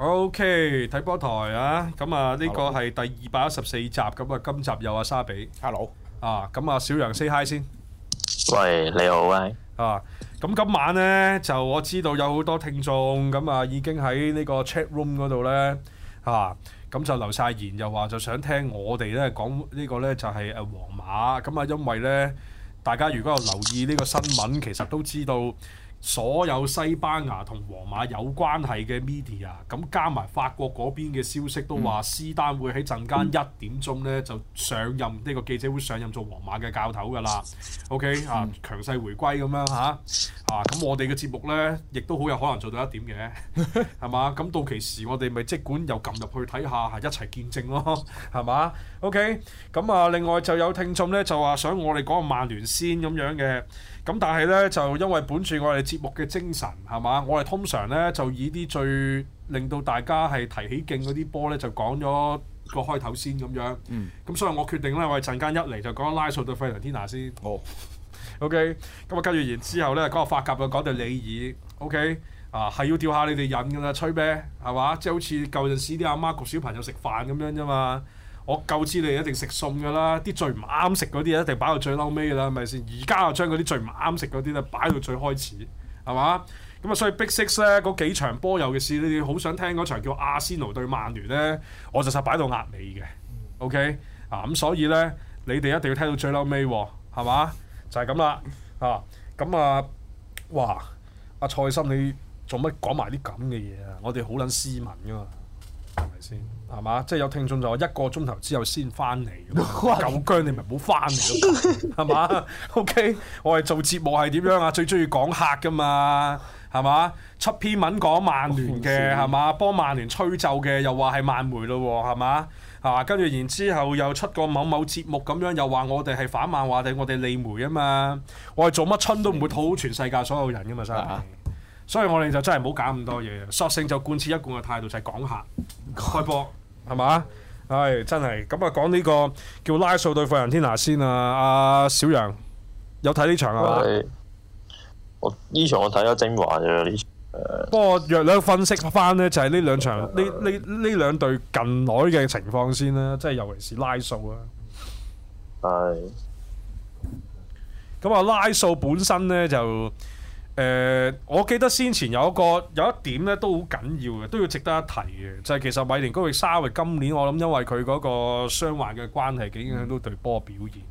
O.K. 睇波台啊，咁啊呢個係第二百一十四集，咁啊今集有阿沙比，Hello，啊咁啊小楊 say hi 先，喂你好啊，啊咁今晚呢就我知道有好多聽眾，咁啊已經喺呢個 chat room 嗰度呢，啊咁就留晒言，又話就想聽我哋呢講呢個呢就係誒皇馬，咁啊因為呢大家如果有留意呢個新聞，其實都知道。所有西班牙同皇馬有關係嘅 media，咁加埋法國嗰邊嘅消息都話，嗯、斯丹會喺陣間一點鐘咧就上任呢、呢個記者會上任做皇馬嘅教頭㗎啦。嗯、OK 啊，強勢回歸咁樣嚇啊！咁、啊、我哋嘅節目咧，亦都好有可能做到一點嘅，係嘛？ 咁到期時我哋咪即管又撳入去睇下，一齊見證咯，係嘛？OK，咁啊，另外就有聽眾咧就話想我哋講個曼聯先咁樣嘅。咁但係咧就因為本住我哋節目嘅精神係嘛，我哋通常咧就以啲最令到大家係提起勁嗰啲波咧就講咗個開頭先咁樣。咁、嗯嗯、所以我決定咧，我哋陣間一嚟就講拉素對費倫天拿先。好 O K。咁啊跟住然之後咧，講個法甲就講對李爾。O K。啊，係要吊下你哋癮㗎啦，吹咩係嘛？即係、就是、好似舊陣時啲阿媽焗小朋友食飯咁樣啫嘛。我夠知你哋一定食餸噶啦，啲最唔啱食嗰啲一定擺到最嬲尾噶啦，係咪先？而家又將嗰啲最唔啱食嗰啲咧擺到最開始，係嘛？咁啊，所以 Big Six 咧嗰幾場波，尤其是你哋好想聽嗰場叫阿仙奴對曼聯咧，我就實擺到壓尾嘅，OK？啊，咁所以咧，你哋一定要聽到最嬲尾喎，係嘛？就係咁啦，啊，咁啊，哇！阿、啊、蔡心，你做乜講埋啲咁嘅嘢啊？我哋好撚斯文噶、啊、嘛，係咪先？係嘛？即係有聽眾就話一個鐘頭之後先翻嚟， 夠薑你咪唔好翻嚟咯。係嘛 ？OK，我係做節目係點樣啊？最中意講客㗎嘛？係嘛？出篇文講曼聯嘅係嘛？幫曼聯吹奏嘅又話係曼媒咯，係嘛？啊，跟住然之後又出個某某節目咁樣，又話我哋係反曼話定我哋利媒啊嘛？我係做乜春都唔會討好全世界所有人㗎嘛？啫。所以我哋就真係唔好搞咁多嘢，索性就貫徹一貫嘅態度就係、是、講下開波係嘛？唉、 哎，真係咁啊！就講呢、這個叫拉素對費倫天拿先啊！阿小楊有睇呢場啊？場我呢場我睇咗精華嘅，場不我約兩分析翻呢，就係、是、呢兩場呢呢呢兩隊近來嘅情況先啦、啊，即係尤其是拉素啦。係。咁啊，是拉素本身咧就。誒、呃，我記得先前有一個有一點咧都好緊要嘅，都要值得一提嘅，就係、是、其實米連高域沙域今年我諗，因為佢嗰個傷患嘅關係，影響到對波表現。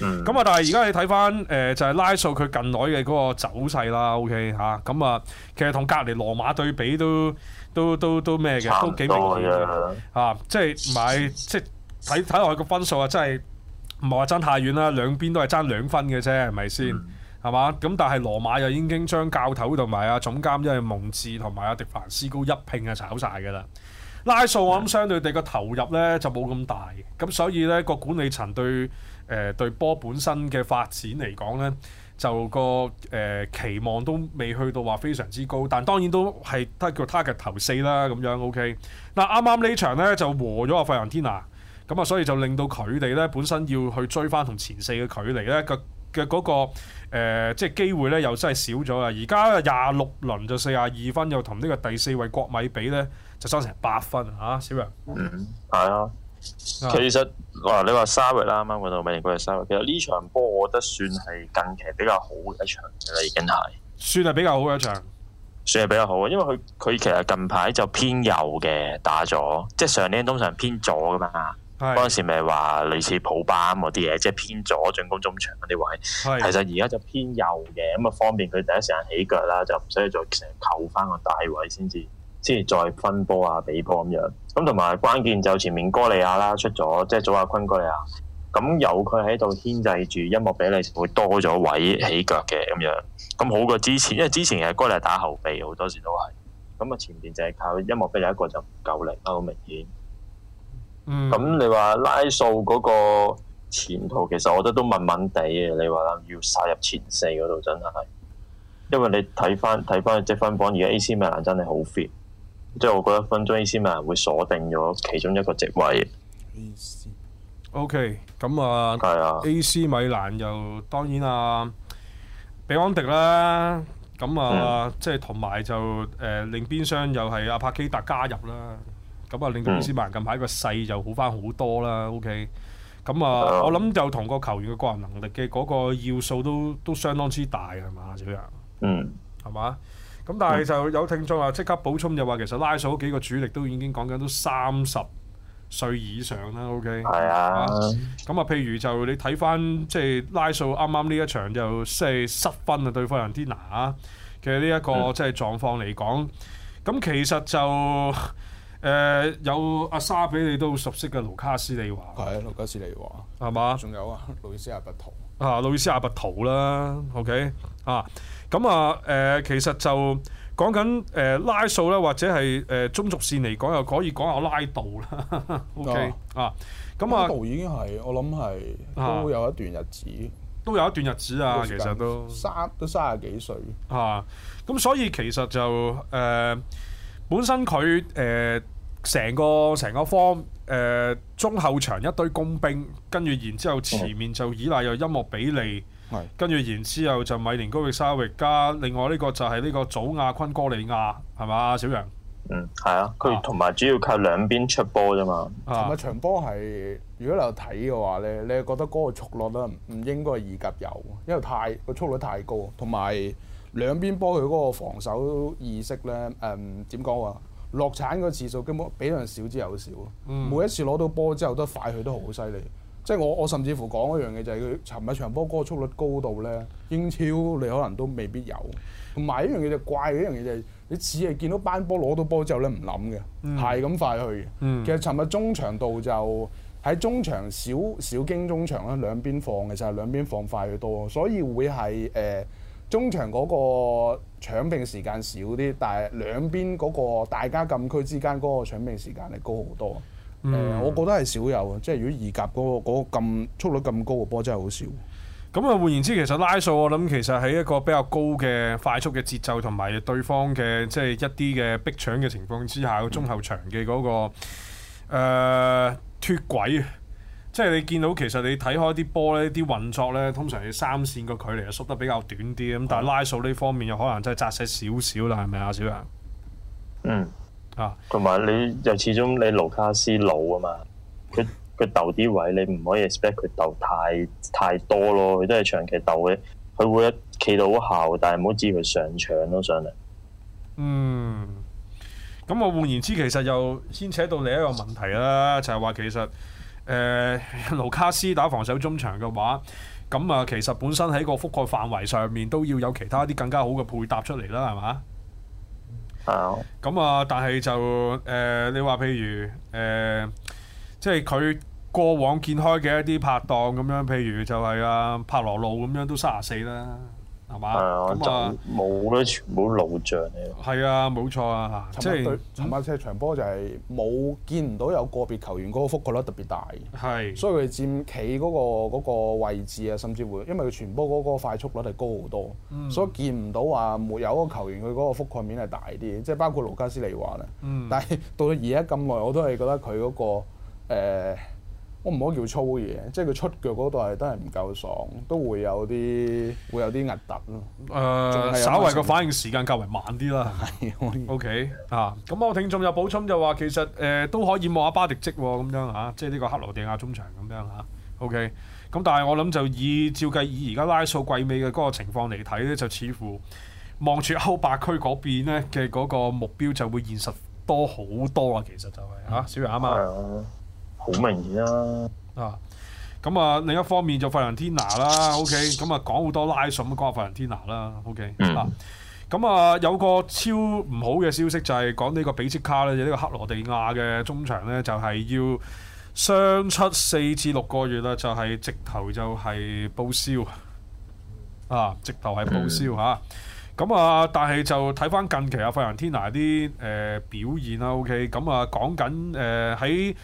嗯。咁啊、嗯，但係而家你睇翻誒，就係、是、拉數佢近來嘅嗰個走勢啦。OK 嚇，咁啊，其實同隔離羅馬對比都都都都咩嘅，都幾明顯嘅嚇、啊。即係唔係即係睇睇落去個分數啊，真係唔係話爭太遠啦，兩邊都係爭兩分嘅啫，係咪先？嗯。係嘛咁，但係羅馬又已經將教頭同埋阿總監即係蒙治同埋阿迪凡斯高一拼啊，炒晒㗎啦。拉素我諗相對地個投入咧就冇咁大，咁、嗯、所以咧個管理層對誒、呃、對波本身嘅發展嚟講咧，就個誒、呃、期望都未去到話非常之高，但當然都係得叫 target 頭四啦咁樣。O K. 嗱啱啱呢場咧就和咗阿費倫天拿咁啊，所以就令到佢哋咧本身要去追翻同前四嘅距離咧嘅嘅嗰誒、呃，即係機會咧，又真係少咗啊！而家廿六輪就四十二分，又同呢個第四位國米比咧，就差成八分啊！小楊，嗯，係啊其剛剛、那個，其實話你話沙域啦，啱啱講到美連貴嘅沙域，其實呢場波，我覺得算係近期比較好嘅一場啦，已經係算係比較好嘅一場，算係比較好嘅，因為佢佢其實近排就偏右嘅打咗，即係上年通常偏左噶嘛。嗰陣時咪話類似普班嗰啲嘢，即係偏左進攻中場嗰啲位。的其實而家就偏右嘅，咁啊方便佢第一時間起腳啦，就唔需要再成日扣翻個大位先至，先至再分波啊、俾波咁樣。咁同埋關鍵就前面哥利亞啦出咗，即係祖阿坤哥利亞，咁有佢喺度牽制住，音樂比利會多咗位起腳嘅咁樣。咁好過之前，因為之前嘅哥利亞打後備，好多時都係咁啊。前邊就係靠音樂比利一個就唔夠力啦，好明顯。咁、嗯、你話拉素嗰個前途，其實我覺得都麻麻地嘅。你話要殺入前四嗰度，真係，因為你睇翻睇翻積分榜，而家 AC 米蘭真係好 fit，即係我覺得分鐘 AC 米蘭會鎖定咗其中一個席位。OK，咁啊，啊，AC 米蘭又當然啊，比安迪啦，咁啊，嗯、即係同埋就誒另邊廂又係阿帕基達加入啦。咁啊，嗯、令到奧斯曼近排個勢就好翻好多啦。OK，咁啊，我諗就同個球員嘅個人能力嘅嗰個要素都都相當之大嘅，係嘛，小楊？嗯，係嘛？咁但係就有聽眾話即刻補充，就話其實拉數嗰幾個主力都已經講緊都三十歲以上啦。OK，係、哎、呀啊。咁啊，譬如就你睇翻即係拉數啱啱呢一場就即係失分啊，對方人 Dina 嘅呢一個即係狀況嚟講，咁、嗯、其實就。誒、嗯、有阿沙比你都熟悉嘅盧卡斯利華，係盧卡斯利華，係嘛吧？仲有啊，路易斯阿拔圖啊，路易斯阿拔圖啦，OK 啊，咁啊誒、呃，其實就講緊誒、呃、拉數啦，或者係誒、呃、中軸線嚟講，又可以講下拉道啦 ，OK 啊，咁、嗯、啊，道已經係我諗係都有一段日子，都有一段日子啊，其實都三都三十幾歲，嚇咁、啊、所以其實就誒、呃、本身佢誒。呃呃啊啊成個成個方誒、呃、中後場一堆工兵，跟住然之後前面就依賴有音樂比利，嗯、跟住然之後就米連高域沙域加。另外呢個就係呢個祖亞昆哥利亞，係嘛？小楊，嗯，係啊，佢同埋主要靠兩邊出波啫嘛。唔係、啊啊、長波係，如果你有睇嘅話咧，你係覺得嗰個速率咧唔應該係二甲油，因為太，個速率太高，同埋兩邊波佢嗰個防守意識咧，誒點講啊？落產個次數根本比人少之又少，嗯、每一次攞到波之後都快去都好犀利。即係我我甚至乎講一樣嘢就係佢尋日場波嗰個速率高到咧，英超你可能都未必有。同埋一樣嘢就怪一樣嘢就係、是、你只係見到班波攞到波之後咧唔諗嘅，係咁、嗯、快去。其實尋日中場度就喺中場少少經中場咧兩邊放其實係兩邊放快去多，所以會係誒、呃、中場嗰、那個。搶兵時間少啲，但係兩邊嗰個大家禁區之間嗰個搶兵時間係高好多。誒、嗯嗯，我覺得係少有嘅，即係如果二甲嗰、那個咁、那個、速率咁高嘅波真，真係好少。咁啊，換言之，其實拉鋸我諗其實喺一個比較高嘅快速嘅節奏，同埋對方嘅即係一啲嘅逼搶嘅情況之下，中後場嘅嗰、那個誒脫、呃、軌。即係你見到其實你睇開啲波咧，啲運作咧，通常啲三線個距離啊縮得比較短啲咁，但係拉數呢方面又可能真係紮實少少啦，係咪啊，小楊？嗯啊，同埋你又始終你盧卡斯老啊嘛，佢佢鬥啲位你唔可以 expect 佢鬥太太多咯，佢都係長期鬥嘅，佢會企到效，但係唔好至於佢上場都上嚟。嗯。咁我換言之，其實又牽扯到另一個問題啦，就係話其實。誒、呃、盧卡斯打防守中場嘅話，咁啊其實本身喺個覆蓋範圍上面都要有其他啲更加好嘅配搭出嚟啦，係嘛？咁 Hello. 啊，但係就誒、呃，你話譬如誒、呃，即係佢過往見開嘅一啲拍檔咁樣，譬如就係啊帕羅路咁樣都三十四啦。係嘛？咁就冇咧，全部老將嚟。係啊，冇錯啊！即係尋日即係場波就係冇見唔到有個別球員嗰個覆蓋率特別大。係，所以佢佔企嗰個嗰個位置啊，甚至會因為佢傳波嗰個快速率係高好多，嗯、所以見唔到話沒有一個球員佢嗰個覆蓋面係大啲。即係包括盧卡斯利華啦。嗯、但係到到而家咁耐，我都係覺得佢嗰個、呃我唔好叫粗嘢，即係佢出腳嗰度係都係唔夠爽，都會有啲會有啲壓凸咯。誒，稍為個反應時間較為慢啲啦。係 ，OK 啊。咁我聽眾又補充就話，其實誒、呃、都可以望下巴迪積咁、啊、樣吓、啊，即係呢個克羅地亞中場咁樣嚇。OK、啊。咁、啊、但係我諗就以照計以而家拉數季尾嘅嗰個情況嚟睇咧，就似乎望住歐霸區嗰邊咧嘅嗰個目標就會現實多好多啊！其實就係、是、嚇，小楊啊嘛。 好明顯啦，啊，咁啊另一方面就費倫天拿啦，OK，咁啊講好多拉什下費倫天拿啦，OK，啊，咁啊有個超唔好嘅消息就係講呢個比斯卡咧，就呢個克羅地亞嘅中場咧就係要傷出四至六個月啦，就係直頭就係報銷，啊，直頭係報銷嚇，咁啊但係就睇返近期啊費倫天拿啲誒表現啦，OK，咁啊講緊誒喺。o Whoever viene dead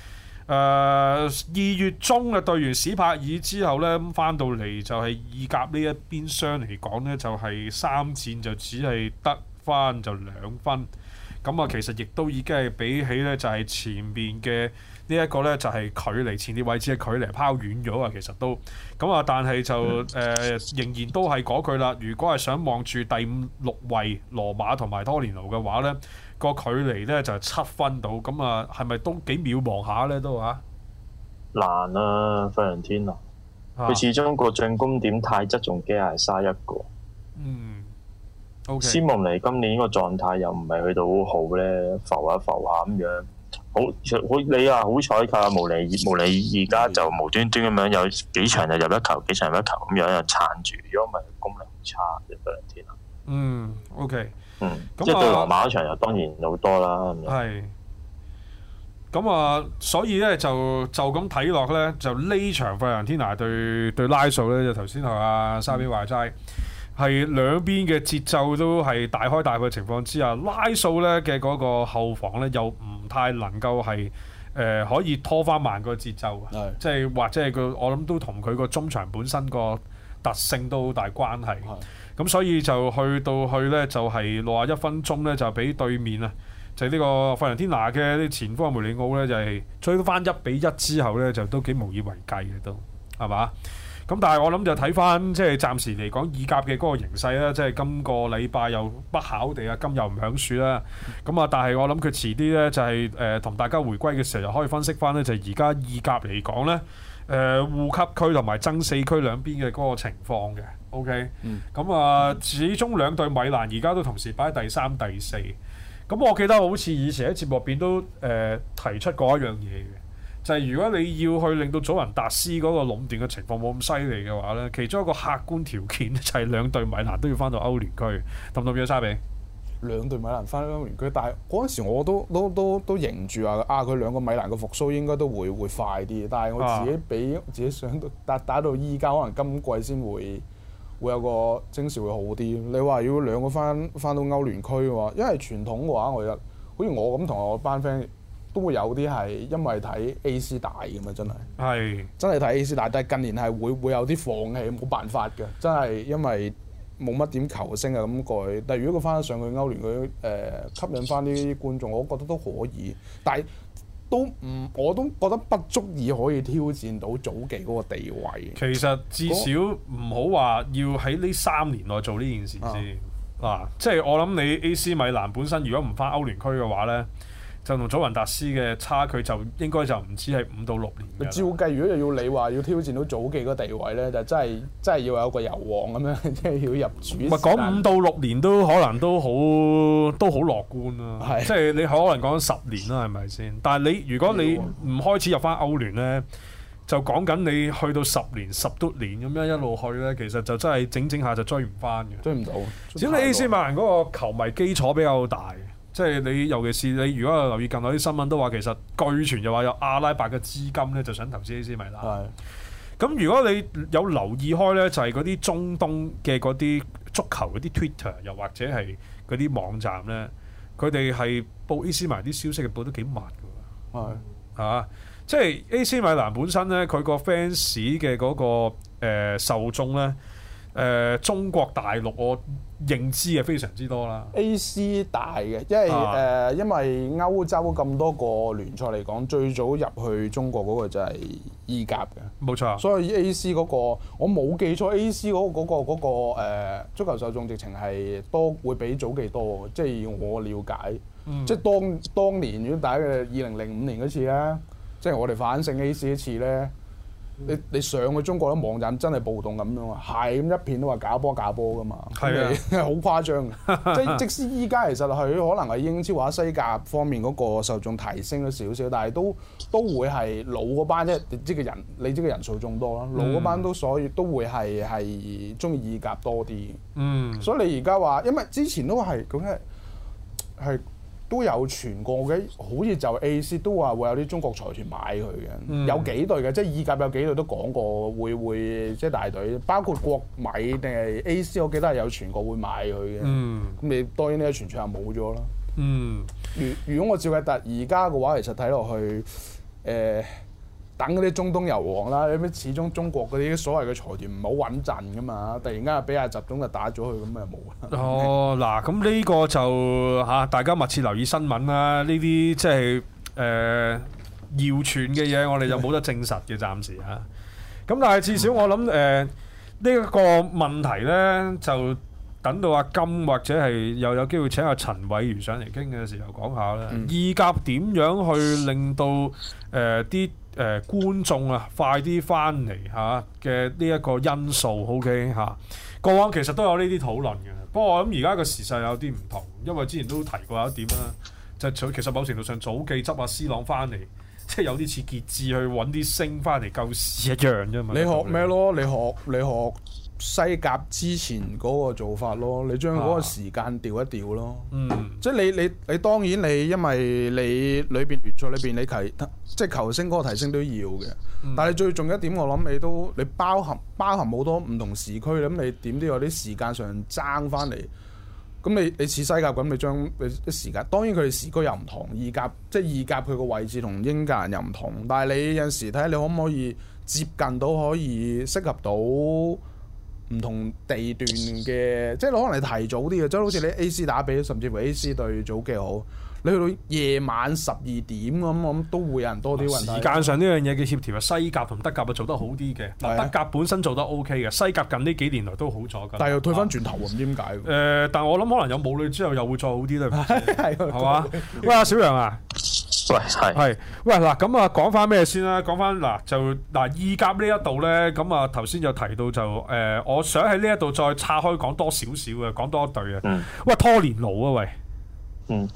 誒二、uh, 月中啊，對完史柏爾之後呢，咁翻到嚟就係意甲呢一邊廂嚟講呢，就係、是、三戰就只係得翻就兩分。咁啊，其實亦都已經係比起呢，就係前面嘅呢一個呢，就係、是、距離前啲位置嘅距離拋遠咗啊。其實都咁啊，但係就誒、呃，仍然都係嗰佢啦。如果係想望住第五六位羅馬同埋拖連奴嘅話呢。個距離咧就係七分到，咁啊係咪都幾渺茫下咧都啊？難啊，弗朗天啊！佢始終個進攻點太質重，機械嘥一個。嗯，O K。Okay. 斯蒙尼今年個狀態又唔係去到好咧，浮啊浮下咁樣。好，好你啊好彩靠無理無理，而家就無端端咁樣有幾場就入一球，幾場入一球咁樣又撐住。如果唔係，功力差，弗朗天啊。嗯，O K。Okay. 嗯，即係對羅馬一場又當然好多啦，係。咁啊，所以咧就就咁睇落咧，就呢場費倫天拿對對拉素咧，就頭先係阿沙比話齋，係兩邊嘅節奏都係大開大嘅情況之下，拉素咧嘅嗰個後防咧又唔太能夠係誒、呃、可以拖翻慢個節奏，即係是或者係佢我諗都同佢個中場本身個特性都好大關係。咁所以就去到去咧，就係六啊一分鐘咧，就俾對面啊，就呢個費倫天拿嘅呢前方梅里奧咧，就係追翻一比一之後咧，就都幾無以為繼嘅都，係嘛？咁但係我諗就睇翻即係暫時嚟講意甲嘅嗰個形勢啦，即係今個禮拜又不巧地啊，今又唔響雪啦。咁啊，但係我諗佢遲啲咧就係誒同大家回歸嘅時候，又可以分析翻咧，就而家意甲嚟講咧，誒護級區同埋爭四區兩邊嘅嗰個情況嘅。O.K. 咁啊，始終兩隊米蘭而家都同時擺喺第三、第四。咁我記得好似以前喺節目入邊都誒、呃、提出過一樣嘢嘅，就係、是、如果你要去令到祖雲達斯嗰個壟斷嘅情況冇咁犀利嘅話咧，其中一個客觀條件就係兩隊米蘭都要翻到歐聯區，得唔得？變咗沙比，兩隊米蘭翻到歐聯區，但係嗰陣時我都都都都認住啊！啊，佢兩個米蘭嘅復甦應該都會會快啲，但係我自己俾、啊、自己想到打打到依家，可能今季先會。會有個徵兆會好啲。你話如果兩個翻翻到歐聯區嘅話，因為傳統嘅話，我覺得好似我咁同我班 friend 都會有啲係因為睇 A C 大咁嘛，真係。係是。真係睇 A C 大，但係近年係會會有啲放棄，冇辦法嘅，真係因為冇乜點球星啊咁過。但係如果佢翻得上去歐聯，佢誒、呃、吸引翻啲觀眾，我覺得都可以。但係。都唔，我都覺得不足以可以挑戰到早期嗰個地位。其實至少唔好話要喺呢三年內做呢件事先。嗱、啊啊，即係我諗你 AC 米蘭本身如果唔翻歐聯區嘅話呢。就同祖雲達斯嘅差距就應該就唔止係五到六年。照計，如果又要你話要挑戰到祖記個地位咧，就真係真係要有一個油王咁樣，即 係要入主。唔係講五到六年都可能都好都好樂觀啊！是即係你可能講十年啦，係咪先？但係你如果你唔開始入翻歐聯咧，就講緊你去到十年十多年咁樣一路去咧，嗯、其實就真係整整下就追唔翻嘅，追唔到。只你 AC 米蘭嗰個球迷基礎比較大。即係你，尤其是你，如果留意近來啲新聞都，都話其實據傳又話有阿拉伯嘅資金咧，就想投資 AC 米蘭。係的。咁如果你有留意開咧，就係嗰啲中東嘅嗰啲足球嗰啲 Twitter，又或者係嗰啲網站咧，佢哋係報 AC 埋啲消息嘅報得幾密㗎喎。係的。嚇、啊！即係 AC 米蘭本身咧，佢個 fans 嘅嗰、嗰個、呃、受眾咧。誒、呃、中國大陸我認知係非常之多啦。A.C. 大嘅，因為誒、啊呃、因為歐洲咁多個聯賽嚟講，最早入去中國嗰個就係意、e、甲嘅。冇錯、啊。所以 A.C. 嗰、那個我冇記錯，A.C. 嗰個嗰、那個、那個呃、足球受眾直情係多，會比早幾多。即係以我了解，嗯、即係當當年如果打嘅二零零五年嗰次咧，即係我哋反勝 A.C. 一次咧。你你上去中國啲網站真係暴動咁樣啊，係咁一片都話假波、假波噶嘛，係啊的，好 誇張即 即即使依家其實佢可能係英超或者西甲方面嗰個受眾提升咗少少，但係都都會係老嗰班即係，你知嘅人，你知嘅人數眾多啦，老嗰班都所以都會係係中意意甲多啲。嗯， 所以你而家話，因為之前都係咁嘅係。都有傳過嘅，好似就 A.C 都話會有啲中國財團買佢嘅，嗯、有幾隊嘅，即係意甲有幾隊都講過會會即係、就是、大隊，包括國米定係 A.C，我記得係有傳過會買佢嘅。咁你、嗯、當然呢個傳傳又冇咗啦。嗯，如如果我照嘉達而家嘅話，其實睇落去誒。呃等嗰啲中東油王啦，咁樣始終中國嗰啲所謂嘅財團唔係好穩陣噶嘛，突然間俾阿習總就打咗佢，咁啊冇啊。哦，嗱，咁呢個就嚇大家密切留意新聞啦。呢啲即係誒謠傳嘅嘢，我哋就冇得證實嘅，暫時啊。咁但係至少我諗誒呢一個問題咧，就等到阿金或者係又有機會請阿陳偉瑜上嚟傾嘅時候講下啦。嗯、意甲點樣去令到誒啲？呃誒、呃、觀眾啊，快啲翻嚟嚇嘅呢一個因素，OK 嚇、啊。過往其實都有呢啲討論嘅，不過我諗而家個時勢有啲唔同，因為之前都提過一點啦，就早、是、其實某程度上早幾執阿 C 朗翻嚟，即、就、係、是、有啲似傑志去揾啲星翻嚟救市一樣啫嘛。 你學咩咯？你學你學。西甲之前嗰個做法咯，你將嗰個時間調一調咯。啊、嗯，即係你你你當然你因為你裏邊聯賽裏邊你提即係球星嗰個提升都要嘅，嗯、但係最重要一點我諗你都你包含包含好多唔同時區啦。咁你點都有啲時間上爭翻嚟，咁你你似西甲咁，你將啲時間當然佢時區又唔同，意甲即係意甲佢個位置同英格蘭又唔同，但係你有時睇下，你可唔可以接近到可以適合到？唔同地段嘅，即係可能你提早啲嘅，即係好似你 A C 打比，甚至乎 A C 對早幾好，你去到夜晚十二點咁，咁都會有人多啲運。時間上呢樣嘢嘅協調啊，西甲同德甲啊做得好啲嘅，的德甲本身做得 O K 嘅，西甲近呢幾年來都好咗㗎，但係又退翻轉頭喎，唔、啊、知點解。誒、呃，但我諗可能有母女之後又會再好啲咧，係嘛？喂，阿小楊啊！喂係喂嗱咁啊講翻咩先啦？講翻嗱就嗱意甲呢一度呢，咁啊頭先就提到就誒、呃、我想喺呢一度再拆開講多少少嘅講多一對嗯啊喂嗯喂拖連奴啊喂嗯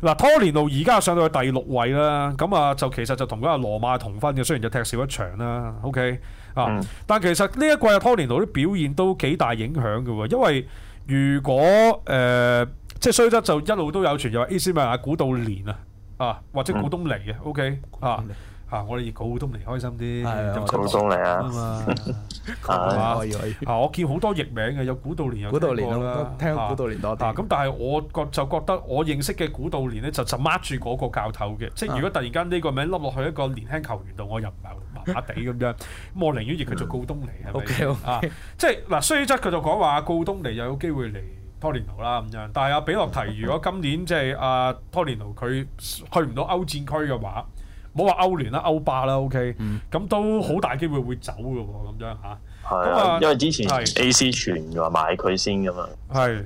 嗱拖連奴而家上到去第六位啦咁啊就其實就同嗰個羅馬同分嘅雖然就踢少一場啦 O K 啊、嗯、但其實呢一季阿拖連奴啲表現都幾大影響㗎喎因為如果誒、呃、即係雖則就一路都有傳又話 AC 米蘭古道連啊啊，或者古東尼啊，OK，啊啊，我哋叫古東尼開心啲，古東尼啊嘛，啊我見好多譯名嘅，有古道年，有古道年啦，聽古道年多啲咁但係我覺就覺得我認識嘅古道年咧，就就掹住嗰個教頭嘅，即係如果突然間呢個名笠落去一個年輕球員度，我又唔係麻麻地咁樣，咁我寧願譯佢做古東尼係咪？OK，OK，即係嗱，雖則佢就講話古東尼又有機會嚟。托連奴啦咁樣，但係、啊、阿比洛提，如果今年即係阿托連奴佢去唔到歐戰區嘅話，冇話歐聯啦、歐霸啦，OK，咁、嗯、都好大機會會走嘅喎、啊，咁樣吓。係啊，啊，因為之前 A. C. 傳話是買佢先嘅嘛。係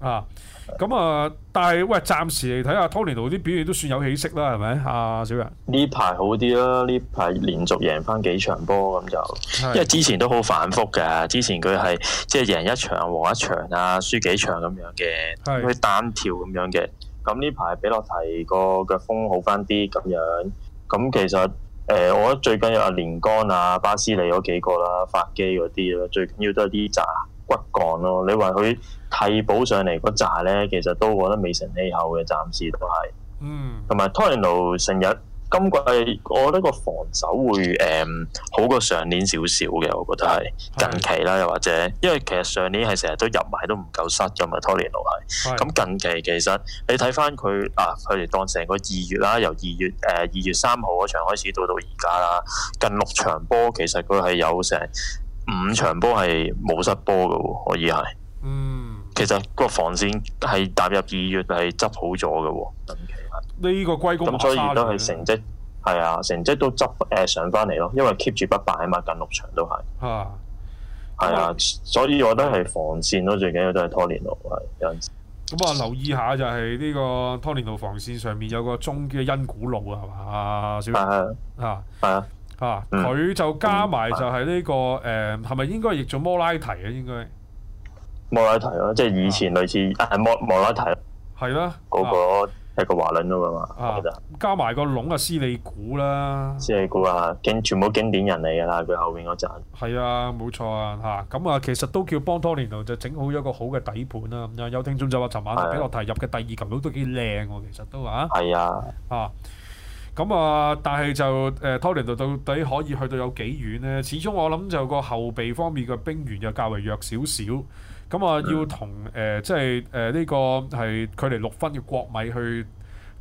啊。咁啊、嗯，但係喂，暫時嚟睇下 t 托尼奴啲表現都算有起色啦，係咪啊，小楊？呢排好啲啦，呢排連續贏翻幾場波咁就，因為之前都好反覆嘅，之前佢係即係贏一場、和一場啊、輸幾場咁樣嘅，去是單跳咁樣嘅。咁呢排比落提個腳風好翻啲咁樣，咁其實誒、呃，我覺得最近有阿連江啊、巴斯利嗰幾個啦、法基嗰啲啦，最緊要都係啲渣。骨幹咯，你話佢替補上嚟嗰紮呢，其實都覺得都未成氣候嘅，暫時都係。嗯。同埋托尼奴成日今季，我覺得個防守會誒好過上年少少嘅，我覺得係近期啦，又的或者因為其實上年係成日都入埋都唔夠失㗎嘛，托尼奴係。咁的近期其實你睇翻佢啊，佢哋當成個二月啦，由二月誒二月三號嗰場開始到到而家啦，近六場波其實佢係有成。五場波係冇失波嘅，可以係。嗯，其實個防線係踏入二月係執好咗嘅。呢個歸功。咁所以都係成績，係啊，啊，成績都執誒、呃、上翻嚟咯。因為 keep 住不敗，嘛近六場都係。啊，係啊，所以、嗯、所以我覺得係防線咯，最緊要都係拖連奴啊。有陣時咁啊，留意下就係呢個拖連奴防線上面有個中堅嘅因古路啊，係嘛啊，小啊，係啊。啊！佢就加埋就係呢、這個誒，係咪應該譯做摩拉提啊？應該摩拉提咯，即係以前類似啊摩摩拉提咯，係啦，嗰個係個華倫啊嘛，記得加埋個籠啊斯利古啦，斯利古啊經、啊、全部經典人嚟噶啦，佢後面嗰陣係啊，冇錯啊，吓咁啊，其實都叫邦多年頭就整好一個好嘅底盤啦、啊。咁、啊、有聽眾就話，尋晚俾落提入嘅第二球都都幾靚，其實都啊，係啊，啊。啊啊啊啊咁啊，但係就誒托尼奴到底可以去到有幾遠呢？始終我諗就個後備方面嘅兵員又較為弱少少，咁啊、嗯、要同誒、呃、即係誒呢個係距離六分嘅國米去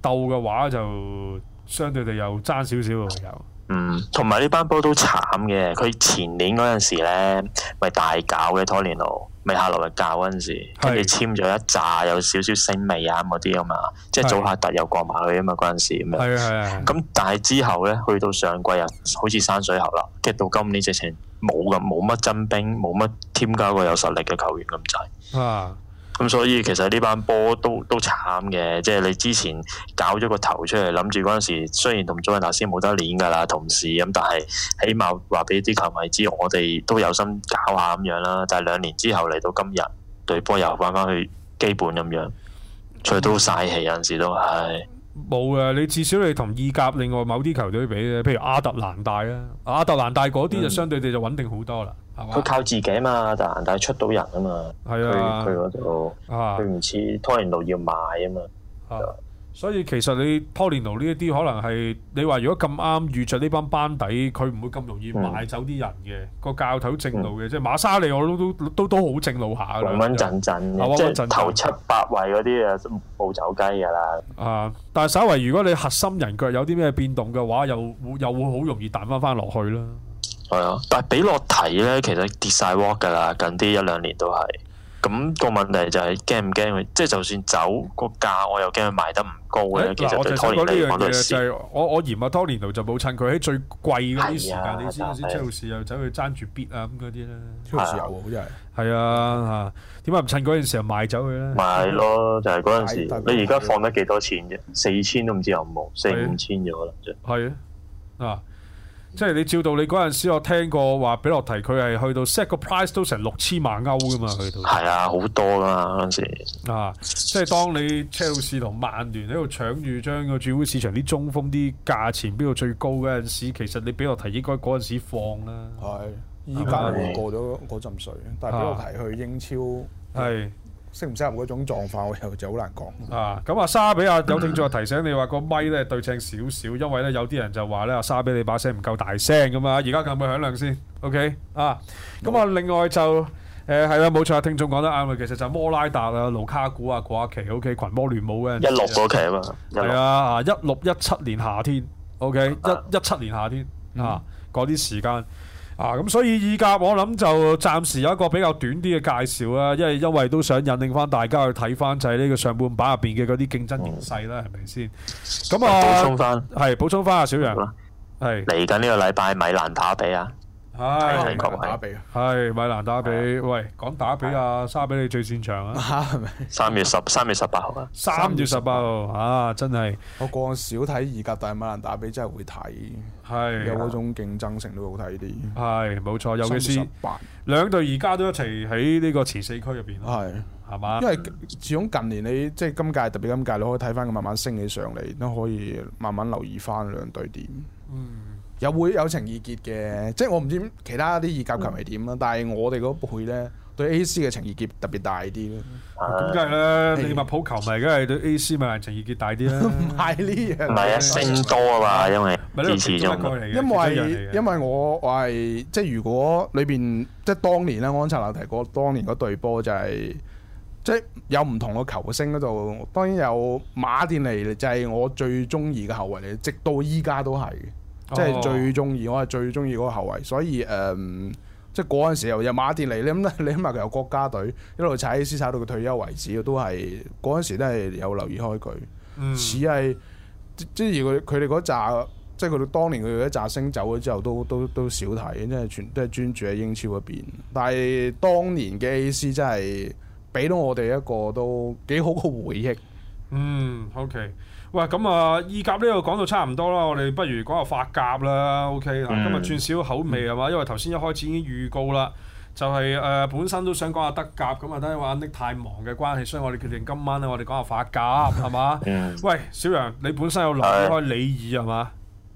鬥嘅話，就相對地又爭少少。嗯，同埋呢班波都慘嘅，佢前年嗰陣時咧咪大搞嘅托尼奴。未下落嚟教嗰陣時，跟住簽咗一紮有少少腥味啊，嗰啲啊嘛，即係早下突又過埋去啊嘛，嗰陣時咁樣。係啊係啊。咁但係之後咧，去到上季啊，好似山水合啦，即係到今年直情冇咁，冇乜增兵，冇乜添加過有實力嘅球員咁滯。啊！咁、嗯、所以其實呢班波都都慘嘅，即係你之前搞咗個頭出嚟，諗住嗰陣時雖然同祖雲達斯冇得攣㗎啦，同時咁，但係起碼話俾啲球迷知，我哋都有心搞下咁樣啦。但係兩年之後嚟到今日，隊波又翻返去基本咁樣，出都嘥氣，有陣時都係冇嘅。你至少你同意甲另外某啲球隊比咧，譬如阿特蘭大啊，阿特蘭大嗰啲就相對地就穩定好多啦。嗯佢靠自己嘛，但係出到人啊嘛，啊，佢嗰度，佢唔似托連奴要賣啊嘛。所以其實你托連奴呢一啲可能係你話如果咁啱遇着呢班班底，佢唔會咁容易賣走啲人嘅。個教頭正路嘅，即係馬沙利，我都都都都好正路下嘅，穩穩陣陣，即係頭七八位嗰啲啊冇走雞噶啦。啊，但係稍為如果你核心人腳有啲咩變動嘅話，又又會好容易彈翻翻落去啦。係咯，但係俾我睇咧，其實跌晒 walk 噶啦，近啲一兩年都係。咁個問題就係驚唔驚？即係就算走個價，我又驚佢賣得唔高嘅。誒，我就想講呢樣嘢，就係我我嫌阿托年奴就冇趁佢喺最貴嗰啲時間，你知嗰時車路士又走去爭住 bit 啊咁嗰啲咧車路士好似係。係啊，吓，點解唔趁嗰陣時賣走佢咧？賣咯，就係嗰陣時。你而家放得幾多錢啫？四千都唔知有冇，四五千咗可能啫。係啊，嗱。即係你照到你嗰陣時，我聽過話比洛提佢係去到 set 個 price 都成六千萬歐噶嘛，去到係啊，好多噶嘛嗰陣時啊，啊即係當你車路士同曼聯喺度搶住將個轉會市場啲中鋒啲價錢標到最高嗰陣時，其實你比洛提應該嗰陣時放啦。係是，依家過咗嗰浸水，但係比洛提去英超係。啊適唔適合嗰種狀況，我又就好難講。啊，咁啊，沙比啊，有聽眾提醒 你話個咪咧對稱少少，因為咧有啲人就話咧沙比你把聲唔夠大聲咁啊，而家撳佢響亮先。OK，啊，咁啊，啊，另外就誒係啦，冇、啊、錯，聽眾講得啱啊，其實就摩拉達啊、盧卡古啊、過阿奇，OK，群魔亂舞嘅。一六嗰期啊嘛，係啊，一六一七年夏天，OK，啊、一一七年夏天、嗯、啊，嗰啲時間。啊，咁所以而家我諗就暫時有一個比較短啲嘅介紹啦，因為因為都想引領翻大家去睇翻就係呢個上半版入邊嘅嗰啲競爭形勢啦，係咪先？咁、嗯、啊，補充翻，係補充翻阿小楊，係嚟緊呢個禮拜米蘭打比啊。係，打比係米蘭打比，喂，講打比啊，沙比你最擅長啊，三月十，三月十八號啊，三月十八號啊，真係。我過往少睇意甲，但係米蘭打比真係會睇，係有嗰種競爭性都好睇啲。係，冇錯，尤其是兩隊而家都一齊喺呢個前四區入邊，係係嘛？因為始終近年你即係今屆特別今屆，你可以睇翻佢慢慢升起上嚟，都可以慢慢留意翻兩隊點。嗯。有會有情意結嘅，即係我唔知其他啲意甲球迷點啦，嗯、但係我哋嗰輩咧對 A.C. 嘅情意結特別大啲咯。咁梗係啦，利物浦球迷梗係、欸、對 A.C. 咪情意結大啲啦。唔係呢樣，唔係一星多啊嘛，因為是因為因為，因為我我係即係如果裏邊即係當年咧，安察洛堤哥當年嗰隊波就係、是、即係有唔同個球星嗰度，當然有馬甸尼就係我最中意嘅後衞嚟，直到依家都係。即係最中意，oh。我係最中意嗰個後衛所以誒、嗯，即係嗰陣時候又馬甸尼，你諗你諗埋佢由國家隊一路踩 A. C. 踩到佢退休為止都係嗰陣時都係有留意開佢。似係即係而佢，佢哋嗰扎，即係佢當年佢一紮星走咗之後，都都都，都少睇，即係全，全都係專注喺英超嗰邊。但係當年嘅 A. C. 真係俾到我哋一個都幾好嘅回憶。嗯、mm.，OK。喂，咁啊意甲呢度講到差唔多啦，我哋不如講下法甲啦。O、OK, K，今日轉少口味係嘛、嗯？因為頭先一開始已經預告啦，就係、是、誒、呃、本身都想講下德甲，咁啊聽話啲太忙嘅關係，所以我哋決定今晚咧，我哋講下法甲係嘛？嗯、喂，小楊，你本身有留意開李爾係嘛？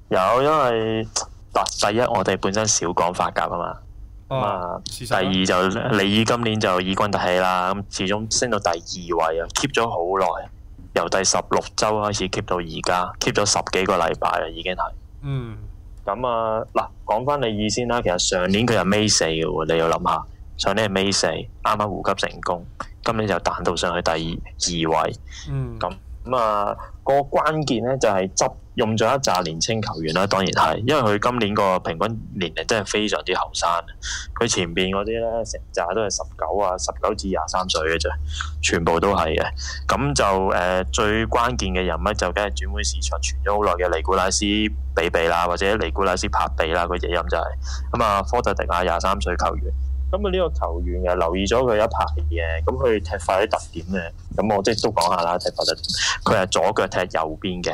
有，因為嗱，第一我哋本身少講法甲啊嘛，啊，第二就李爾今年就異軍突起啦，咁始終升到第二位啊，keep 咗好耐。由第十六周開始 keep 到而家，keep 咗十幾個禮拜啦，已經係，嗯、咁啊嗱，講翻你意先啦。其實上年佢又尾四嘅喎，你要諗下上年尾四啱啱護級成功，今年就彈到上去第二，第二位，嗯咁。咁、嗯、啊，個關鍵咧就係、是、執用咗一紮年青球員啦。當然係，因為佢今年個平均年齡真係非常之後生。佢前邊嗰啲咧，成扎都係十九啊，十九至廿三歲嘅啫，全部都係嘅。咁就誒、呃，最關鍵嘅人物就梗係轉會市場傳咗好耐嘅尼古拉斯比比啦，或者尼古拉斯帕比啦，嗰譯音就係、是、咁、嗯、啊。科特迪亞廿三歲球員。咁啊！呢、嗯這個球員又留意咗佢一排嘅，咁、嗯、佢踢快啲特點咧，咁、嗯、我即係都講下啦。踢快啲佢係左腳踢右邊嘅，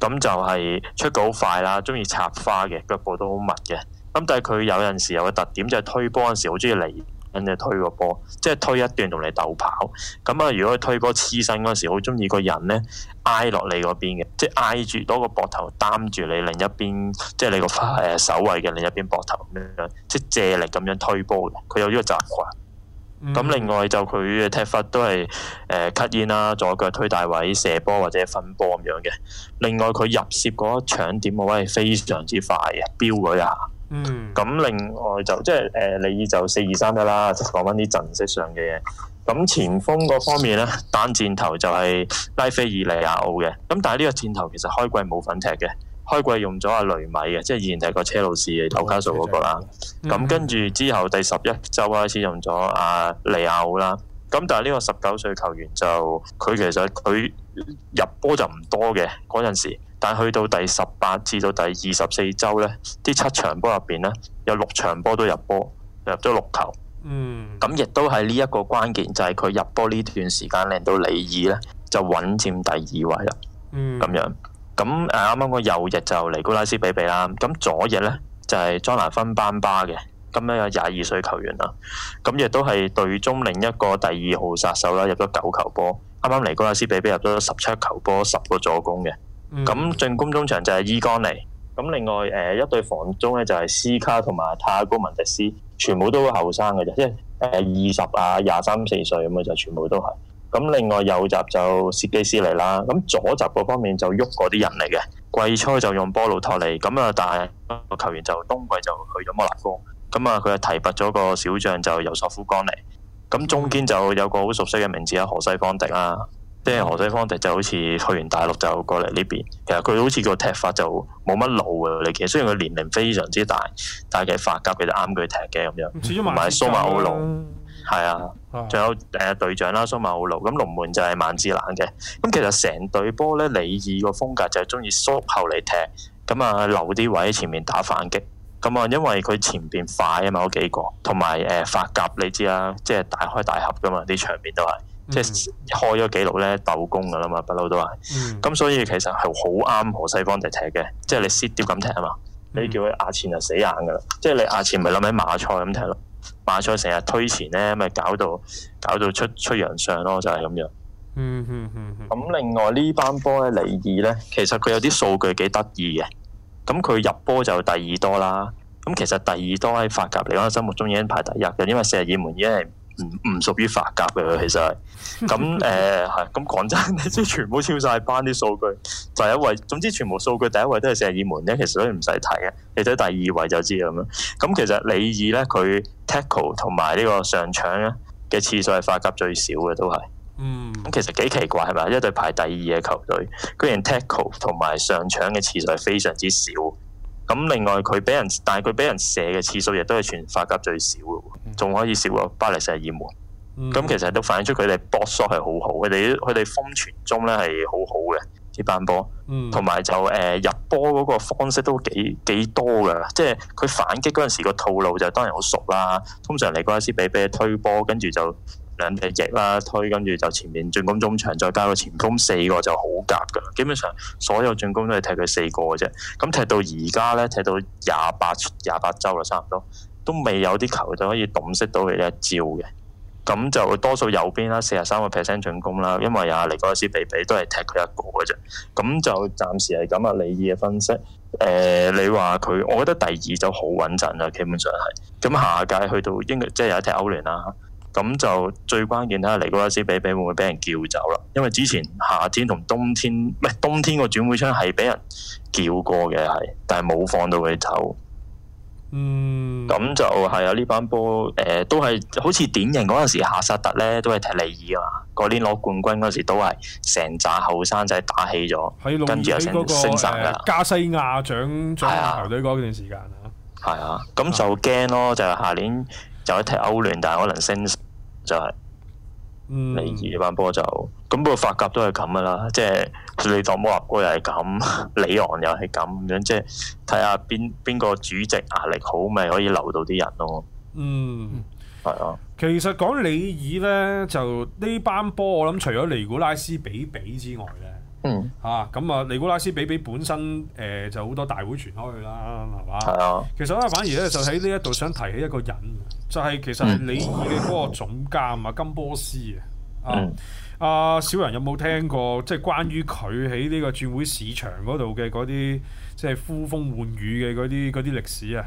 咁、嗯、就係、是、出嘅好快啦，中意插花嘅腳步都好密嘅。咁、嗯、但係佢有陣時有個特點就係、是、推波嗰陣時好中意嚟。跟住推個波，即係推一段同你鬥跑。咁啊，如果佢推波黐身嗰陣時，好中意個人咧挨落你嗰邊嘅，即係挨住攞個膊頭擔住你另一邊，即係你個誒手位嘅另一邊膊頭咁樣、啊，即係借力咁樣推波嘅。佢有呢個習慣。咁、mm hmm. 另外就佢踢法都係誒 cut in 啦，呃、in, 左腳推大位射波或者分波咁樣嘅。另外佢入攝嗰一搶點嘅位非常之快嘅，飆佢啊！嗯，咁另外就即係誒，你、呃、就四二三一啦，講翻啲陣式上嘅嘢。咁前鋒嗰方面咧，單箭頭就係拉斐爾尼亞奧嘅。咁但係呢個箭頭其實開季冇份踢嘅，開季用咗阿雷米嘅，即係以前踢過車路士嘅紐、嗯、卡素嗰個啦。咁跟住之後第十一周開始用咗阿、啊、尼亞奧啦。咁但係呢個十九歲球員就佢其實佢入波就唔多嘅嗰陣時。但去到第十八至到第二十四周呢，啲七場波入邊呢，有六場波都入波入咗六球。嗯，咁亦都係呢一個關鍵，就係、是、佢入波呢段時間令到里爾呢，就穩佔第二位啦。咁、嗯、樣咁誒，啱、啊、啱個右翼就尼古拉斯比比啦。咁左翼呢，就係莊蘭芬班巴嘅，咁有廿二歲球員啦。咁亦都係隊中另一個第二號殺手啦，入咗九球波。啱啱尼古拉斯比比入咗十七球波，十個助攻嘅。咁進、嗯、攻中場就係伊岡尼，咁另外誒一對防中咧，就係斯卡同埋泰高文迪斯，全部都好後生嘅啫，即係二十啊廿三四歲咁啊就全部都係。咁另外右閘就設計師嚟啦，咁左閘嗰方面就喐嗰啲人嚟嘅。季初就用波魯托尼，咁啊但係個球員就冬季就去咗摩納哥，咁啊佢係提拔咗個小將就由索夫岡尼，咁中間就有個好熟悉嘅名字啊何西方迪啦。即係何西方迪就好似去完大陸就過嚟呢邊，其實佢好似個踢法就冇乜老嘅其嘅，雖然佢年齡非常之大，但係佢法甲其實啱佢踢嘅咁樣，唔係蘇馬奧路，係、嗯、啊，仲有誒、呃、隊長啦蘇馬奧路。咁龍門就係曼芝冷嘅，咁其實成隊波咧李爾個風格就係中意縮後嚟踢，咁啊留啲位喺前面打反擊，咁啊因為佢前邊快啊嘛，有幾個，同埋誒法甲你知啦，即係大開大合噶嘛啲場面都係。即係開咗紀錄咧，鬥功噶啦嘛，不嬲都係。咁、嗯嗯、所以其實係好啱荷西方地踢踢嘅，即係你先點咁踢啊嘛？你叫佢阿前就死硬噶啦，嗯、即係你阿前咪諗起馬賽咁踢咯，馬賽成日推前咧，咪、就是、搞到搞到出出洋相咯，就係、是、咁樣。嗯嗯嗯咁、嗯嗯嗯、另外班呢班波咧，里爾咧，其實佢有啲數據幾得意嘅。咁佢入波就第二多啦。咁其實第二多喺法甲嚟講，目中心目中已經排第一嘅，因為四十二門已經。唔唔屬於法甲嘅，其實係咁誒，係咁講真，你即係全部超晒班啲數據，第一位，總之全部數據第一位都係四廿二門咧，其實都唔使睇嘅，你睇第二位就知咁樣。咁其實李二咧佢 tackle 同埋呢個上搶咧嘅次數係法甲最少嘅都係，嗯，咁其實幾奇怪係咪？一隊排第二嘅球隊，居然 tackle 同埋上搶嘅次數係非常之少。咁另外佢俾人，但係佢俾人射嘅次數亦都係全法甲最少嘅，仲可以少過巴黎聖日耳門。咁、嗯、其實都反映出佢哋搏索係好好，佢哋佢哋封傳中咧係好好嘅呢班波，同埋、嗯、就誒、呃、入波嗰個方式都幾幾多㗎，即係佢反擊嗰陣時個套路就當然好熟啦。通常嚟嗰陣時，俾俾佢推波，跟住就。兩隻翼啦、啊，推跟住就前面進攻中場，再加個前鋒，四個就好夾噶。基本上所有進攻都係踢佢四個嘅啫。咁踢到而家咧，踢到廿八廿八周啦，差唔多都未有啲球就可以洞悉到佢一招嘅。咁就多數右邊啦，四十三個 percent 進攻啦，因為阿尼古拉斯比比都係踢佢一個嘅啫。咁就暫時係咁啊，李毅嘅分析。誒、呃，你話佢，我覺得第二就好穩陣啦，基本上係。咁下屆去到應該即係有一踢歐聯啦。咁就最關鍵睇下尼高拉斯比比會唔會俾人叫走啦？因為之前夏天同冬天，唔係冬天個轉會窗係俾人叫過嘅，係，但係冇放到佢走。嗯。咁就係、是、啊！呢班波誒都係好似典型嗰陣時，夏薩特咧都係踢利爾啊嘛。嗰年攞冠軍嗰時都係成紮後生仔打起咗，跟住又升升曬㗎。加西亞長在球隊嗰段時間啊。係啊，咁就驚咯，就係、是、下年就一踢歐聯，但係可能升。就係，李爾呢班波就咁，不過法甲都係咁噶啦，即係你當摩納哥又係咁，李昂又係咁樣，即係睇下邊邊個主席壓力好，咪可以留到啲人咯、啊。嗯，係啊。其實講李爾咧，就呢班波，我諗除咗尼古拉斯比比之外咧。嗯，吓咁啊，啊！尼古拉斯比比本身誒、呃、就好多大會傳開去啦，係嘛？係啊。其實咧、啊、反而咧、啊、就喺呢一度想提起一個人，就係、是、其實係李爾嘅嗰個總監啊、嗯、金波斯啊。阿、嗯啊、小人有冇聽過即係、就是、關於佢喺呢個轉會市場嗰度嘅嗰啲即係呼風喚雨嘅嗰啲嗰啲歷史啊？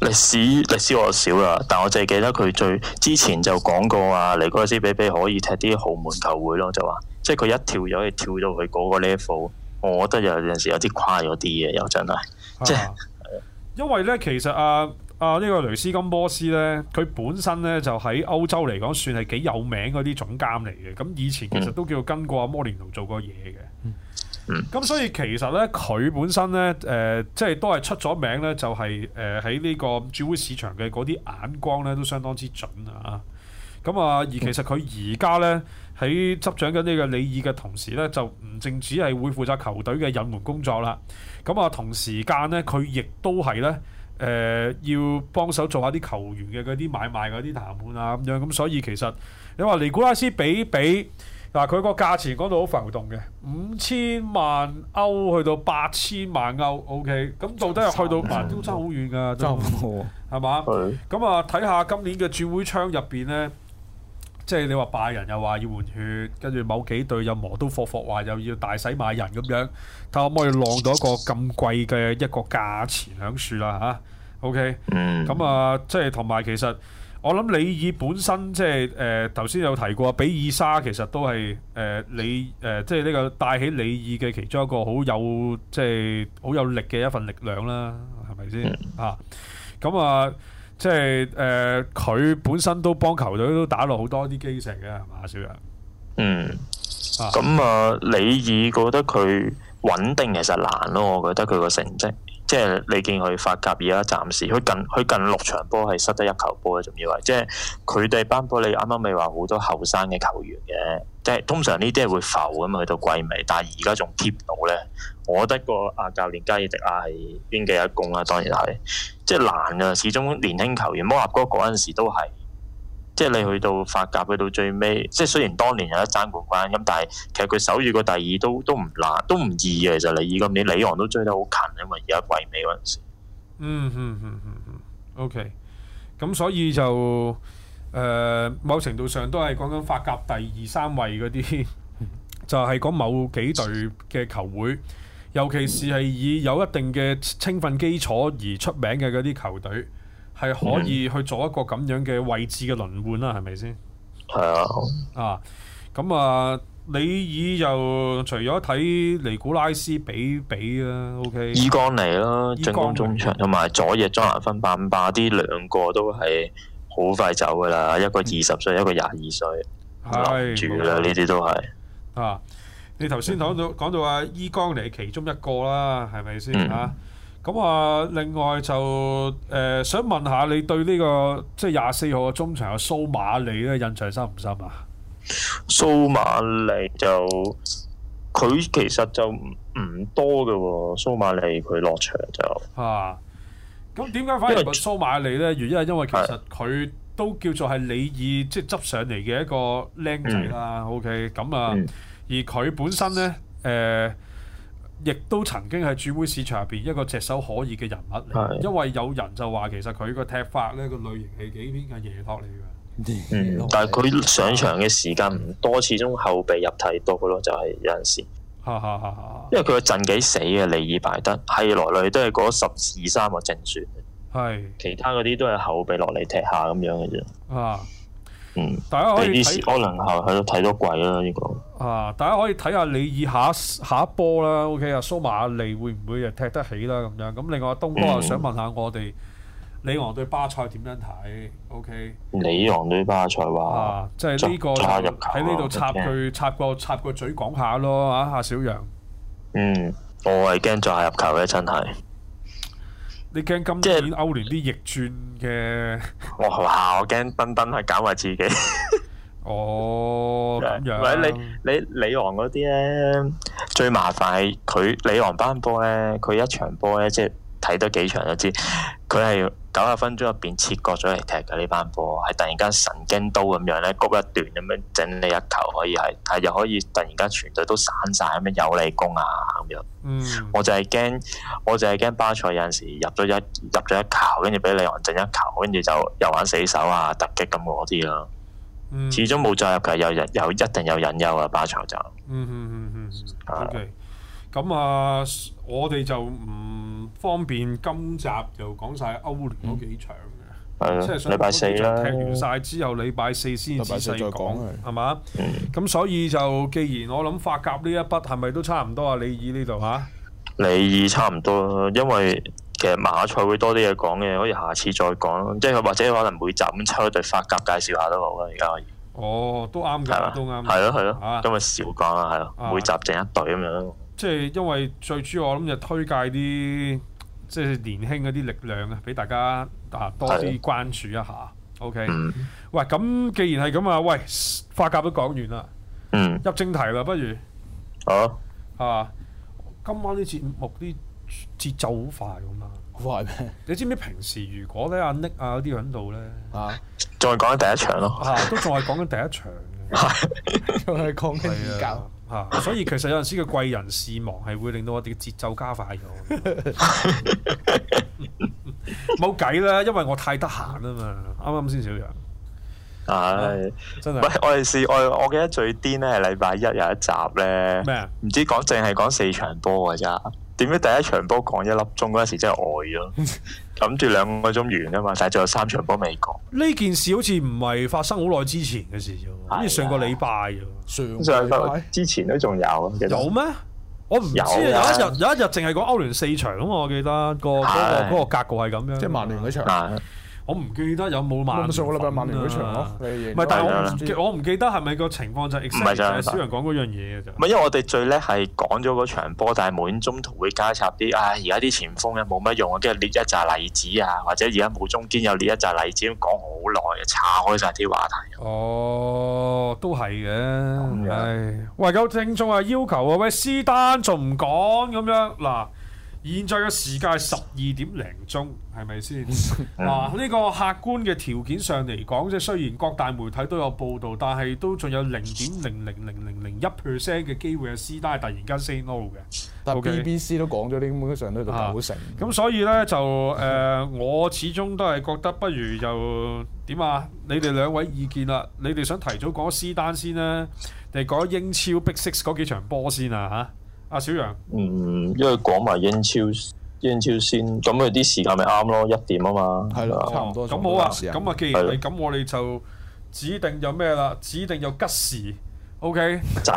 歷史歷史我少啦，但我淨係記得佢最之前就講過啊，尼古拉斯比比可以踢啲豪門球會咯，就話。即係佢一條友，可以跳到去嗰個 level，我覺得有陣時有啲誇咗啲嘢，又真係。即係、啊、因為咧，其實啊啊呢、呢個雷斯金波斯咧，佢本身咧就喺歐洲嚟講算係幾有名嗰啲總監嚟嘅。咁以前其實都叫跟過阿摩連奴做過嘢嘅。咁、嗯、所以其實咧，佢本身咧，誒、呃、即係都係出咗名咧、就是，就係誒喺呢個主會市場嘅嗰啲眼光咧，都相當之準啊。咁啊，而其實佢而家咧，喺執掌緊呢個里爾嘅同時咧，就唔淨止係會負責球隊嘅引援工作啦。咁、嗯、啊，同時間咧，佢亦都係咧，誒、呃、要幫手做下啲球員嘅嗰啲買賣等等、嗰啲談判啊咁樣。咁所以其實你話尼古拉斯比比嗱，佢個價錢講到好浮動嘅，五千萬歐去到八千萬歐，OK。咁到底去到曼刁差好遠㗎，差係嘛？咁啊，睇下吧的今年嘅轉會窗入邊咧。即係你話拜仁又話要換血，跟住某幾隊又磨刀霍霍，話又要大洗買人咁樣，睇可唔可以浪到一個咁貴嘅一個價錢兩樹啦嚇？OK，咁啊，即係同埋其實我諗李爾本身即係誒頭先有提過，比爾沙其實都係誒你誒，即係呢個帶起李爾嘅其中一個好有即係好有力嘅一份力量啦，係咪先啊？咁啊。即係誒，佢、呃、本身都幫球隊都打落好多啲基石嘅係嘛，小楊。嗯，咁啊，啊，你以覺得佢穩定其實難咯，我覺得佢個成績。即係你見佢發甲而家暫時，佢近佢近六場波係失得一球波咧，仲以為即係佢哋班波，你啱啱咪話好多後生嘅球員嘅，即係通常呢啲係會浮咁去到季尾，但係而家仲 keep 到咧，我覺得個阿教練加爾迪亞係邊幾一共啊，當然係，即係難啊。始終年輕球員，摩納哥嗰陣時都係。即係你去到法甲去到最尾，即係雖然當年有一爭冠軍，咁但係其實佢守住個第二都都唔難，都唔易嘅就你而今年里昂都追得好近，因為而家季尾嗰陣時嗯。嗯嗯嗯嗯嗯。O、嗯、K。咁、OK、所以就誒、呃，某程度上都係講緊法甲第二、三位嗰啲，就係、是、講某幾隊嘅球會，尤其是係以有一定嘅青訓基礎而出名嘅嗰啲球隊。係可以去做一個咁樣嘅位置嘅輪換啦，係咪先？係啊，啊，咁啊，你以又除咗睇尼古拉斯比比啦，OK，伊岡尼啦，進攻中場同埋左翼莊蘭芬班霸，啲兩個都係好快走噶啦，一個二十歲，一個廿二歲，留住啦，呢啲都係。啊，你頭先講到講到阿伊岡尼其中一個啦，係咪先啊？咁啊，另外就誒想問下你對呢個即係廿四號嘅中場有蘇馬利咧印象深唔深啊？蘇馬利就佢其實就唔多㗎喎，蘇馬利佢落場就嚇。咁點解反而唔係蘇馬利咧？原因係因為其實佢都叫做係李爾即係執上嚟嘅一個靚仔啦。OK，咁啊，而佢本身咧誒。亦都曾經係轉會市場入邊一個炙手可熱嘅人物嚟，是因為有人就話其實佢個踢法呢、嗰個類型係幾偏嘅嘢托嚟㗎。嗯、 但係佢上場嘅時間唔 多，始終後備入替多嘅咯，就係、是、有陣時。 因為佢嘅陣幾死嘅，利爾拜德係來來都係嗰十二三個正選，係 其他嗰啲都係後備落嚟踢下咁樣嘅啫。啊，嗯，大家可，可能後去到睇多季啦呢個。啊！大家可以睇下李爾下，下一下一波啦，OK 啊，蘇馬阿利會唔會誒踢得起啦？咁樣咁，另外東哥又想問下我哋李昂對巴塞點樣睇？OK，李昂對巴塞話啊，即係呢個喺呢度插佢，插個插個嘴講下咯，吓、啊、小楊。嗯，我係驚再入球嘅，真係。你驚今年歐聯啲逆轉嘅、就是？哇！我驚墩墩係搞壞自己。 哦咁樣，或者你你李昂嗰啲咧，最麻煩係佢李昂班波咧，佢一場波咧即係睇多幾場都知，佢係九十分鐘入邊切割咗嚟踢，佢呢班波，係突然間神經刀咁樣咧，谷一段咁樣整你一球可以係，係又可以突然間全隊都散晒咁樣有利攻啊咁樣。嗯，我，我就係驚，我就係驚巴塞有陣時入咗一入咗一球，跟住俾李昂整一球，跟住就又玩死守啊，突擊咁嗰啲咯。嗯、始終冇再入嘅，有有一定有引誘啊，巴場就。嗯嗯嗯嗯。咁啊，我哋就唔方便今集就講晒歐聯嗰幾場嘅，禮拜四啦。踢完晒之後，禮拜四先至細再講，係嘛？咁所以就，既然我諗法甲呢一筆係咪都差唔多啊？李以里爾呢度吓，里爾差唔多，因為。其實馬賽會多啲嘢講嘅，可以下次再講咯。即係或者可能每集咁抽一對法甲介紹下都好啦，而家可以。哦，都啱噶，吧都啱。係咯係咯，因為少講啊，係咯，啊、每集整一隊咁樣。即係、啊就是、因為最主要我諗就推介啲即係年輕嗰啲力量啊，俾大家啊多啲關注一下。O K，喂，咁既然係咁啊，喂，法甲都講完啦，嗯，入正題啦，不如好吧。啊，今晚啲節目啲。節奏好快咁啊！好快咩？你知唔知平時如果咧阿 Nick 啊嗰啲喺度咧啊，仲係講緊第一場咯啊，都仲係講緊第一場，仲係講緊研究吓。所以其實有陣時嘅貴人事忙係會令到我哋嘅節奏加快咗。冇計啦，因為我太得閒啊嘛。啱啱先小樣，唉、啊啊，真係。我哋試我我記得最癲咧係禮拜一有一集咧，咩麼？唔知講淨係講四場波啊？咋？點解第一場波講一粒鐘嗰陣時真係呆咯，諗住兩個鐘完啊嘛，但係仲有三場波未講。呢 件事好似唔係發生好耐之前嘅事啫，好似、哎、呀上個禮拜啫，上個禮拜之前都仲有。有咩？我唔知有、啊有，有一日有一日淨係講歐聯四場咯，我記得、嗰個嗰個、哎、呀個格局係咁樣，即係曼聯嗰場。哎我唔記得有冇曼上個禮拜曼聯嗰場咯，唔係，但係我唔我唔記得係咪個情況就係小楊講嗰樣嘢嘅啫。唔係，因為我哋最叻係講咗嗰場波，但係滿中途會加插啲，啊、哎，而家啲前鋒咧冇乜用啊，跟住列一紮例子啊，或者而家冇中堅又列一紮例子，咁講好耐，岔開晒啲話題。哦，都係嘅，係、嗯，哇的，有正中啊，那個、要求啊，喂，斯丹仲唔講咁樣嗱。現在嘅時間係十二點零鐘，係咪先？嗱、 啊，呢、這個客觀嘅條件上嚟講啫，即雖然各大媒體都有報道，但係都仲有零點零零零零零一 percent 嘅機會，阿斯丹係突然間 say no 嘅。但 BBC 都講咗啲咁嘅嘢，基本上都係九成。咁、啊嗯、所以咧就誒、呃，我始終都係覺得不如就點啊？你哋兩位意見啦，你哋想提早講阿斯丹先咧，定係講英超 Big Six 嗰幾場波先啊？嚇！阿小楊，嗯，因為講埋英超，英超先，咁佢啲時間咪啱咯，一點啊嘛，係咯，差唔多。咁好啊，咁啊，既然你，咁我哋就指定有咩啦？指定有吉時，OK，就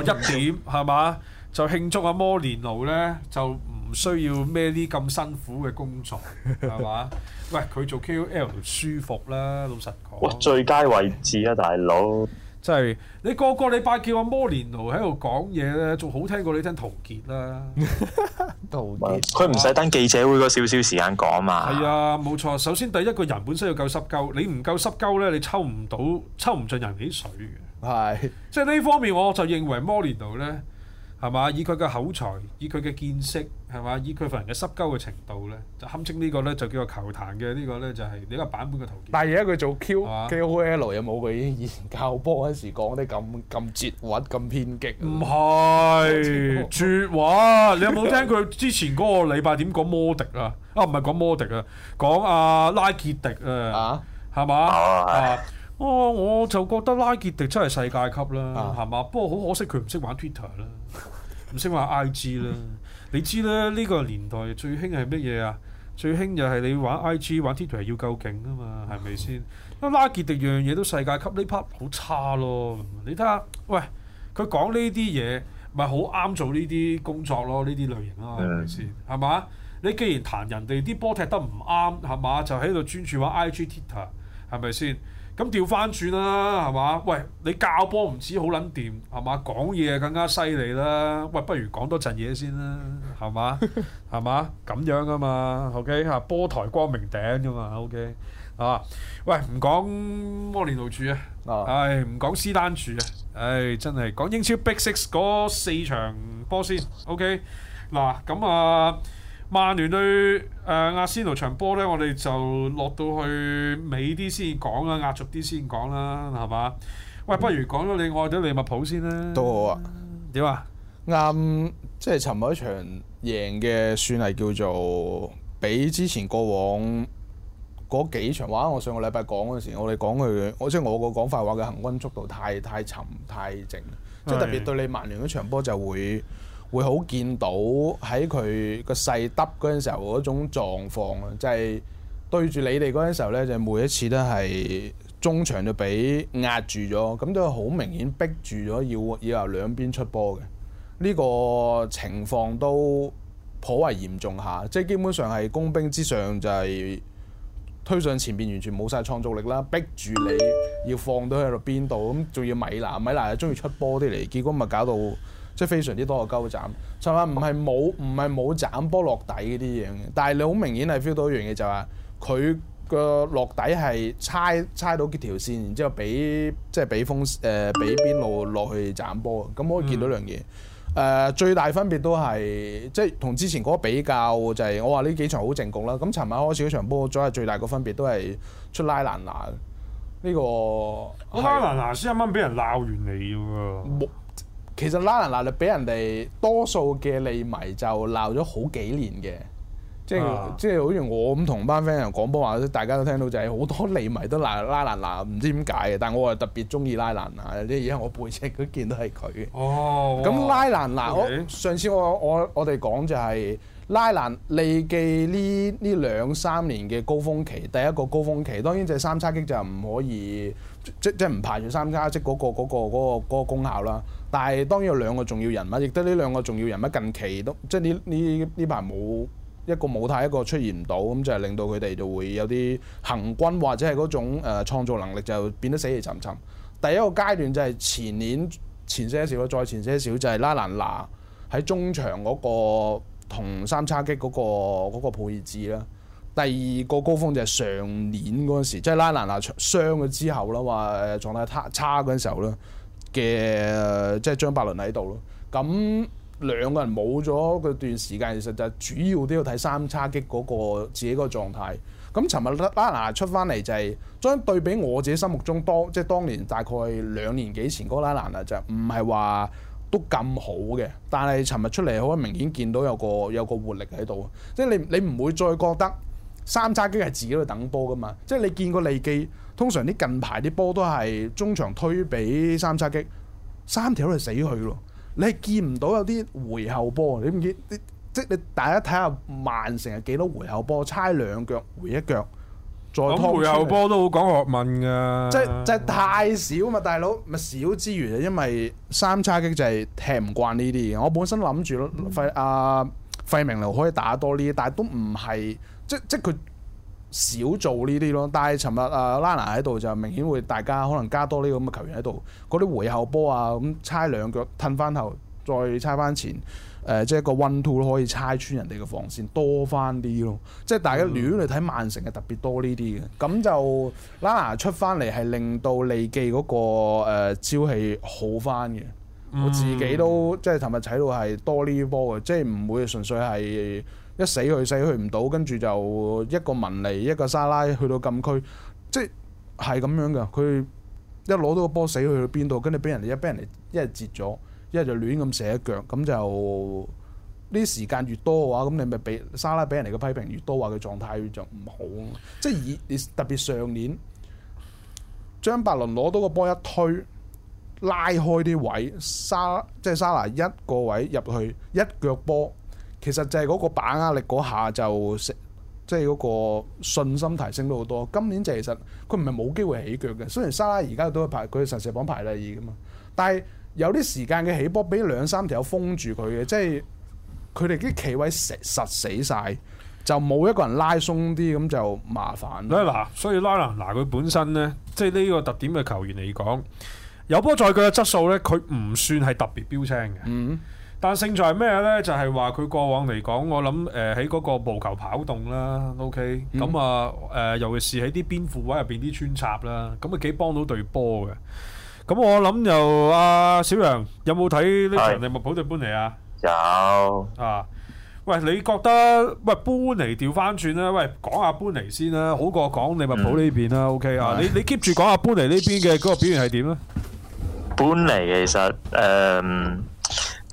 一點係嘛？就慶祝阿摩連奴咧，就唔需要咩啲咁辛苦嘅工作係嘛？喂，佢做 KOL 舒服啦，老實講。哇，最佳位置啊，大佬！真係、即係、你個個禮拜叫阿摩連奴喺度講嘢咧，仲好聽過你聽陶傑啦。 陶傑佢唔使等記者會嗰少少時間講嘛。係啊，冇錯。首先第一個人本身要夠濕溝，你唔夠濕溝咧，你抽唔到，抽唔盡人哋啲水嘅。係，即係呢方面我就認為摩連奴咧。係嘛？以佢嘅口才，以佢嘅見識，係嘛？以佢份人嘅濕鳩嘅程度咧，就堪稱個呢個咧就叫做球壇嘅呢個咧就係、是、你個版本嘅圖片。但係而家佢做 Q 吧 K O L 有冇佢以前教波嗰陣時講啲咁咁節話咁偏激？唔係是，絕話！你有冇聽佢之前嗰個禮拜點講摩迪啊？啊，唔係講摩迪啊，講阿、啊、拉傑迪啊，係嘛？啊，哦，我就覺得拉傑迪真係世界級啦，係嘛？ 不過好可惜佢唔識玩 Twitter 啦。唔識話 I G 啦，你知啦，呢個年代最興係乜嘢啊？最興就係你玩 I G 玩 Twitter 要夠勁啊嘛，係咪先？因 拉傑迪樣樣嘢都世界級呢 part 好差咯。你睇下，喂，佢講呢啲嘢咪好啱做呢啲工作咯？呢啲類型啊，係咪先？係嘛？你既然彈人哋啲波踢得唔啱，係嘛？就喺度專注玩 I G Twitter 係咪先？咁調翻轉啦，係嘛、嗯？喂，你教波唔止好撚掂，係嘛？講嘢更加犀利啦。喂，不如講多陣嘢先啦，係 嘛？係嘛？咁樣㗎嘛，OK 嚇。波台光明頂噶嘛，OK 啊？喂，唔講摩連路住，啊，係唔講斯丹住，啊？唉，真係講英超 Big Six 嗰四場波先，OK 嗱咁啊。嗯啊。曼聯對誒阿仙奴場波咧，我哋就落到去尾啲先講啊，壓軸啲先講啦，係嘛？喂，不如講到你愛咗利物浦先啦。都好啊。點啊？啱、嗯，即係尋日一場贏嘅算係叫做比之前過往嗰幾場，話我上個禮拜講嗰陣時，我哋講佢，即我即係我個講法話嘅行軍速度太太沉太靜，是即係特別對你曼聯嗰場波就會。會好見到喺佢個細篤嗰陣時候嗰種狀況啊，就係對住你哋嗰陣時候呢，就每一次都係中場就俾壓住咗，咁都好明顯逼住咗要要由兩邊出波嘅呢個情況都頗為嚴重下，即係基本上係工兵之上就係推上前邊完全冇晒創造力啦，逼住你要放到喺度邊度，咁仲要米拿，米拿係中意出波啲嚟，結果咪搞到。即係非常之多個鳩斬，就話唔係冇唔係冇斬波落底嗰啲嘢，但係你好明顯係 feel 到一樣嘢，就係佢個落底係猜猜到幾條線，然之後俾即係俾風誒俾邊路落去斬波。咁我以見到兩樣嘢，誒、嗯呃、最大分別都係即係同之前嗰比較就係、是、我話呢幾場好正局啦。咁尋晚開始嗰場波，咗係最大個分別都係出拉蘭拿呢、這個。拉蘭拿先啱啱俾人鬧完你喎。其實拉蘭娜就俾人哋多數嘅利迷就鬧咗好幾年嘅，即係、啊、即係好似我咁同班 friend 又講波話，大家都聽到就係好多利迷都鬧拉，拉蘭娜，唔知點解嘅。但係我又特別中意拉蘭娜，啲因為我背脊見到都係佢。哦，咁拉蘭娜，Okay. 我上次我我我哋講就係拉蘭利記呢呢兩三年嘅高峰期，第一個高峰期，當然就係三叉戟就唔可以，即即係唔排除三叉戟嗰個、嗰個、嗰個、嗰個功效啦。但係當然有兩個重要人物，亦都呢兩個重要人物近期都即係呢呢呢排冇一個冇睇，一個出現唔到，咁就係令到佢哋就會有啲行軍或者係嗰種誒、呃、創造能力就變得死氣沉沉。第一個階段就係前年前些少，再前些少就係、是、拉蘭娜喺中場嗰、那個同三叉戟嗰、那個配置啦。第二個高峰就係上年嗰時，即、就、係、是、拉蘭娜傷咗之後啦，話誒狀態差差嗰陣時候啦。嘅即係張伯倫喺度咯，咁兩個人冇咗嗰段時間，其實就主要都要睇三叉戟嗰個自己個狀態。咁尋日拉蘭拿出翻嚟就係、是、將對比我自己心目中當即係當年大概兩年幾前嗰個拉蘭拿就唔係話都咁好嘅，但係尋日出嚟好明顯見到有個有個活力喺度，即係你你唔會再覺得。三叉戟係自己喺度等波㗎嘛？即係你見過利記，通常啲近排啲波都係中場推俾三叉戟，三條喺度死去咯。你係見唔到有啲回後波，你唔見？即係你大家睇下曼城係幾多回後波？猜兩腳回一腳，再拖。回後波都好講學問㗎。即係太少嘛，大佬咪少之餘，因為三叉戟就係踢唔慣呢啲嘅。我本身諗住費阿費明路可以打多啲，但係都唔係。即即佢少做呢啲咯，但係尋日啊拉拿喺度就明顯會大家可能加多呢個咁嘅球員喺度，嗰啲回後波啊咁，猜兩腳褪翻後再猜翻前，呃、即係一個 one two 都可以猜穿人哋嘅防線多翻啲咯。即係大家亂嚟睇曼城嘅特別多呢啲嘅，咁就拉拿出翻嚟係令到利記嗰、那個、呃、朝氣好翻嘅。我自己都、嗯、即係尋日睇到係多呢啲波嘅，即係唔會純粹係。一死去，死去唔到，跟住就一個文尼，一個沙拉去到禁區，即係咁樣嘅。佢一攞到個波，死去去邊度？跟住俾人哋一俾人哋一係截咗，一係就亂咁射一腳。咁就呢時間越多嘅話，咁你咪俾沙拉俾人哋嘅批評越多，話佢狀態就唔好。即係而特別上年，張伯倫攞到個波一推，拉開啲位，沙即係、就是、沙拉一個位入去一腳波。其實就係嗰個把握力嗰下就即係嗰個信心提升咗好多。今年就其實佢唔係冇機會起腳嘅。雖然莎拉而家都係排佢神射手榜排第二嘅嘛，但係有啲時間嘅起波俾兩三條封住佢嘅，即係佢哋啲企位實實死晒，就冇一個人拉鬆啲咁就麻煩。拉拉，所以拉拉嗱，佢本身咧即係呢個特點嘅球員嚟講，有波在佢嘅質素咧，佢唔算係特別標青嘅。嗯。但勝在係咩咧？就係話佢過往嚟講，我諗誒喺嗰個無球跑動啦，OK。咁啊誒，尤其是喺啲邊鋒位入邊啲穿插啦，咁啊幾幫到隊波嘅。咁我諗又阿小楊有冇睇呢場利物浦對搬嚟啊？有啊。喂，你覺得喂搬嚟調翻轉啦？喂，講下搬嚟先啦，好過講利物浦呢邊啦。OK 啊，你你 keep 住講下搬嚟呢邊嘅嗰個表現係點啊？搬嚟其實誒。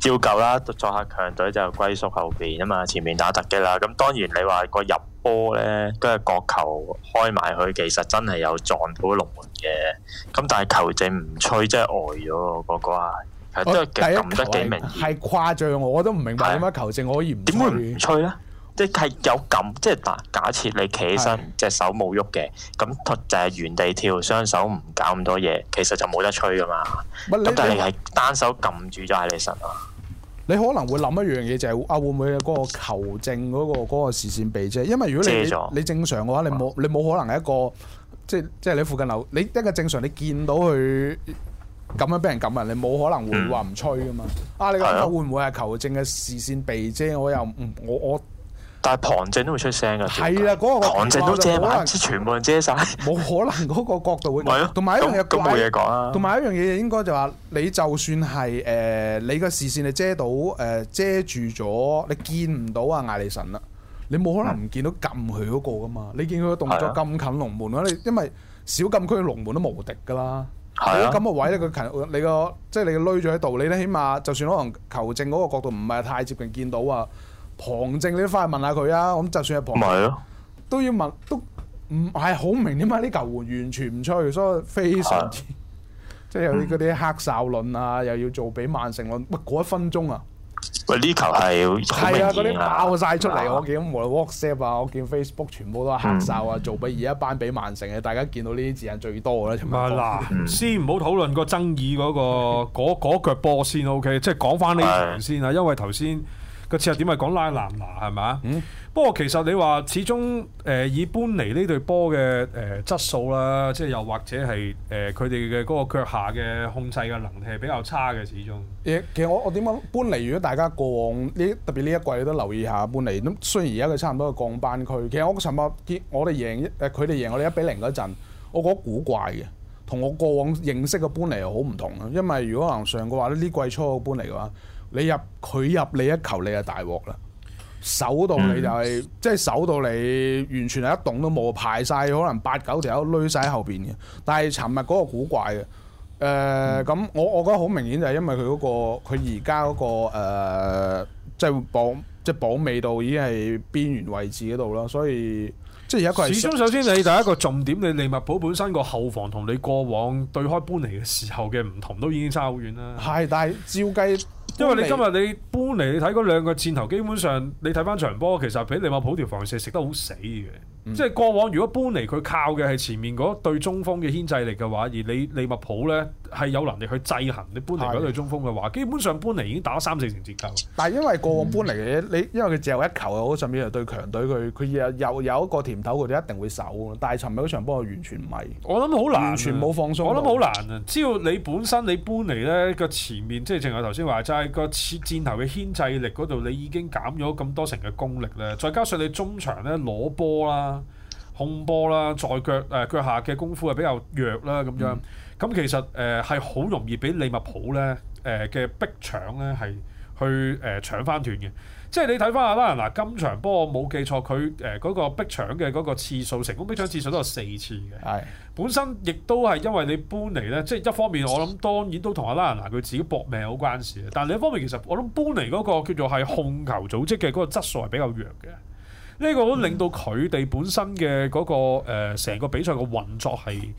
照舊啦，作客強隊就歸宿後邊啊嘛，前面打突擊啦。咁當然你話個入波咧，跟住角球開埋去，其實真係有撞到龍門嘅。咁但係球證唔吹，即係呆咗個瓜，係即係撳得幾明顯。係誇張，我都唔明白點解球證可以唔點會唔吹咧？即係有撳，即係假設你企起身隻手冇喐嘅，咁就係原地跳，雙手唔搞咁多嘢，其實就冇得吹噶嘛。咁但係你係單手撳住咗艾利臣啦。你可能會諗一樣嘢就係、是、啊，會唔會嗰個球證嗰、那個嗰、那個視線被遮？因為如果你你正常嘅話，你冇你冇可能係一個即即係你附近樓你一個正常你人人，你見到佢咁樣俾人撳啊，你冇可能會話唔吹㗎嘛啊！你話會唔會係球證嘅視線被遮？我又唔我我。我但係旁證都會出聲嘅，係啊，嗰、那個旁證都遮埋，即係全部人遮晒，冇可能嗰個角度會。係咯。同埋一樣嘢，冇嘢講啊，同埋一樣嘢、啊、應該就話，你就算係誒、呃，你嘅視線係遮到誒、呃、遮住咗，你見唔到啊艾利臣啦，你冇可能唔見到撳佢嗰個噶嘛？你見佢嘅動作咁近龍門啊？你因為小禁區龍門都無敵噶啦，喺咁、啊、個位咧，佢近你個即係你累咗喺度，你咧起碼就算可能求證嗰個角度唔係太接近見到啊。旁證，你快問下佢啊！咁就算係旁啊，都要問，都唔係好明點解呢球完全唔出去，所以非常之即係有啲嗰啲黑哨論啊，又要做比曼城論。喂，嗰一分鐘啊！喂，呢球係好明顯啊！係啊，嗰啲爆晒出嚟，我見無論 WhatsApp 啊，我見 Facebook 全部都係黑哨啊，做比而家班比曼城嘅，大家見到呢啲字眼最多啦。啊嗱，先唔好討論個爭議嗰個嗰腳波先，OK？即係講翻呢場先啊，因為頭先。個切入點係講拉拿拿係咪？不過其實你話始終誒以搬離呢隊波嘅誒質素啦，即係又或者係誒佢哋嘅嗰個腳下嘅控制嘅能力係比較差嘅始終。誒其實我我點樣？搬離如果大家過往呢特別呢一季都留意下搬離，咁雖然而家佢差唔多係降班區。其實我尋日我哋贏誒佢哋贏我哋一比零嗰陣，我覺得古怪嘅，同我過往認識嘅搬離係好唔同嘅。因為如果能上嘅話呢季初嘅搬離嘅話。你入佢入你一球，你就大鑊啦！守到你就係、是，嗯、即係守到你完全係一洞都冇，排晒，可能八九條都攰晒後邊嘅。但係尋日嗰個古怪嘅，誒、呃、咁我我覺得好明顯就係因為佢嗰、那個佢而家嗰個誒即係榜即係榜尾度已經係邊緣位置嗰度啦，所以即係而家佢始終首先你第一個重點，你利物浦本身個後防同你過往對開搬嚟嘅時候嘅唔同都已經差好遠啦。係，但係照計。因為你今日你搬嚟，你睇嗰兩個箭頭，基本上你睇翻場波，其實俾利物浦條防線食得好死嘅。嗯、即係過往如果搬嚟佢靠嘅係前面嗰對中鋒嘅牽制力嘅話，而利物浦咧，係有能力去制衡你搬嚟嗰類中鋒嘅話，基本上搬嚟已經打三四成折頭。但係因為過往搬嚟嘅嘢，嗯、你因為佢只有一球，又好，陣時又對強隊，佢佢有有有一個甜頭，佢哋一定會守。但係尋日嗰場波係完全唔係，我諗好難，完全冇放鬆。我諗好難啊！只要你本身你搬嚟呢個前面，即係正如頭先話，就係、是、個箭頭嘅牽制力嗰度，你已經減咗咁多成嘅功力咧。再加上你中場呢，攞波啦、控波啦、在腳誒腳下嘅功夫係比較弱啦咁、嗯、樣。咁其實誒係好容易俾利物浦咧，誒嘅逼搶咧係去誒搶翻斷嘅，即係你睇翻阿拉蘭拿，嗱今場波我冇記錯佢誒嗰個逼搶嘅嗰個次數成功逼搶次數都有四次嘅，係的本身亦都係因為你搬嚟咧，即係一方面我諗當然都同阿拉蘭拿佢自己搏命好關事嘅，但另一方面其實我諗搬嚟嗰個叫做係控球組織嘅嗰個質素係比較弱嘅，呢、這個都令到佢哋本身嘅嗰、那個成、呃、個比賽嘅運作係。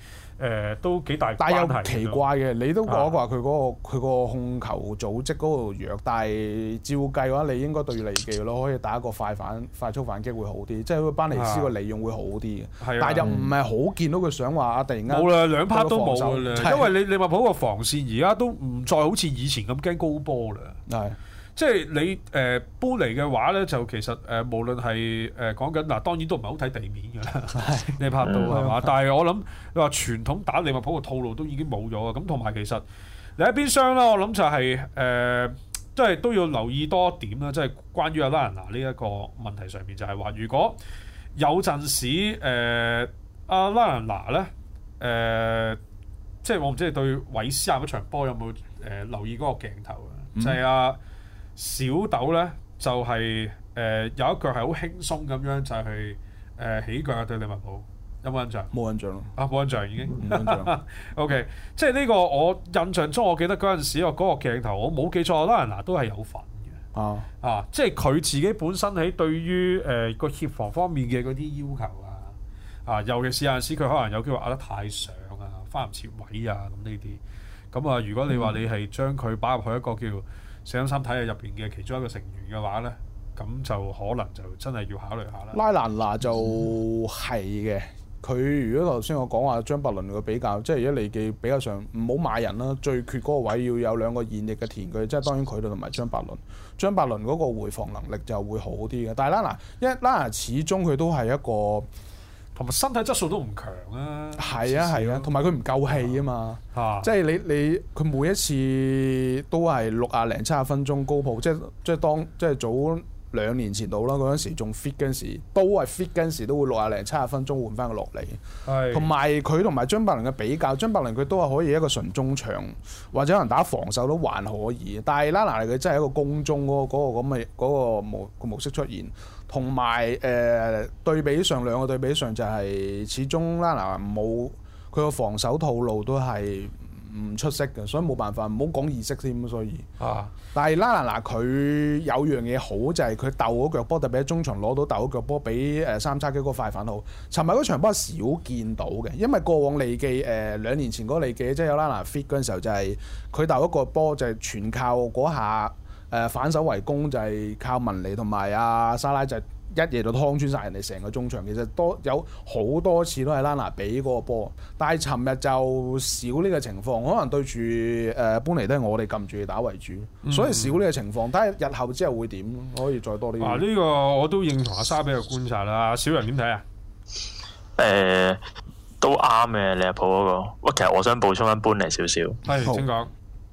誒都幾大，但又奇怪嘅，那個、你都講話佢嗰個佢是、啊、個控球組織嗰個弱，但係照計嘅話，你應該對利記咯，可以打一個快反快速反擊會好啲，即、就、係、是、班尼斯個利用會好啲嘅。係，是啊、但又唔係好見到佢想話啊，突然間冇啦是、啊，兩 part 都冇啦，是啊、因為你話個防線而家都唔再好似以前咁驚高波啦。係。即係你誒、呃、搬嚟嘅話咧，就其實誒、呃、無論係誒講緊嗱，當然都唔係好睇地面㗎啦， 你拍到係嘛？但係我諗你話傳統打利物浦嘅套路都已經冇咗啊！咁同埋其實你喺邊廂啦，我諗就係、是、誒，即、呃、係都要留意多一點啦，即、就、係、是、關於阿拉蘭娜呢一個問題上面，就係、是、話如果有陣時誒、呃、阿拉蘭娜咧誒、呃，即係我唔知你對韋斯亞嗰場波有冇誒留意嗰個鏡頭啊？就係啊。 小豆咧就係誒有一腳係好輕鬆咁樣就係誒起腳啊對利物浦。有冇印象？冇印象咯、啊，啊冇印象已經冇印象。 O.K. 即係呢、這個我印象中，我記得嗰陣時個嗰個鏡頭，我冇記錯，嗱都係有份嘅。啊啊！即係佢自己本身喺對於誒、呃、個協防方面嘅嗰啲要求啊啊，尤其是有陣時佢可能有機會壓得太上啊，翻唔切位啊咁呢啲。咁啊，如果你話你係將佢擺入去一個,一個叫四三三體系入邊嘅其中一個成員嘅話咧，咁就可能就真係要考慮下啦。拉蘭娜就係嘅，佢如果頭先我講話張伯倫嘅比較，即係一嚟嘅比較上唔好買人啦。最缺嗰個位要有兩個現役嘅田佢，即係當然佢度同埋張伯倫。張伯倫嗰個回防能力就會好啲嘅，但係拉蘭，因為拉蘭始終佢都係一個。身體質素都唔強啊，係啊係啊，同埋佢唔夠氣啊嘛，即係、啊、你你佢每一次都係六啊零七十分鐘高普，即、就、即、是就是、當即係、就是、早兩年前到啦，嗰陣時仲 fit 嗰陣時，都係 fit 嗰陣時都會六啊零七十分鐘換翻佢落嚟。係同埋佢同埋張伯倫嘅比較，張伯倫佢都係可以一個純中場，或者可能打防守都還可以，但係拉拿嚟佢真係一個攻中嗰個咁嘅嗰模個模式出現。同埋誒對比上，兩個對比上就係，始終拉拿冇佢個防守套路都係唔出色嘅，所以冇辦法，唔好講意識添，所以啊，但係拉拿拿佢有樣嘢好，就係佢竇嗰腳波，特別喺中場攞到竇嗰腳波比誒、呃、三叉戟嗰個快反好。尋日嗰場波係少見到嘅，因為過往利記誒、呃、兩年前嗰個利記即係、就是、有拉拿 fit 嗰陣時候就，就係佢竇一個波就係全靠嗰下。誒反手為攻就係，是，靠文尼同埋阿沙拉，就一夜就劏穿晒人哋成個中場。其實多有好多次都係拉拿俾個波，但係尋日就少呢個情況。可能對住誒搬嚟都係我哋撳住佢打為主，嗯、所以少呢個情況。睇日後之後會點，可以再多啲。啊、呢、這個我都認同阿沙比嘅觀察啦。小人點睇啊？誒、呃，都啱嘅利物浦嗰個。不過其實我想補充翻搬嚟少少。係好，請講。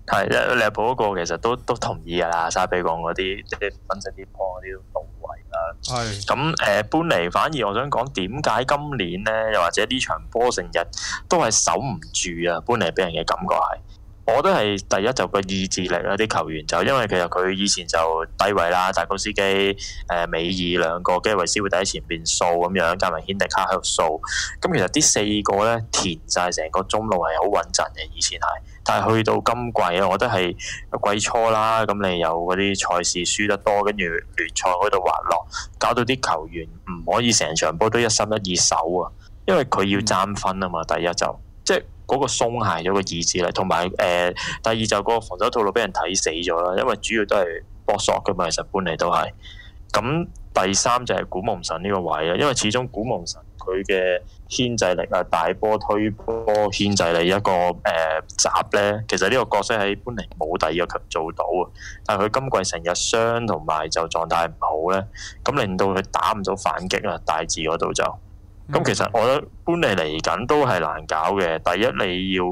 係，利利普嗰個其實都都同意㗎啦。沙比講嗰啲，即係分析啲波嗰啲都到位啦。係，咁、呃、誒，搬嚟反而我想講點解今年咧，又或者呢場波成日都係守唔住啊？搬嚟俾人嘅感覺係。我都係第一就個意志力啦，啲球員就因為其實佢以前就低位啦，大高司機誒、呃、美爾兩個基維斯會喺前邊掃咁樣，加埋顯迪卡喺度掃，咁其實啲四個咧填晒成個中路係好穩陣嘅，以前係，但係去到今季咧，我覺得係季初啦，咁你有嗰啲賽事輸得多，跟住聯賽嗰度滑落，搞到啲球員唔可以成場波都一心一意守啊，因為佢要爭分啊嘛，嗯、第一就即係。嗰個鬆懈咗個意志力，同埋誒第二就個防守套路俾人睇死咗啦，因為主要都係搏索嘅嘛，其實班裡都係。咁第三就係古夢神呢個位啦，因為始終古夢神佢嘅牽制力啊，大波推波牽制力一個誒閘咧，其實呢個角色喺班裡冇第二個強做到啊，但係佢今季成日傷同埋就狀態唔好咧，咁令到佢打唔到反擊啊，大致嗰度就。咁、嗯嗯、其實我覺得搬嚟嚟緊都係難搞嘅。第一你要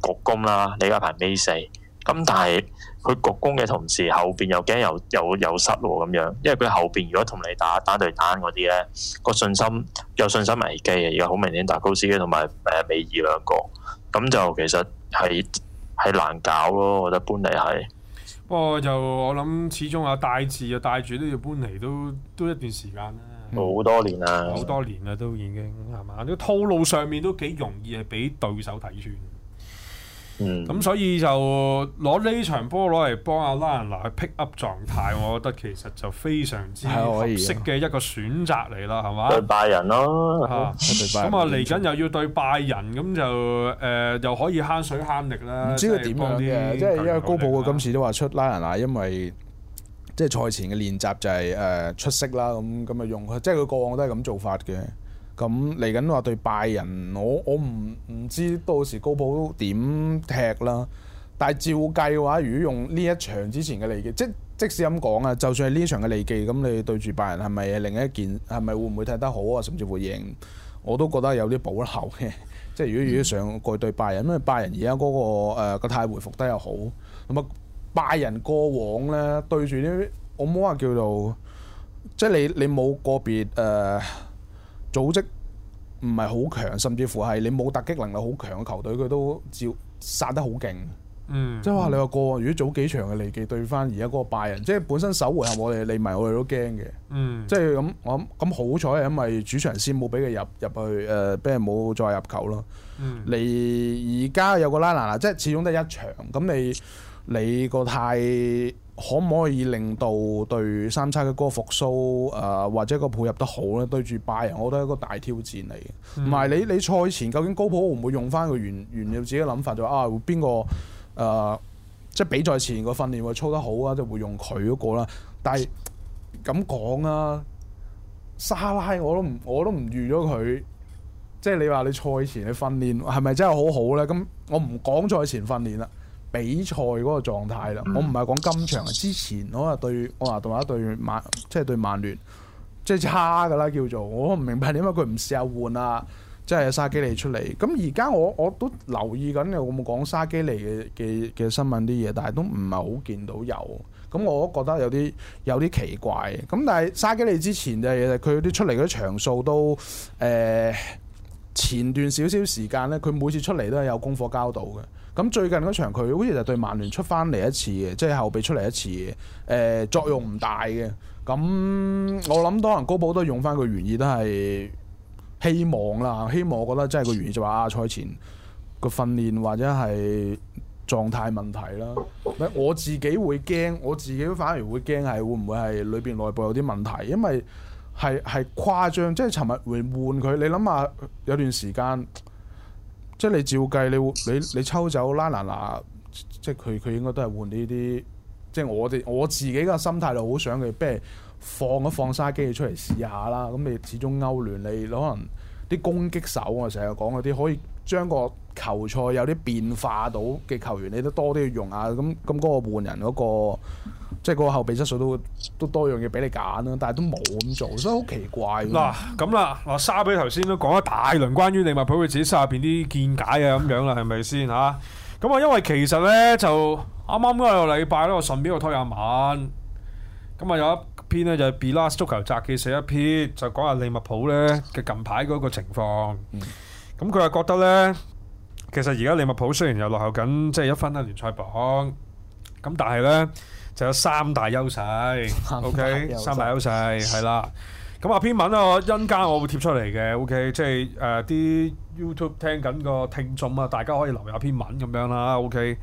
國工啦，你家排尾四。咁但係佢國工嘅同時後邊又驚又又又失喎咁樣，因為佢後邊如果同你打單對單嗰啲咧，個信心有信心危機啊，而家好明顯打高斯機同埋誒尾二兩個。咁就其實係係難搞咯，我覺得搬嚟係。不過就我諗，始終阿戴字，又帶住都要搬嚟，都都一段時間啦。好、嗯、多年啦，好多年啦，都已經係嘛？呢個套路上面都幾容易係俾對手睇穿。嗯。咁所以就攞呢場波攞嚟幫阿拉蘭拿去 pick up 狀態，嗯、我覺得其實就非常之合適嘅一個選擇嚟啦，係嘛？吧對拜仁咯嚇。咁啊吧，嚟緊 又要對拜仁，咁就誒、呃、又可以慳水慳力啦。唔知佢點樣嘅，即係因為高普哥今次都話出拉蘭拿，因為。即係賽前嘅練習就係、是、誒、呃、出色啦，咁咁咪用，佢，即係佢過往都係咁做法嘅。咁嚟緊話對拜仁，我我唔唔知到時高普都點踢啦。但係照計嘅話，如果用呢一場之前嘅利記，即即使咁講啊，就算係呢場嘅利記，咁你對住拜仁係咪另一件係咪會唔會踢得好啊？甚至會贏，我都覺得有啲保留嘅。即係如果如果上季對拜仁，因為拜仁而家嗰個誒個、呃、態回復得又好，咁、嗯、啊。拜仁過往咧對住呢啲，我冇話叫做，即係你你冇個別誒、呃、組織唔係好強，甚至乎係你冇突擊能力好強嘅球隊，佢都照殺得好勁。嗯，即係話你話過往、嗯、如果早幾場嘅利記對翻而家嗰個拜仁，即係本身首回合我哋你咪我哋都驚嘅。嗯，即係咁，我諗咁好彩，係因為主場先冇俾佢入入，入去誒，俾佢冇再入球咯。嚟而家有個拉拿啦，即係始終都係一場咁你。你個態可唔可以令到對三叉嘅個復甦？誒、呃、或者個配合得好咧？對住拜仁，我覺得係一個大挑戰嚟。唔係、嗯、你你賽前究竟高普會唔會用翻個原原有自己嘅諗法、就是？就啊邊個誒即係比賽前個訓練會操得好啊？就會用佢嗰、那個啦。但係咁講啊，沙拉我都唔我都唔預咗佢。即係你話你賽前嘅訓練係咪真係好好咧？咁我唔講賽前訓練啦。比賽嗰個狀態啦，我唔係講今場啊，之前我啊對我話對曼即係對曼聯，即係差㗎喇叫做，我唔明白點解佢唔試下換啊，即係沙基利出嚟。咁而家我我都留意緊，有冇講沙基利嘅嘅嘅新聞啲嘢，但係都唔係好見到有。咁我覺得有啲有啲奇怪。咁但係沙基利之前嘅嘢，佢啲出嚟嗰啲場數都誒、呃，前段少少時間呢，佢每次出嚟都係有功課交到嘅。咁最近嗰場佢好似就對曼聯出翻嚟一次嘅，即係後備出嚟一次嘅，誒、呃、作用唔大嘅。咁、嗯、我諗當然高寶都用翻個原意，都係希望啦，希望我覺得真係個原意、就是，就話亞賽前個訓練或者係狀態問題啦。我自己會驚，我自己反而會驚係會唔會係裏邊內部有啲問題，因為係係誇張，即係尋日換換佢，你諗下有段時間。即係你照計，你會你你抽走啦。嗱嗱，即係佢佢應該都係換呢啲，即係我哋我自己嘅心態就好想佢，不如放一放沙機出嚟試下啦。咁你始終歐聯你可能啲攻擊手，我成日講嗰啲可以將個球賽有啲變化到嘅球員，你都多啲用下，咁咁嗰個換人嗰個，即係嗰個後備質素都都多樣嘢俾你揀啦，但係都冇咁做，所以好奇怪。嗱咁啦，嗱沙比頭先都講咗大輪關於利物浦佢自己心入邊啲見解啊咁樣啦，係咪先吓？咁啊，因為其實咧就啱啱嗰個禮拜咧，我順便我拖下晚，咁啊有一篇咧就係《Blast 足球雜記》寫一篇，就講下利物浦咧嘅近排嗰個情況，咁佢又覺得咧。其實而家利物浦雖然又落後緊即係一分啊聯賽榜，咁但係咧就有三大優勢，OK？三大優勢係啦。咁啊 篇文啊，一陣間我會貼出嚟嘅，OK？即係誒啲 YouTube 聽緊個聽眾啊，大家可以留意下篇文咁樣啦，OK？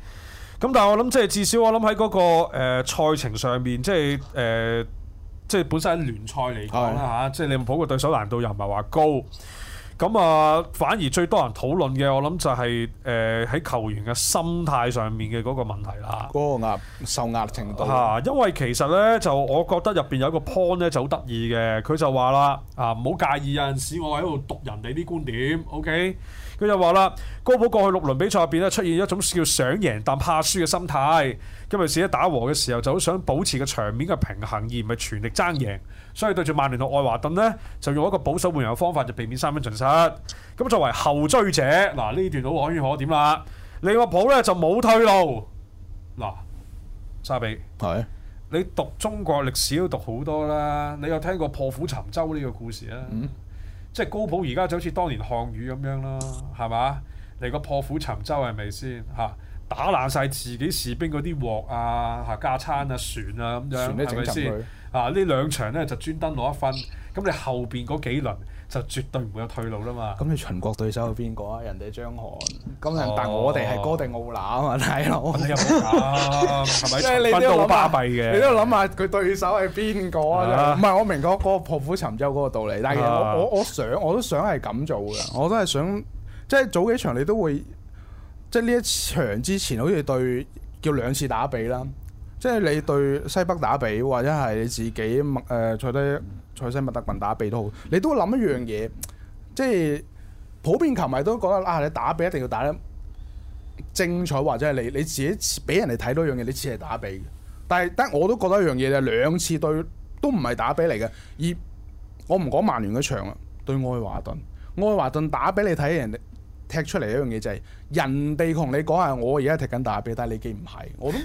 咁但係我諗即係至少我諗喺嗰個誒呃、賽程上面，即係誒、呃、即係本身喺聯賽嚟講啦吓，即係利物浦個對手難度又唔係話高。咁啊，反而最多人討論嘅，我諗就係誒喺球員嘅心態上面嘅嗰個問題啦。嗰個壓受壓程度啊，因為其實咧就我覺得入邊有一個 point 咧就好得意嘅，佢就話啦啊，唔好介意有陣時我喺度讀人哋啲觀點，OK。佢就話啦，高普過去六輪比賽入邊咧，出現一種叫想贏但怕輸嘅心態，今日試一打和嘅時候就好想保持個場面嘅平衡，而唔係全力爭贏，所以對住曼聯同愛華頓呢，就用一個保守換人嘅方法，就避免三分盡失。咁作為後追者，嗱呢段路可圈可點啦？利物浦咧就冇退路。嗱，沙比，係是的 你讀中國歷史都讀好多啦，你有聽過破釜沉舟呢個故事啊？嗯。即係高普而家就好似當年項羽咁樣啦，係嘛？嚟個破釜沉舟係咪先？嚇，打爛晒自己士兵嗰啲鑊啊、嚇架撐啊、船啊咁樣，係咪先？啊呢兩場咧就專登攞一分。咁你後邊嗰幾輪就絕對唔會有退路啦嘛！咁你秦國對手係邊個啊？人哋張翰咁、哦、但係我哋係哥迪奧拿啊嘛！但係我哋又冇搞，咪 即係 你都好巴閉嘅， 你都諗下佢對手係邊個啊？唔係、啊、我明確、嗰個破釜沉舟嗰個道理，但係、啊、我我我想我都想係咁做嘅，我都係想，想，想即係早幾場你都會即係呢一場之前好似對叫兩次打比啦，即係你對西北打比或者係你自己誒坐低。呃呃呃嗯佢使乜特棍打比都好，你都諗一樣嘢，即係普遍球迷都覺得啊，你打比一定要打得精彩，或者係你你自己俾人哋睇到一樣嘢，你似係打比嘅。但係但係我都覺得一樣嘢就係兩次對都唔係打比嚟嘅，而我唔講曼聯嗰場啊，對愛華頓，愛華頓打比你睇人哋踢出嚟一樣嘢就係、係、人哋同你講下我而家踢緊打比，但係你既唔係？我都。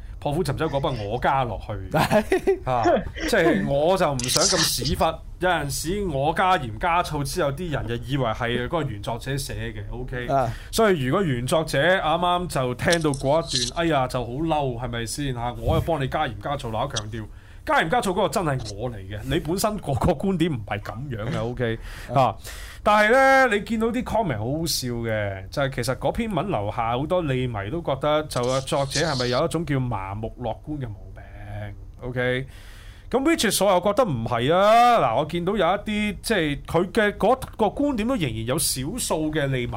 破釜沉舟嗰筆我加落去，嚇、 啊，即係我就唔想咁屎忽。有陣時我加鹽加醋，之後啲人就以為係嗰個原作者寫嘅。OK，uh, 所以如果原作者啱啱就聽到嗰一段，哎呀就好嬲，係咪先嚇？我又幫你加鹽加醋，我強調加鹽加醋嗰個真係我嚟嘅。你本身個個觀點唔係咁樣嘅。OK，啊。但係咧，你見到啲 comment 好好笑嘅，就係、是、其實嗰篇文留下好多利迷都覺得就啊作者係咪有一種叫麻木樂觀嘅毛病？OK，咁 which 所有覺得唔係啊？嗱，我見到有一啲即係佢嘅嗰個觀點都仍然有少數嘅利迷，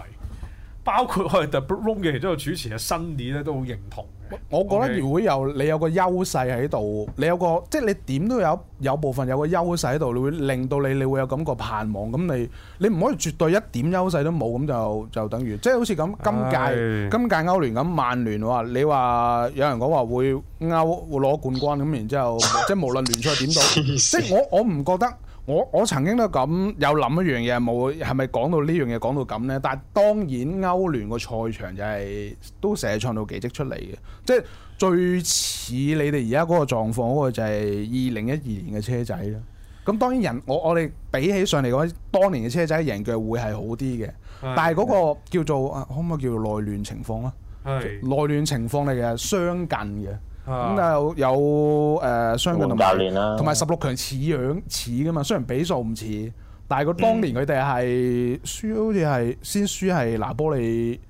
包括我哋 The Room 嘅其中個主持嘅新尼咧都好認同。我覺得如果有你有個優勢喺度，你有個即係你點都有有部分有個優勢喺度，你會令到你你會有感覺盼望，咁你你唔可以絕對一點優勢都冇，咁就就等於即係好似咁今屆今屆歐聯咁，曼聯話你話有人講話會歐會攞冠軍咁，然之後即係無論聯賽點到，即係我我唔覺得。我我曾經都咁有諗一樣嘢，冇係咪講到呢樣嘢講到咁呢？但係當然歐聯個賽場就係都成日創造奇蹟出嚟嘅，即係最似你哋而家嗰個狀況嗰個就係二零一二年嘅車仔啦。咁當然人我我哋比起上嚟講，當年嘅車仔贏腳會係好啲嘅，但係嗰個叫做啊，是的 可唔可以叫做內亂情況啦？係是的 內亂情況嚟嘅，相近嘅。咁但又有誒、呃，相近啦，同埋十六強似樣似噶嘛？雖然比數唔似，但係佢當年佢哋係輸好似係先輸係拿波利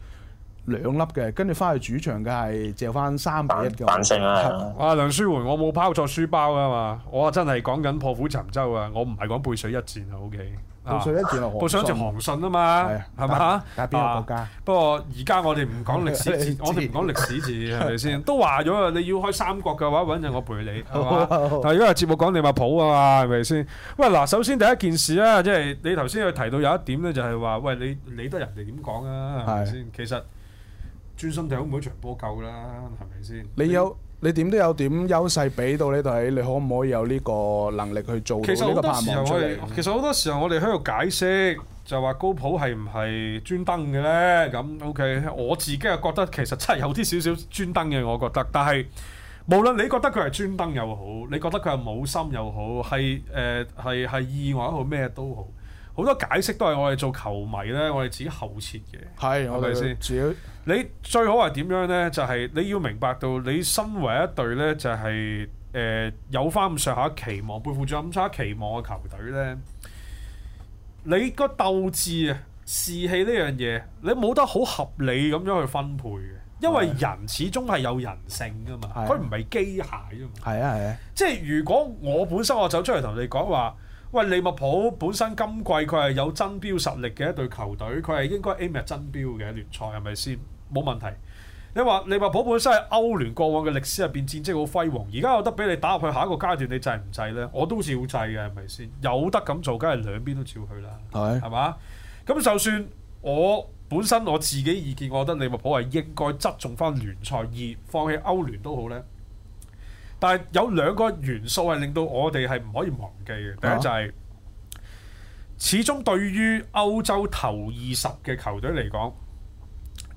兩粒嘅，跟住翻去主場嘅係借翻三比一嘅反勝啦。啊，啊，梁舒桓，我冇拋錯書包啊嘛！我真係講緊破釜沉舟啊！我唔係講背水一戰啊！O K。嗯、報上一注航信啊嘛，係嘛對吧？但係邊個國家？啊、不過而家我哋唔講歷史字， 知道 我哋唔講歷史字，係咪先？ 都話咗啦，你要開三國嘅話，穩陣我陪你，係嘛？但係因為節目講利物浦啊嘛，係咪先？喂，嗱，首先第一件事咧，即、就、係、是、你頭先去提到有一點咧，就係話，喂，你理得人哋點講啊？係咪先？是其實專心睇好每一場波夠啦，係咪先？你有。你點都有點優勢俾到你睇，你可唔可以有呢個能力去做到呢個拍檔出嚟？其實好多，多時候我哋，其實好多時候我哋喺度解釋，就話高普係唔係專登嘅呢？咁 OK，我自己又覺得其實真係有啲少少專登嘅，我覺得。但係無論你覺得佢係專登又好，你覺得佢係冇心又好，係誒係係意外又好，咩都好。好多解釋都係我哋做球迷咧，我哋自己後設嘅，係，我哋先。你最好係點樣咧？就係、是、你要明白到，你身為一隊咧，就係、是、誒、呃、有翻咁上下期望，背負住咁差期望嘅球隊咧，你個鬥志啊、士氣呢樣嘢，你冇得好合理咁樣去分配嘅，因為人始終係有人性噶嘛，佢唔係機械啫嘛。係啊係啊，即係如果我本身我走出嚟同你講話。因喂，利物浦本身今季佢係有爭標實力嘅一隊球隊，佢係應該 aim 爭標嘅聯賽，係咪先？冇問題。你話利物浦本身喺歐聯過往嘅歷史入邊戰績好輝煌，而家有得俾你打入去下一個階段，你制唔制呢？我都照制嘅，係咪先？有得咁做，梗係兩邊都照去啦，係嘛的？咁就算我本身我自己意見，我覺得利物浦係應該側重翻聯賽而放棄歐聯都好呢。但係有兩個元素係令到我哋係唔可以忘記嘅，第一就係、是、始終對於歐洲頭二十嘅球隊嚟講，誒、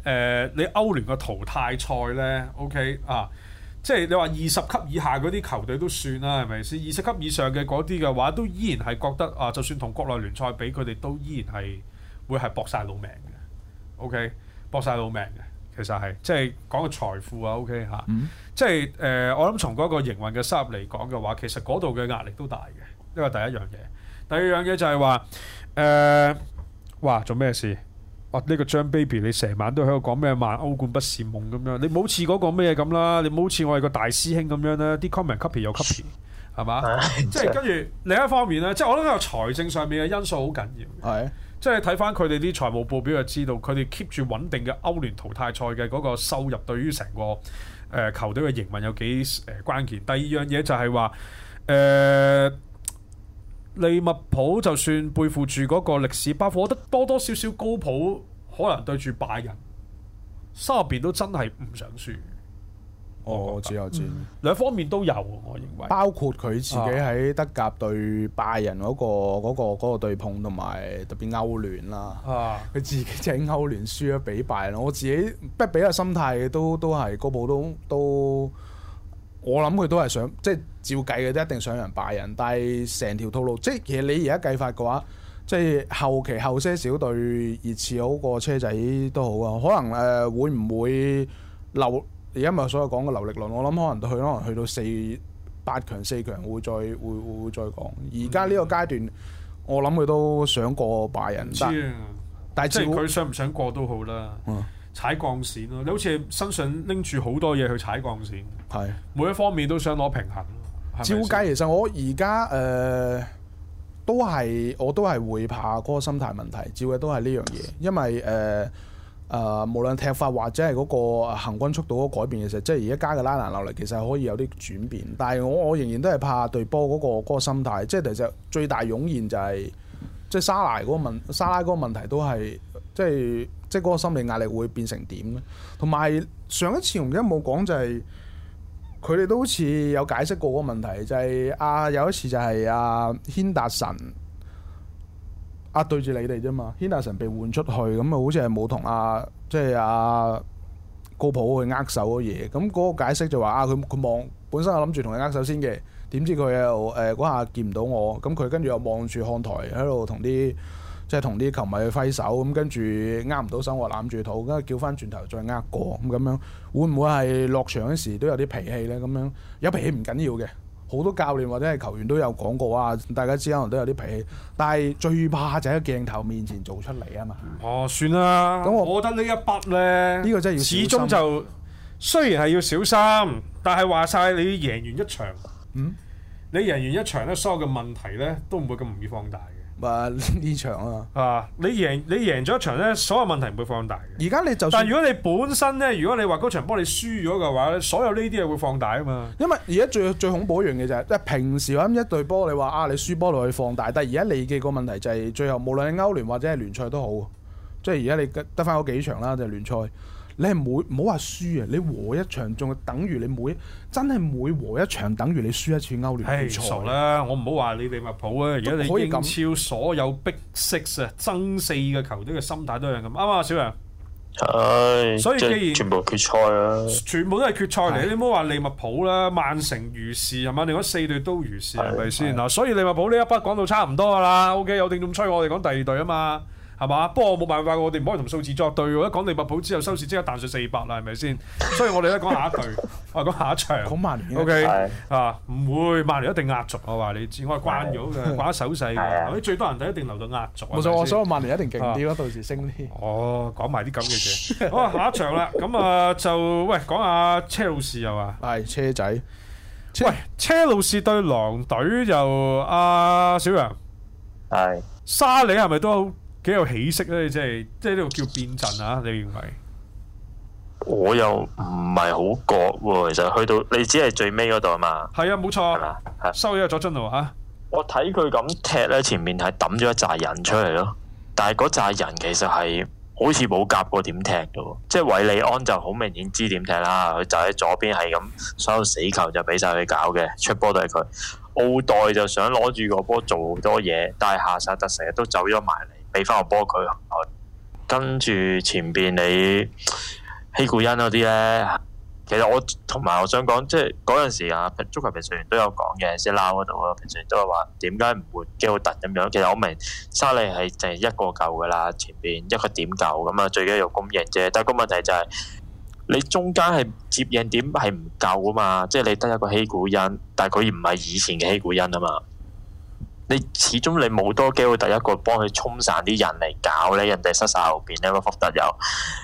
呃，你歐聯嘅淘汰賽呢 OK 啊，即係你話二十級以下嗰啲球隊都算啦，係咪先？二十級以上嘅嗰啲嘅話，都依然係覺得啊，就算同國內聯賽比，佢哋都依然係會係搏晒老命嘅，OK，搏晒老命嘅，其實係即係講個財富 okay, 啊，OK 吓。嗯即係誒、呃，我諗從嗰個營運嘅收入嚟講嘅話，其實嗰度嘅壓力都大嘅。呢個第一樣嘢，第二樣嘢就係話誒，哇、呃、做咩事？哇呢、呢個張 baby，你成晚都喺度講咩？曼歐冠不是夢咁樣，你冇似嗰個咩咁啦，你冇似我係個大師兄咁樣啦。啲 comment copy 有 copy 係嘛？ 即係跟住另一方面咧，即係我覺得財政上面嘅因素好緊要嘅。即係睇翻佢哋啲財務報表，就知道佢哋 keep 住穩定嘅歐聯淘、淘汰賽嘅嗰個收入，對於成個，誒球隊嘅營運有幾誒關鍵？第二樣嘢就係話，誒、呃、利物浦就算背負住嗰個歷史包袱，我覺得多多少少高普可能對住拜仁心入邊都真係唔想輸。哦，我知我知，兩方面都有，我認為包括佢自己喺德甲對拜仁嗰、嗰個嗰、啊、個對碰，同埋特別歐聯啦。啊，佢自己整係歐聯輸咗俾拜仁，我自己不比個心態都部都係高普都都，我諗佢都係想即係照計嘅都一定想人拜仁，但係成條套路即係其實你而家計法嘅話，即係後期後些少對熱刺好過車仔都好啊，可能誒、呃、會唔會留？而家咪所有講嘅流力論，我諗可能佢可能去到四八強、四強會再會會，會再講。而家呢個階段，嗯、我諗佢都想過拜仁，但係即佢想唔想過都好啦。嗯、踩鋼線咯，你好似身上拎住好多嘢去踩鋼線，係、嗯、每一方面都想攞平衡。照計、嗯吧，其實我而家誒都係我都係會怕嗰個心態問題，照計都係呢樣嘢，因為誒。誒、呃，無論踢法或者係嗰個行軍速度改變嘅時候，即係而家加嘅拉難落嚟，其實可以有啲轉變。但係我我仍然都係怕對波嗰、那個、那個心態，即係其實最大湧現就係、是、即係沙拉嗰、那個問沙拉嗰個問題都係即係即係嗰個心理壓力會變成點咧？同埋上一次我唔記得冇講就係佢哋都好似有解釋過嗰個問題，就係、是、阿、啊、有一次就係、是、阿、啊、軒達臣。啊，對住你哋啫嘛，Henderson 被換出去，咁啊好似係冇同阿即係阿高普去握手嘅嘢，咁嗰個解釋就話啊，佢佢望本身我諗住同佢握手先嘅，點知佢又誒嗰下見唔到我，咁佢跟住又望住看台喺度同啲即係同啲球迷去揮手，咁跟住握唔到手，我攬住肚，跟住叫翻轉頭再握過咁咁樣，會唔會係落場嗰時都有啲脾氣咧？咁樣有脾氣唔緊要嘅。好多教練或者係球員都有講過啊，大家知可能都有啲脾氣，但係最怕就喺鏡頭面前做出嚟啊嘛。哦，算啦。咁我，我覺得呢一筆咧，呢個真係要小心。始終就，雖然係要小心，但係話晒你贏完一場，嗯，你贏完一場咧，所有嘅問題咧都唔會咁容易放大。啊呢場啊！啊，你贏你贏咗一場咧，所有問題唔會放大嘅。而家你就算但如果你本身咧，如果你，你話嗰場波你輸咗嘅話咧，所有呢啲嘢會放大噶嘛。因為而家最最恐怖一樣嘢就係，即係平時咁一隊波你話啊你輸波落去放大，但係而家你嘅個問題就係最後，無論係歐聯或者係聯賽都好，即係而家你得翻嗰幾場啦，就係聯賽。你係每唔好話輸啊！你和一場仲等於你每真係每和一場等於你輸一次歐聯決賽啦！我唔好話你利物浦啊，而家你英超所有 Big 6啊爭四嘅球隊嘅心態都係咁啱啊，小楊係，所以既然全部決賽啊，全部都係決賽嚟，是的 你唔好話利物浦啦，曼城如是係嘛？你另外四隊都如是係咪先嗱？所以利物浦呢一筆講到差唔多噶啦。OK，有定咁吹我哋講第二隊啊嘛。係嘛？不過冇辦法喎，我哋唔可以同數字作對喎。一講利物浦之後收市即刻彈上四百啦，係咪先？所以我哋咧講下一對，我講下一場。好曼聯啊！O K 啊，唔會曼聯一定壓軸啊嘛！你知我係關咗嘅，掛手勢嘅。啲最多人都一定留到壓軸。冇錯，我所講曼聯一定勁啲咯，到時升。哦，講埋啲咁嘅嘢。好，下一場啦。咁啊，就喂講下車路士又啊。係車仔。喂，車路士對狼隊由阿小楊。係。沙裏係咪都？幾有起色咧、就是，即係即係呢個叫變陣啊？你認為我又唔係好覺喎，其實去到你只係最尾嗰度啊嘛，係啊，冇錯收咗喺左中路吓。啊、我睇佢咁踢呢，前面係抌咗一紮人出嚟咯，但係嗰扎人其實係好似冇夾過點踢嘅，即係維利安就好明顯知點踢啦。佢就喺左邊係咁，所有死球就俾晒佢搞嘅，出波都係佢。奧代就想攞住個波做好多嘢，但係夏薩特成日都走咗埋嚟。俾翻個波佢，跟住前邊你希古因嗰啲呢。其實我同埋我想講，即係嗰陣時啊，足球評述員都有講嘅，先撈嗰度咯。評述員都係話點解唔換基奧特咁樣？其實我明沙利係淨係一個夠噶啦，前邊一個點夠咁啊，最緊要攻贏啫。但係個問題就係、是、你中間係接應點係唔夠啊嘛，即係你得一個希古因，但係佢唔係以前嘅希古因啊嘛。你始終你冇多機會，第一個幫佢沖散啲人嚟搞咧，人哋塞曬後邊咧，福特又，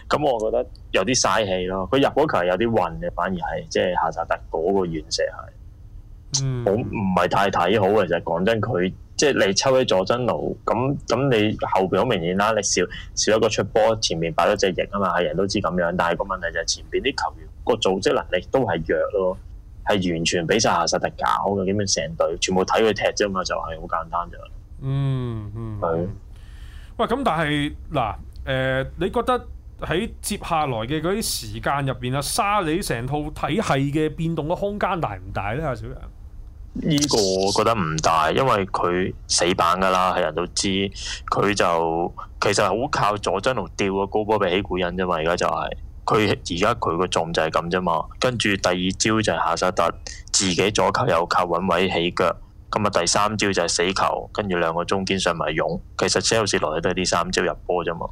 咁、嗯嗯、我覺得有啲嘥氣咯。佢入嗰球有啲運嘅，反而係即係夏薩特嗰個遠射係，嗯、我唔係太睇好其實就講真，佢即係你抽起佐真奴，咁咁你後邊好明顯啦，你少少一個出波，前面擺咗隻翼啊嘛，係人都知咁樣。但係個問題就係前邊啲球員個組織能力都係弱咯。係完全俾晒夏薩特搞嘅，咁樣成隊全部睇佢踢啫嘛，就係、是、好簡單咋、嗯。嗯嗯，係對。喂，咁但係嗱，誒、呃，你覺得喺接下來嘅嗰啲時間入邊啊，沙里成套體系嘅變動嘅空間大唔大咧？阿小楊，呢個我覺得唔大，因為佢死板噶啦，係人都知。佢就其實好靠左爭到掉啊，高波比起古人啫嘛，而家就係、是。佢而家佢個狀就係咁啫嘛，跟住第二招就係下殺特，自己左球右球揾位起腳，咁啊第三招就係死球，跟住兩個中堅上埋湧，其實 sales 落去都係呢三招入波啫嘛，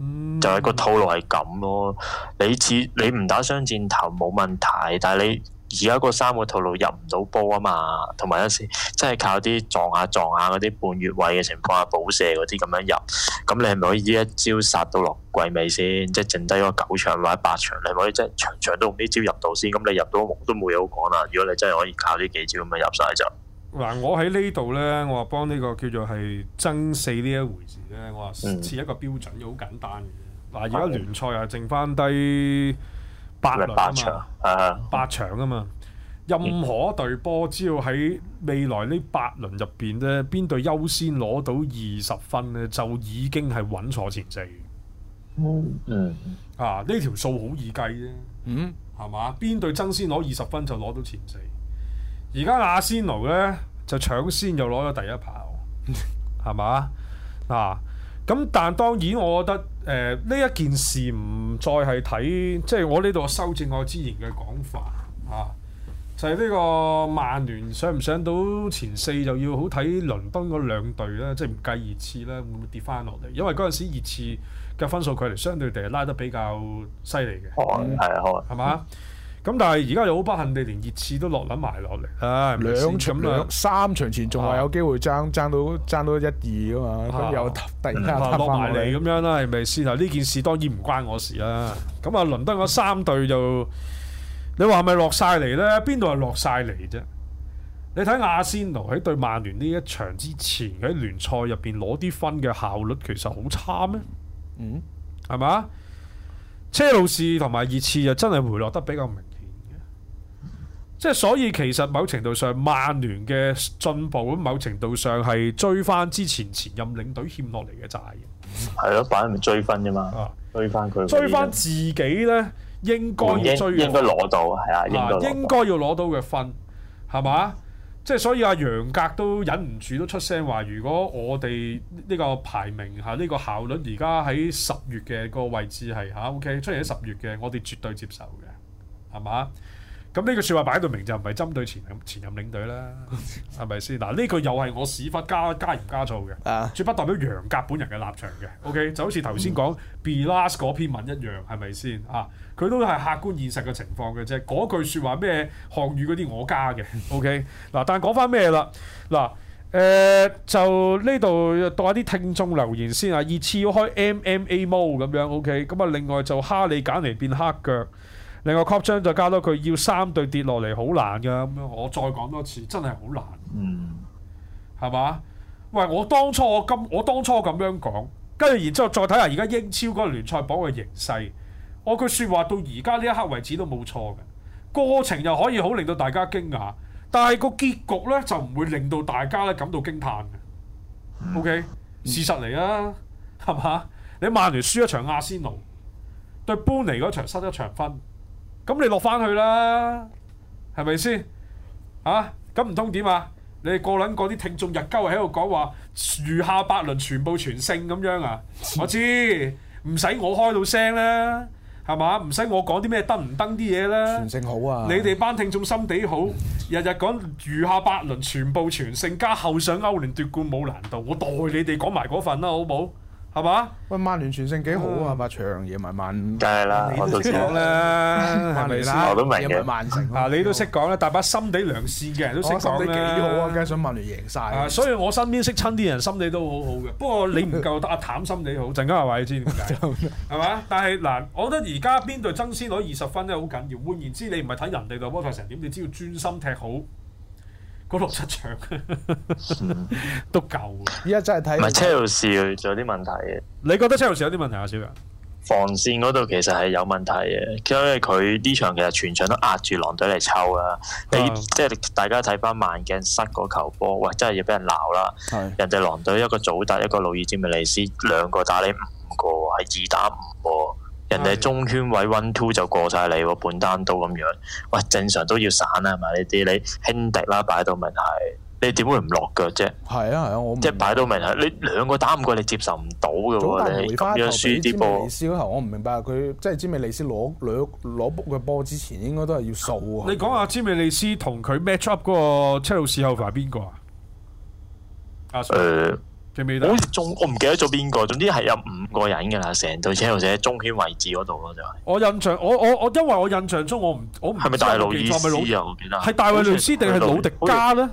嗯、就係個套路係咁咯。你似你唔打雙箭頭冇問題，但係你。而家個三個套路入唔到波啊嘛，同埋有時真係靠啲撞下撞下嗰啲半月位嘅情況下補射嗰啲咁樣入，咁你係咪可以呢一招殺到落季尾先？即係剩低一個九場或者八場，你係咪可以即係場場都用呢招入到先？咁你入到都冇嘢好講啦。如果你真係可以靠呢幾招咁樣入晒，就嗱、嗯，我喺呢度呢，我話幫呢個叫做係爭四呢一回事呢。我話設一個標準，好簡單嗱，而家聯賽係剩翻低。八輪啊場嘛，八場啊嘛，任何一隊波，只要喺未來呢八輪入邊咧，邊隊優先攞到二十分咧，就已經係穩坐前四。嗯，啊，呢條數好易計啫。嗯，係嘛？邊隊爭先攞二十分就攞到前四。而家阿仙奴咧就搶先又攞咗第一炮，係嘛、嗯？嗱。 啊咁但當然，我覺得誒呢、呃、一件事唔再係睇，即係我呢度修正我之前嘅講法嚇、啊，就係、是、呢個曼聯上唔上到前四，就要好睇倫敦嗰兩隊咧，即係唔計熱刺啦，會唔會跌翻落嚟？因為嗰陣時熱刺嘅分數距離相對地係拉得比較犀利嘅，係啊，係啊，係嘛？咁但係而家又好不幸地，連熱刺都落撚埋落嚟，唉、啊，兩場事兩樣三場前仲話有機會爭爭到、啊、爭到一二噶嘛，咁、啊、又突然間落埋嚟咁樣啦，係咪先？啊呢件事當然唔關我事啦。咁啊，倫敦嗰三隊就你話係咪落晒嚟咧？邊度係落晒嚟啫？你睇亞仙奴喺對曼聯呢一場之前喺聯賽入邊攞啲分嘅效率，其實好差咩？嗯，係嘛？車路士同埋熱刺又真係回落得比較明顯。即係所以，其實某程度上，曼聯嘅進步，咁某程度上係追翻之前前任領隊欠落嚟嘅債。係咯，反而咪追分啫嘛，啊，追翻佢。追翻自己咧，應該要追嘅，應該攞到，係啊，啊，應該要攞到嘅分，係嘛？即係所以，阿楊格都忍唔住都出聲話，如果我哋呢個排名吓，啊，呢個效率而家喺十月嘅個位置係吓，啊，OK，出嚟喺十月嘅，我哋絕對接受嘅，係嘛？咁呢句説話擺到明就唔係針對前前任領隊啦，係咪先？嗱，呢句又係我屎忽加加鹽加醋嘅，啊、絕不代表楊格本人嘅立場嘅。OK，就好似頭先講 Be Last 嗰篇文一樣，係咪先？啊，佢都係客觀現實嘅情況嘅啫。嗰句説話咩漢語嗰啲我加嘅。OK，嗱，但講翻咩啦？嗱誒、呃、就呢度讀一啲聽眾留言先啊。二次要開 MMA mode 咁樣。OK，咁啊，另外就哈利簡尼變黑腳。另外 caption 再加多句，要三對跌落嚟，好難噶咁、嗯、樣。我再講多次，真係好難，係嘛？喂，我當初我咁，我當初咁樣講，跟住然之後再睇下而家英超嗰個聯賽榜嘅形勢。我句説話到而家呢一刻為止都冇錯嘅，過程又可以好令到大家驚訝，但係個結局呢就唔會令到大家咧感到驚嘆。OK，事實嚟啊，係嘛？你曼聯輸一場，阿仙奴對般尼嗰場失一場分。咁你落翻去啦，係咪先？啊，咁唔通點啊？你個撚個啲聽眾日交喺度講話，餘下八輪全部全勝咁樣啊？我知，唔使我開到聲啦，係嘛？唔使我講啲咩登唔登啲嘢啦。全勝好啊！你哋班聽眾心地好，日日講餘下八輪全部全勝加後上歐聯奪冠冇難度，我代你哋講埋嗰份啦，好唔好？係嘛？喂，曼聯全勝幾好啊！嘛，長夜埋曼，梗係啦，我都知啦。我都明嘅，贏埋曼城嗱，你都識講啦。大把心地良善嘅人都識講啦。幾好啊！梗係想曼聯贏晒。所以我身邊識親啲人，心理都好好嘅。不過你唔夠得阿譚，心地好陣間話你知點解？係嘛？但係嗱，我覺得而家邊隊爭先攞二十分咧，好緊要。換言之，你唔係睇人哋個波勢成點，你只要專心踢好。六七場 都夠舊了、嗯，依家真係睇。唔係車路士仲有啲問題嘅，你覺得車路士有啲問題啊？小楊防線嗰度其實係有問題嘅，因為佢呢場其實全場都壓住狼隊嚟抽啊。的你即係大家睇翻慢鏡失嗰球波，嘩，真係要俾人鬧啦。的人哋狼隊一個祖達，一個路易斯米利斯，兩個打你五個，係二打五個。人哋中圈位 one two 就過晒你喎，半單刀咁樣，喂，正常都要散啊嘛？呢啲你兄弟啦，擺到問題，你點會唔落腳啫？係啊係啊，我即係擺到問題，你兩個打唔過你接受唔到嘅喎，你咁樣輸啲波。詹美利斯嗰行我唔明白啊，佢即係詹美利斯攞兩攞卜嘅波之前，應該都係要掃啊。你講下詹美利斯同佢 match up 嗰個車路士後防邊個啊？啊，誒。我中我唔記得咗邊個，總之係有五個人噶啦，成隊車路士中圈位置嗰度咯就。我印象我我我因為我印象中我唔我唔係咪大衛雷斯啊？我記得係大衛雷斯定係魯迪加咧？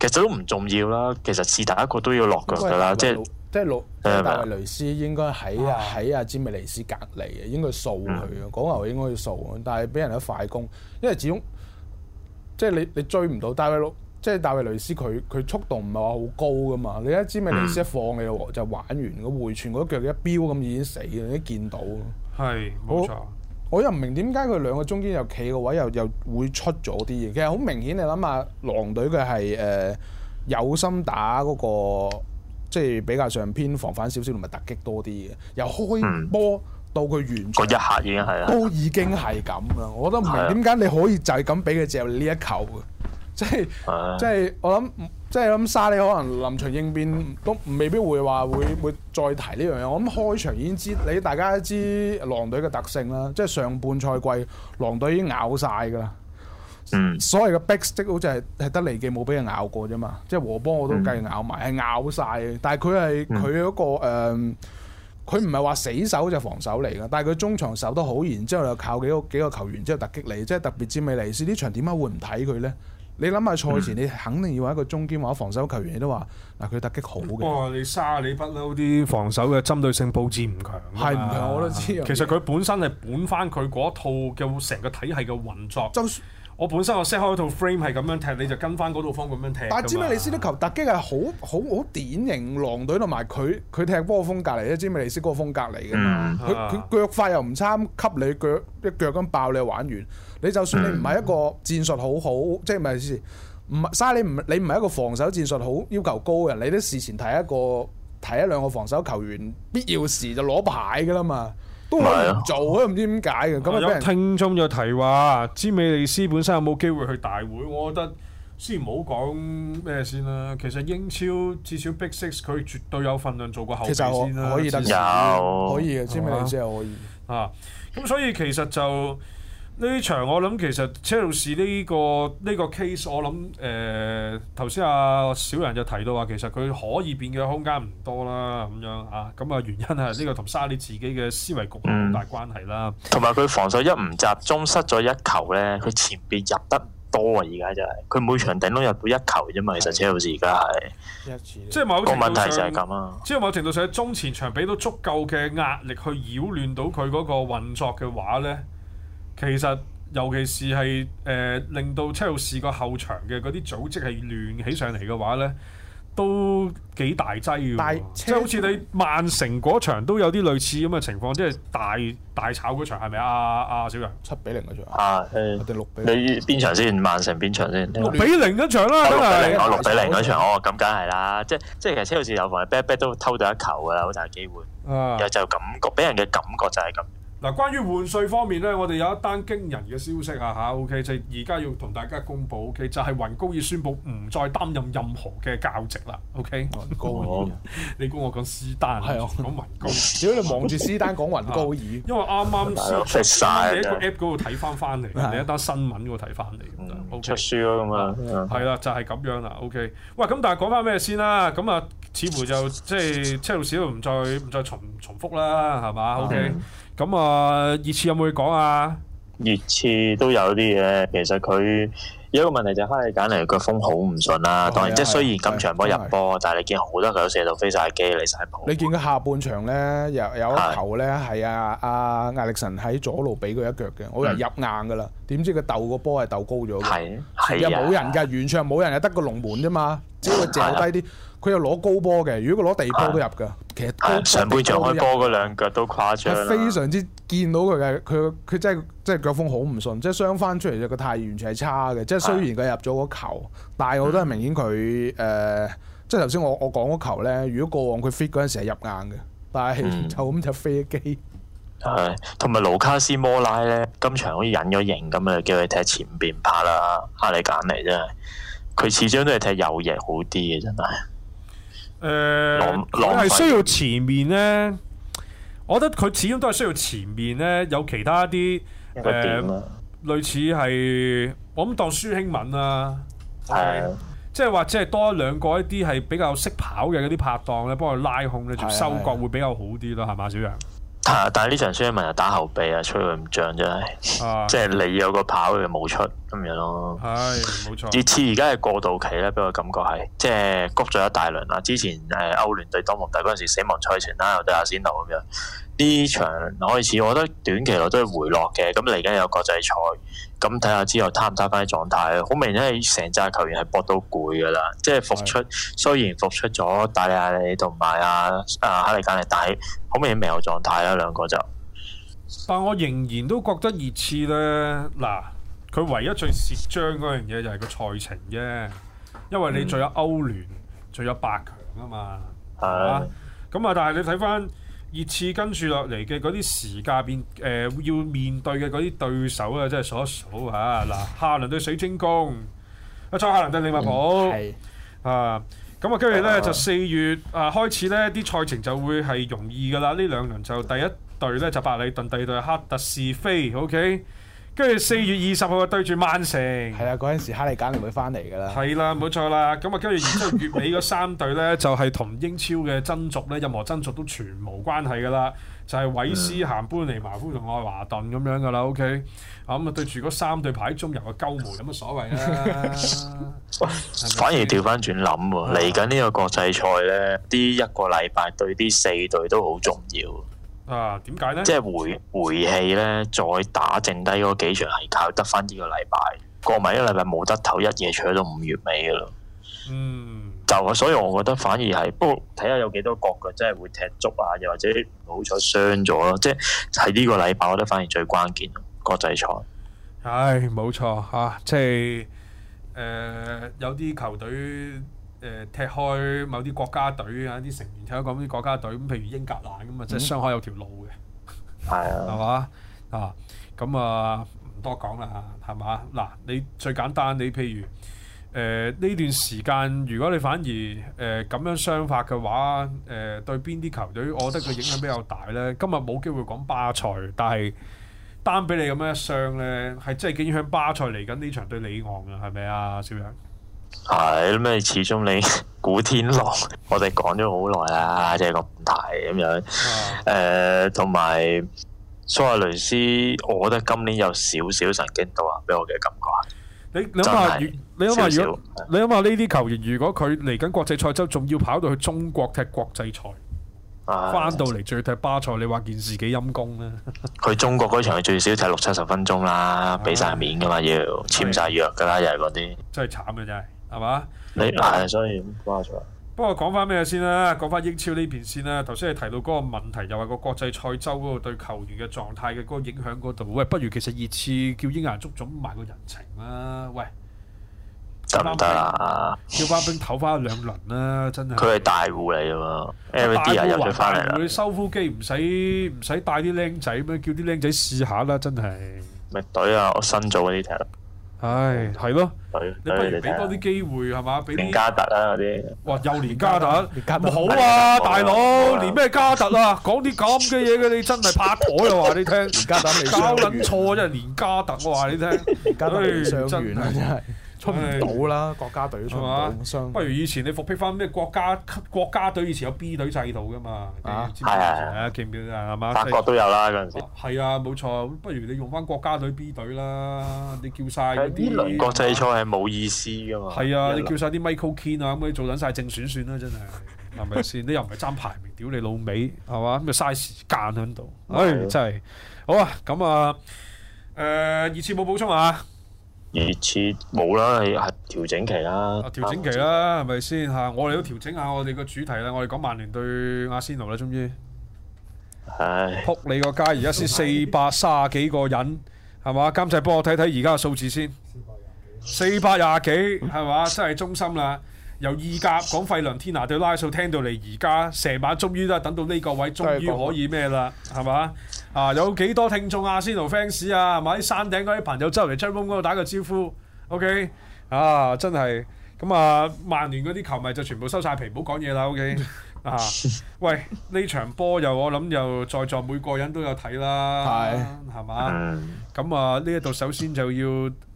其實都唔重要啦，其實是但一個都要落腳噶啦，即係即係魯即係大衛雷斯應該喺啊喺啊詹美尼斯隔籬嘅，應該掃佢嘅，嗰牛應該要掃嘅，但係俾人喺快攻，因為始終即係你你追唔到大衛魯。即係戴維雷斯，佢佢速度唔係話好高噶嘛。你一知美雷斯一放嘅、嗯、就玩完，個回傳嗰腳一飚咁已經死嘅，已經見到。係，冇錯我。我又唔明點解佢兩個中間又企個位又又會出咗啲嘢。其實好明顯你諗下，狼隊佢係誒有心打嗰、嗰個即係比較上偏防反少少同埋突擊多啲嘅。由開波到佢完個一下已經係啦，都已經係咁啦。嗯、我覺得唔明點解你可以就係咁俾佢借呢一球？即係即係，我諗即係諗沙利，可能臨場應變都未必會話會會再提呢樣嘢。我諗開場已經知，你大家知狼隊嘅特性啦，即係上半賽季狼隊已經咬晒㗎啦。嗯、所謂有嘅 big 6好似係係得利記，冇俾人咬過啫嘛。即係和邦我都計咬埋，係、嗯、咬晒。但係佢係佢嗰個佢唔係話死守就防守嚟㗎。但係佢中場守得好，然之後又靠幾個幾個球員之後突擊你，即係特別知美尼斯呢場點解會唔睇佢呢？你諗下賽前，你肯定要話一個中堅或者防守球員，你都話嗱佢突擊好嘅。哇、哦！你沙里不嬲啲防守嘅針對性佈置唔強、啊，係唔強我都知。其實佢本身係本翻佢嗰一套嘅成個體系嘅運作。就算我本身我 set 開套 frame 係咁樣踢，你就跟翻嗰套方咁樣踢。但係知唔知李斯特啲球突擊係好好好典型狼隊同埋佢佢踢波風格嚟嘅，知唔知李斯特嗰個風格嚟嘅？佢佢、嗯、腳快又唔差，給你腳一腳咁爆你玩完。你就算你唔係一個戰術好好，即係咪意思？唔係嘥你唔你唔係一個防守戰術好要求高嘅人，你都事前提一個提一兩個防守球員必要時就攞牌㗎啦嘛。都唔做，我都唔知點解嘅。咁有聽眾又提話，知美利斯本身有冇機會去大會？我覺得先唔好講咩先啦。其實英超至少 Big Six 佢絕對有份量做個候選先啦。可以得是有，可以嘅，知美利斯係可以。啊，咁所以其實就。呢場我諗其實車路士呢，這個呢，這個 case，我諗誒頭先阿小人就提到話，其實佢可以變嘅空間唔多啦，咁樣啊，咁啊原因係呢個同沙尼自己嘅思維局唔大關係啦。同埋佢防守一唔集中，失咗一球咧，佢前邊入得多啊，就是！而家就係佢每場頂都入到一球啫嘛。其實車路士而家係一次，嗯嗯嗯，即係某個問題就係咁啊。即係某程度上，啊，度上度上喺中前場俾到足夠嘅壓力去擾亂到佢嗰個運作嘅話咧。其實尤其是係誒令到車路士個後場嘅嗰啲組織係亂起上嚟嘅話咧，都幾大劑要喎！即係好似你曼城嗰場都有啲類似咁嘅情況，即係大大炒嗰場係咪啊？啊小楊七比零嗰場啊，我六比你邊場先？曼城邊場先？六比零嗰場啦，梗係我六比零嗰場，哦咁梗係啦！即即係其實車路士後防係逼逼都偷到一球㗎啦，好大機會，又就感覺俾人嘅感覺就係咁。嗱，關於換帥方面咧，我哋有一單驚人嘅消息啊！吓 OK，就係而家要同大家公佈，O K，就係雲高爾宣布唔再擔任任何嘅教職啦，O K。雲高爾，你估我講斯丹？係啊，講雲高爾。如果你望住斯丹，講雲高爾，啊、因為啱啱出曬嘅，喺 個 app 嗰度睇翻翻嚟，另 一單新聞嗰度睇翻嚟，咁、嗯、OK 出書啊嘛，係啦， 就係、是、咁樣啦，O K。喂、okay，咁但係講翻咩先啦？咁啊，似乎就即係車路士都唔再唔再重重複啦，係嘛，O K。Okay? 咁啊，熱刺有冇去講啊？熱刺都有啲嘢，其實佢有一個問題就係揀嚟腳風好唔順啦。當然，即係雖然今場波入波，但係你見好多球射到飛曬機嚟曬波。你見佢下半場咧，有有一球咧，係啊，阿阿力神喺左路俾佢一腳嘅，我以為入硬噶啦，點知佢竇個波係竇高咗嘅，係啊，又冇人㗎，完全冇人，又得個龍門啫嘛，只係借低啲。佢又攞高波嘅，如果佢攞地波都入㗎。啊、其實上半輩場開波嗰兩腳都誇張。非常之見到佢嘅，佢佢真係真係腳風好唔順，即係傷翻出嚟隻腳態完全係差嘅。啊、即係雖然佢入咗個球，啊、但係我都係明顯佢誒、嗯呃，即係頭先我我講嗰球咧，如果過往佢 fit 嗰陣時係入硬嘅，但係就咁踢飛機。係、嗯，同埋、 嗯、盧卡斯摩拉咧，今場好似隱咗形咁啊，叫佢踢前邊拍啦，壓力簡嚟真係，佢始終都係踢右翼好啲嘅真係。誒，我係、呃、浪費 需要前面咧，我覺得佢始終都係需要前面咧有其他啲誒點、呃，類似係，我諗當舒興文啦、啊，係的，即係或者係多一兩個一啲係比較識跑嘅嗰啲拍檔咧，幫佢拉控，咧，就收割會比較好啲咯，係嘛的的，小楊。啊、但係呢場孫興慜又打後備啊，吹佢唔漲真係，啊、即係你有個跑佢又冇出咁樣咯。係冇錯，熱刺而家係過渡期咧，俾我感覺係即係谷咗一大輪啦。之前誒歐聯對多蒙迪嗰陣時，死亡賽程啦，又對阿仙奴咁樣。呢場開始，我覺得短期內都係回落嘅。咁嚟緊有國際賽，咁睇下之後攤唔攤翻啲狀態。好明顯，係成紮球員係搏到攰㗎喇。即係復出，是的 雖然復出咗，但係阿你同埋阿阿哈利簡尼，但係好明顯未有狀態啦、啊。兩個就，但我仍然都覺得熱刺咧，嗱，佢唯一最蝕章嗰樣嘢就係個賽程啫，因為你仲有歐聯，仲、嗯、有八強啊嘛。係啊，咁啊，但係你睇翻。熱刺跟住落嚟嘅嗰啲時間入面，誒、呃、要面對嘅嗰啲對手啊，真係數一數嚇。嗱，下輪對水晶宮，再下輪對利物浦，嗯、啊，咁、呃、啊跟住咧就四月啊開始咧，啲賽程就會係容易㗎啦。呢兩輪就第一隊咧就白禮頓，第二隊係哈特士菲。o、okay? k 跟住四月二十號啊，對住曼城。係啊，嗰陣時哈利簡唔會翻嚟㗎啦。係啦，冇錯啦。咁啊， 跟住然之後月尾嗰三隊咧，就係同英超嘅爭逐咧，任何爭逐都全無關係㗎啦。就係、是、韋斯咸搬、嗯、尼馬夫同愛華頓咁樣㗎啦。O K，啊咁啊，對住嗰三隊排中入去鳩毛有乜所謂啊？ 是是反而調翻轉諗喎，嚟緊呢個國際賽咧，呢 一個禮拜對啲四隊都好重要。啊，點解咧？即係回回氣咧，再打剩低嗰幾場係靠得翻呢個禮拜，過埋呢個禮拜冇得唞，一夜坐到五月尾噶咯。嗯，就所以我覺得反而係，不過睇下有幾多國腳真係會踢足啊，又或者好彩傷咗咯。即係喺呢個禮拜，我覺得反而最關鍵國際賽。唉、哎，冇錯吓，即係誒，有啲球隊。誒踢開某啲國家隊啊，啲成員踢開嗰啲國家隊，咁譬如英格蘭咁啊，即係傷開有條路嘅，係、mm hmm. 啊，係嘛啊？咁啊，唔多講啦，係嘛？嗱，你最簡單，你譬如誒呢、呃、段時間，如果你反而誒咁、呃、樣傷法嘅話，誒、呃、對邊啲球隊，我覺得佢影響比較大咧。今日冇機會講巴塞，但係單俾你咁樣一傷咧，係真係影響巴塞嚟緊呢場對里昂啊，係咪啊，小楊？係咁啊！始終你古天樂，我哋講咗好耐啦，即係個問題咁樣。誒，同埋蘇亞雷斯，我覺得今年有少少神經刀啊，俾我嘅感覺。你你諗下，你諗下，如果你諗下呢啲球員，如果佢嚟緊國際賽，之後仲要跑到去中國踢國際賽，翻到嚟再踢巴賽，你話件事幾陰功咧？佢中國嗰場，佢最少踢六七十分鐘啦，俾晒面噶嘛，要簽晒約噶啦，又係嗰啲。真係慘嘅真係。係嘛？你大，所以唔掛咗。不過講翻咩先啦？講翻英超呢邊先啦、啊。頭先你提到嗰個問題，又話個國際賽周嗰個對球員嘅狀態嘅嗰個影響嗰度。喂，不如其實熱刺叫英牙足總賣個人情啦。喂，行唔行啊、叫得兵， 叫馬兵唞翻兩輪啦，真係。佢係大戶嚟啊嘛，LGD 入咗翻嚟啦。收膚機唔使唔使帶啲僆仔咩？叫啲僆仔試下啦，真係。咪隊啊，我新做嗰啲踢。唉，係咯，你不如俾多啲機會係嘛？俾啲加特啊啲，哇，又連加特，唔好啊大佬，連咩加特啊？講啲咁嘅嘢嘅你真係拍台啊！話你聽，加特未搞撚錯啊！真係連加特，我話你聽，加特未上完啊！真係。出唔到啦，國家隊出嘛，不如以前你復辟翻咩國家國家隊以前有 B 隊制度噶嘛？啊，係啊，記唔記得啊？係嘛？法國都有啦嗰陣時。係啊，冇錯。不如你用翻國家隊 B 隊啦，你叫曬啲國際賽係冇意思噶嘛？係啊，你叫曬啲 Michael Keane 啊，咁你做緊曬正選算啦，真係係咪先？你又唔係爭排名，屌你老味係嘛？咁咪嘥時間喺度，唉，真係好啊！咁啊誒，二次冇補充啊？熱切冇啦，係係調整期啦、啊。調整期啦，係咪先吓？我哋都調整下我哋個主題啦。我哋講曼聯對阿仙奴啦，終於，唉？扑你個街，而家先四百卅幾個人，係嘛？監製幫我睇睇而家嘅數字先。四百廿幾，係嘛、啊？真係中心啦。由意甲講費倫天拿對拉素，聽到嚟而家成晚，終於都係等到呢個位，終於可以咩啦？係嘛？啊！有幾多聽眾阿仙奴 fans 啊，係咪？山頂嗰啲朋友周圍吹風嗰度打個招呼，OK？啊，真係咁啊！曼聯嗰啲球迷就全部收晒皮，唔好講嘢啦，OK？啊，喂，呢 場波又我諗又在座每個人都有睇啦，係係嘛？咁啊，呢一度首先就要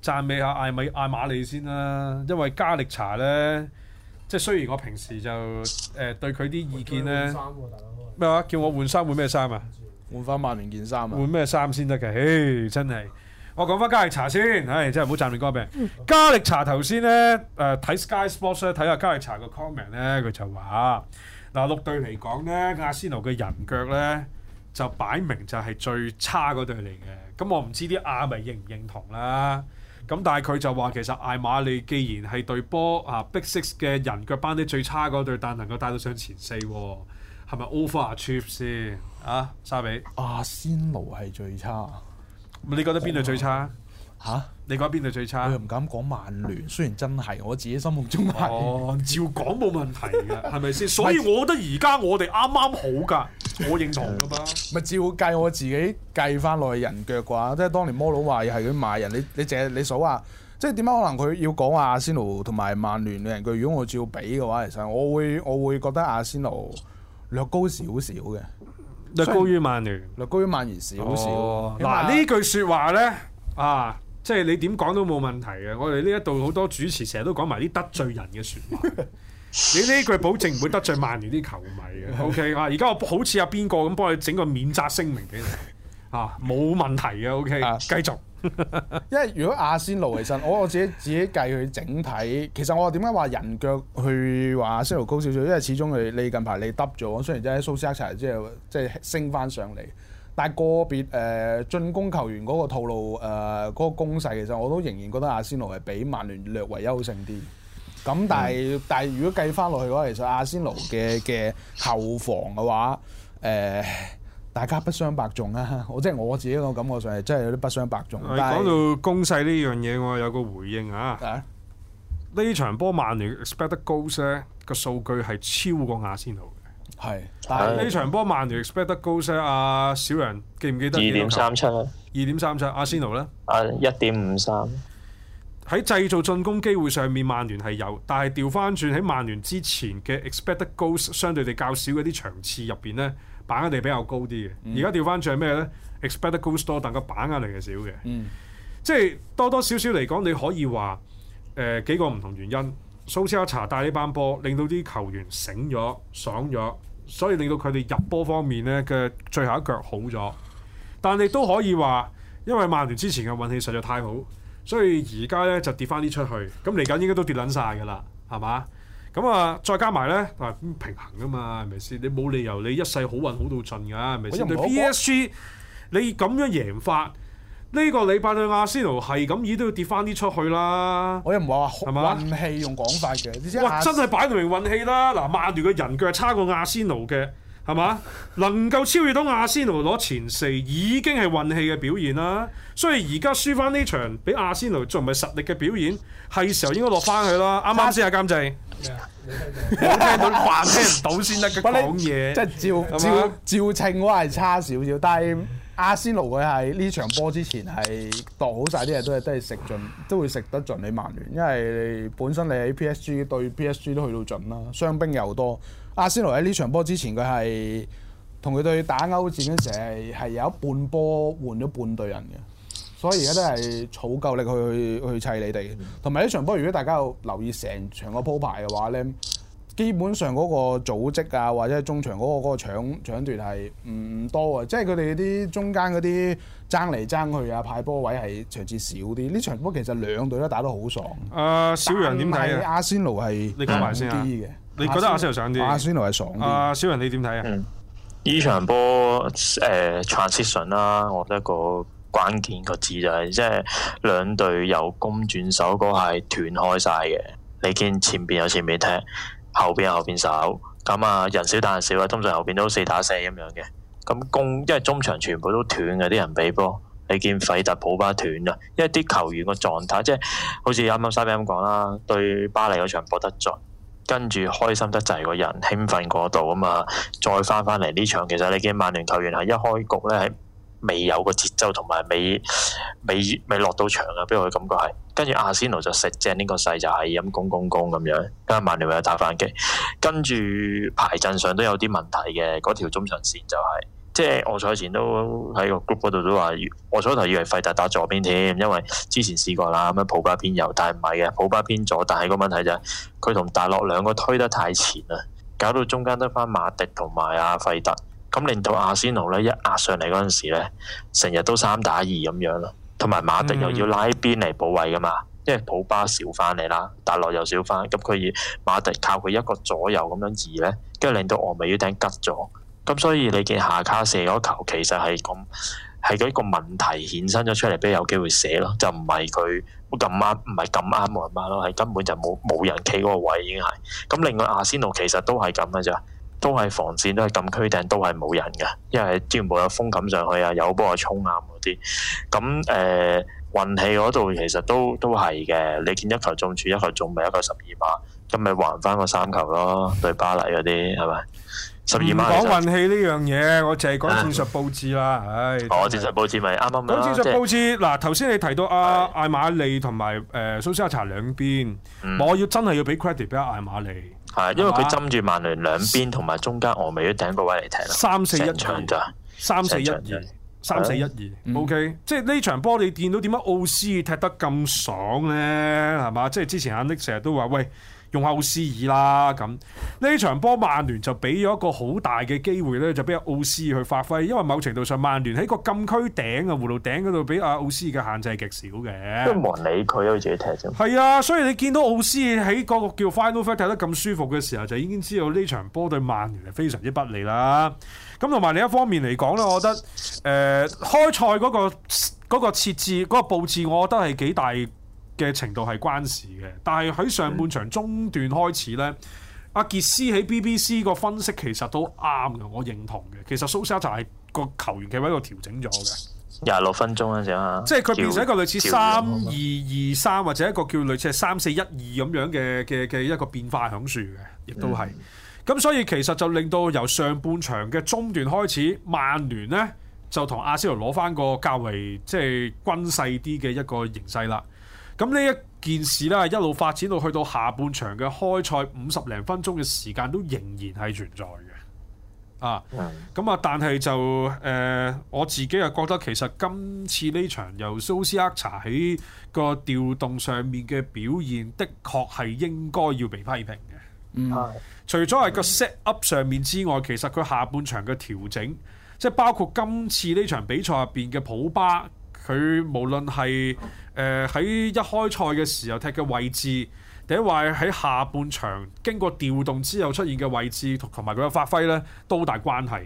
讚美下艾米艾馬利先啦，因為加力查咧，即係雖然我平時就誒、呃、對佢啲意見咧，咩話、啊啊、叫我換衫換咩衫啊？換翻萬年件衫啊！換咩衫先得嘅？嘿，真係！我講翻加力查先，唉、哎，真係唔好攢面乾命。嗯、加力查頭先咧，誒、呃、睇 Sky Sports 咧，睇下加力查嘅 comment 咧，佢就話嗱、呃，六隊嚟講咧，阿仙奴嘅人腳咧就擺明就係最差嗰隊嚟嘅。咁我唔知啲阿迷認唔認同啦。咁但係佢就話其實艾瑪利既然係隊波啊 Big Six 嘅人腳班啲最差嗰隊，但能夠帶到上前四，係咪 overachievem 啊！沙比阿仙奴係最差，你覺得邊度最差吓？你覺得邊度最差？佢唔、啊啊、敢講曼聯，雖然真係我自己心目中係哦，照講冇問題嘅，係咪先？所以我覺得而家我哋啱啱好噶，我認同噶嘛。咪 照計我自己計翻落去人腳嘅話，即係當年摩奴話又係佢賣人，你你淨係你數下，即係點解可能佢要講阿仙奴同埋曼聯嘅人腳？如果我照比嘅話，其實我會我會，我會覺得阿仙奴略高少少嘅。略高於曼聯，以略高於曼聯少少。嗱呢句説話咧，啊，即係你點講都冇問題嘅。我哋呢一度好多主持成日都講埋啲得罪人嘅説話， 你呢句保證唔會得罪曼聯啲球迷嘅。 OK，啊，而家我好似阿邊個咁幫你整個免責聲明俾你，嚇、啊、冇問題嘅。OK，繼續。 因為如果阿仙奴其實，我我自己自己計佢整體，其實我點解話人腳去話阿仙奴高少少，因為始終你你近排你耷咗，雖然即係蘇斯克查即係即係升翻上嚟，但係個別誒進攻球員嗰個套路誒嗰個攻勢，其實我都仍然覺得阿仙奴係比曼聯略為優勝啲。咁但係、嗯、但係如果計翻落去嘅話，其實阿仙奴嘅嘅後防嘅話誒。呃大家不相伯仲啊！我即係我自己個感覺上係真係有啲不相伯仲。講到攻勢呢樣嘢，我有個回應啊！呢、啊、場波曼聯 Expected Goals，個數據係超過阿仙奴嘅。係，但係呢場波曼聯 Expected Goals。阿小楊記唔記得？二點三七啊。二點三七，阿仙奴呢？啊，一點五三。喺製造進攻機會上面，曼聯係有，但係調翻轉喺曼聯之前嘅 Expected Goals，相對地較少嗰啲場次入邊呢。掹得嚟比較高啲嘅，而家掉翻轉咩咧？Expect the goals 多，但個把握力係少嘅， 即係多多少少嚟講，你可以話誒、呃、幾個唔同原因。蘇斯亞查帶呢班波，令到啲球員醒咗、爽咗，所以令到佢哋入波方面咧嘅最後一腳好咗。但亦都可以話，因為曼聯之前嘅運氣實在太好，所以而家咧就跌翻啲出去。咁嚟緊應該都跌撚晒㗎啦，係嘛？咁啊、嗯，再加埋咧、啊，平衡噶嘛，係咪先？你冇理由你一世好運好到盡㗎，係咪先？我對 P PS S G，你咁樣贏法，呢、這個禮拜對阿仙奴係咁，咦，都要跌翻啲出去啦。我又唔話吧運氣用講法嘅，你知哇！真係擺明運氣啦，嗱，曼聯個人腳差過阿仙奴嘅。係嘛？能夠超越到阿仙奴攞前四已經係運氣嘅表現啦。所以而家輸翻呢場，俾阿仙奴仲唔係實力嘅表現，係時候應該落翻佢啦。啱啱先啊，阿監製，我麼 聽到凡聽唔到先得嘅講嘢。即係、就是、照吧照照稱話係差少少，但係阿仙奴佢係呢場波之前係度好晒啲嘢，都係都係食盡，都會食得盡你曼聯，因為本身你喺 P S G 對 P S G 都去到盡啦，傷兵又多。阿仙奴喺呢場波之前，佢係同佢對打歐戰嗰陣時係係有一半波換咗半隊人嘅，所以而家都係好夠力去去砌你哋。同埋呢場波，如果大家有留意成場個鋪排嘅話咧，基本上嗰個組織啊，或者中場嗰個嗰個搶搶奪係唔多啊，即係佢哋啲中間嗰啲爭嚟爭去啊，派波位係場次少啲。呢場波其實兩隊都打得好爽。啊、呃，小楊點睇啊？阿仙奴係好啲嘅。你覺得阿仙奴爽啲？阿仙奴係爽啲。阿仙奴，你點睇啊？呢、啊嗯、場波誒 transition 啦，呃、Transition, 我覺得個關鍵個字就係、是，即係兩隊由攻轉守，嗰係斷開晒嘅。你見前邊有前面踢，後邊有後邊守，咁啊，人少打人少啊，通常後邊都四打四咁樣嘅。咁攻，因為中場全部都斷嘅，啲人俾波。你見費達普巴斷啊，因為啲球員個狀態，即係好似啱啱 side 講啦，對巴黎嗰場搏得盡。跟住開心得滯個人興奮過度啊嘛，再翻返嚟呢場，其實你見曼聯球員係一開局咧係未有個節奏同埋未未未落到場啊，俾我感覺係跟住阿仙奴就食正呢個勢就係咁攻攻攻咁樣，跟住曼聯咪打反擊，跟住排陣上都有啲問題嘅，嗰條中場線就係、是。即係我賽前都喺個 group 嗰度都話，我初頭以為費特打左邊添，因為之前試過啦，咁樣普巴偏右，但係唔係嘅，普巴偏左。但係個問題就係佢同大洛兩個推得太前啦，搞到中間得翻馬迪同埋阿費特，咁令到阿仙奴咧一壓上嚟嗰陣時咧，成日都三打二咁樣咯，同埋馬迪又要拉邊嚟補位噶嘛，嗯、因為普巴少翻嚟啦，大洛又少翻，咁佢以馬迪靠佢一個左右咁樣移咧，跟住令到我咪要頂吉咗。咁所以你見下卡射嗰球，其實係咁，係佢一個問題衍生咗出嚟，俾有機會射咯。就唔係佢咁啱，唔係咁啱冇人巴咯，係根本就冇冇人企嗰個位已經係。咁另外阿仙奴其實都係咁嘅咋，都係防線都係禁區頂，都係冇人嘅，因為全部有封禁上去啊，有幫我衝啊嗰啲。咁誒運氣嗰度其實都都係嘅。你見一球中柱，一球中埋，一個十二碼，咁咪還翻個三球咯？對巴黎嗰啲係咪？唔講運氣呢樣嘢，我淨係講戰術佈置啦。唉，我戰術佈置咪啱啱啦。講戰術佈置嗱，頭先你提到阿艾瑪利同埋誒蘇斯亞查兩邊，我要真係要俾 credit 俾阿艾瑪利。係，因為佢針住曼聯兩邊同埋中間俄眉都頂嗰位嚟踢啦。三四一場，三四一二，三四一二。O.K.，即係呢場波你見到點解奧斯爾踢得咁爽咧？係嘛？即係之前阿 Nick 成日都話喂。用奧斯爾啦咁，呢場波曼聯就俾咗一個好大嘅機會咧，就俾阿奧斯爾去發揮，因為某程度上曼聯喺個禁區頂啊弧度頂嗰度俾阿奧斯爾嘅限制極少嘅，都冇人理佢咯，因為自己踢啫。係啊，所以你見到奧斯爾喺嗰個叫 Final Four 踢得咁舒服嘅時候，就已經知道呢場波對曼聯係非常之不利啦。咁同埋另一方面嚟講咧，我覺得誒、呃、開賽嗰、嗰個嗰、嗰個設置嗰、嗰個佈置，我覺得係幾大。嘅程度係關事嘅，但係喺上半場中段開始呢，嗯、阿傑斯喺 BBC 個分析其實都啱嘅，我認同嘅。其實蘇沙就係個球員嘅位度調整咗嘅，廿六分鐘嗰陣啊，即係佢變成一個類似三二二三或者一個叫類似三四一二咁樣嘅嘅嘅一個變化響樹嘅，亦都係。咁、嗯、所以其實就令到由上半場嘅中段開始，曼聯呢就同阿斯羅攞翻個較為即係均勢啲嘅一個形勢啦。咁呢一件事咧，一路發展到去到下半場嘅開賽五十零分鐘嘅時間，都仍然係存在嘅。啊，咁啊、嗯嗯，但係就誒、呃，我自己又覺得其實今次呢場由蘇斯克查喺個調動上面嘅表現，的確係應該要被批評嘅。嗯，係。除咗係個 set up 上面之外，其實佢下半場嘅調整，即係包括今次呢場比賽入邊嘅普巴。佢無論係誒喺一開賽嘅時候踢嘅位置，定係喺下半場經過調動之後出現嘅位置同埋佢嘅發揮呢，都好大關係。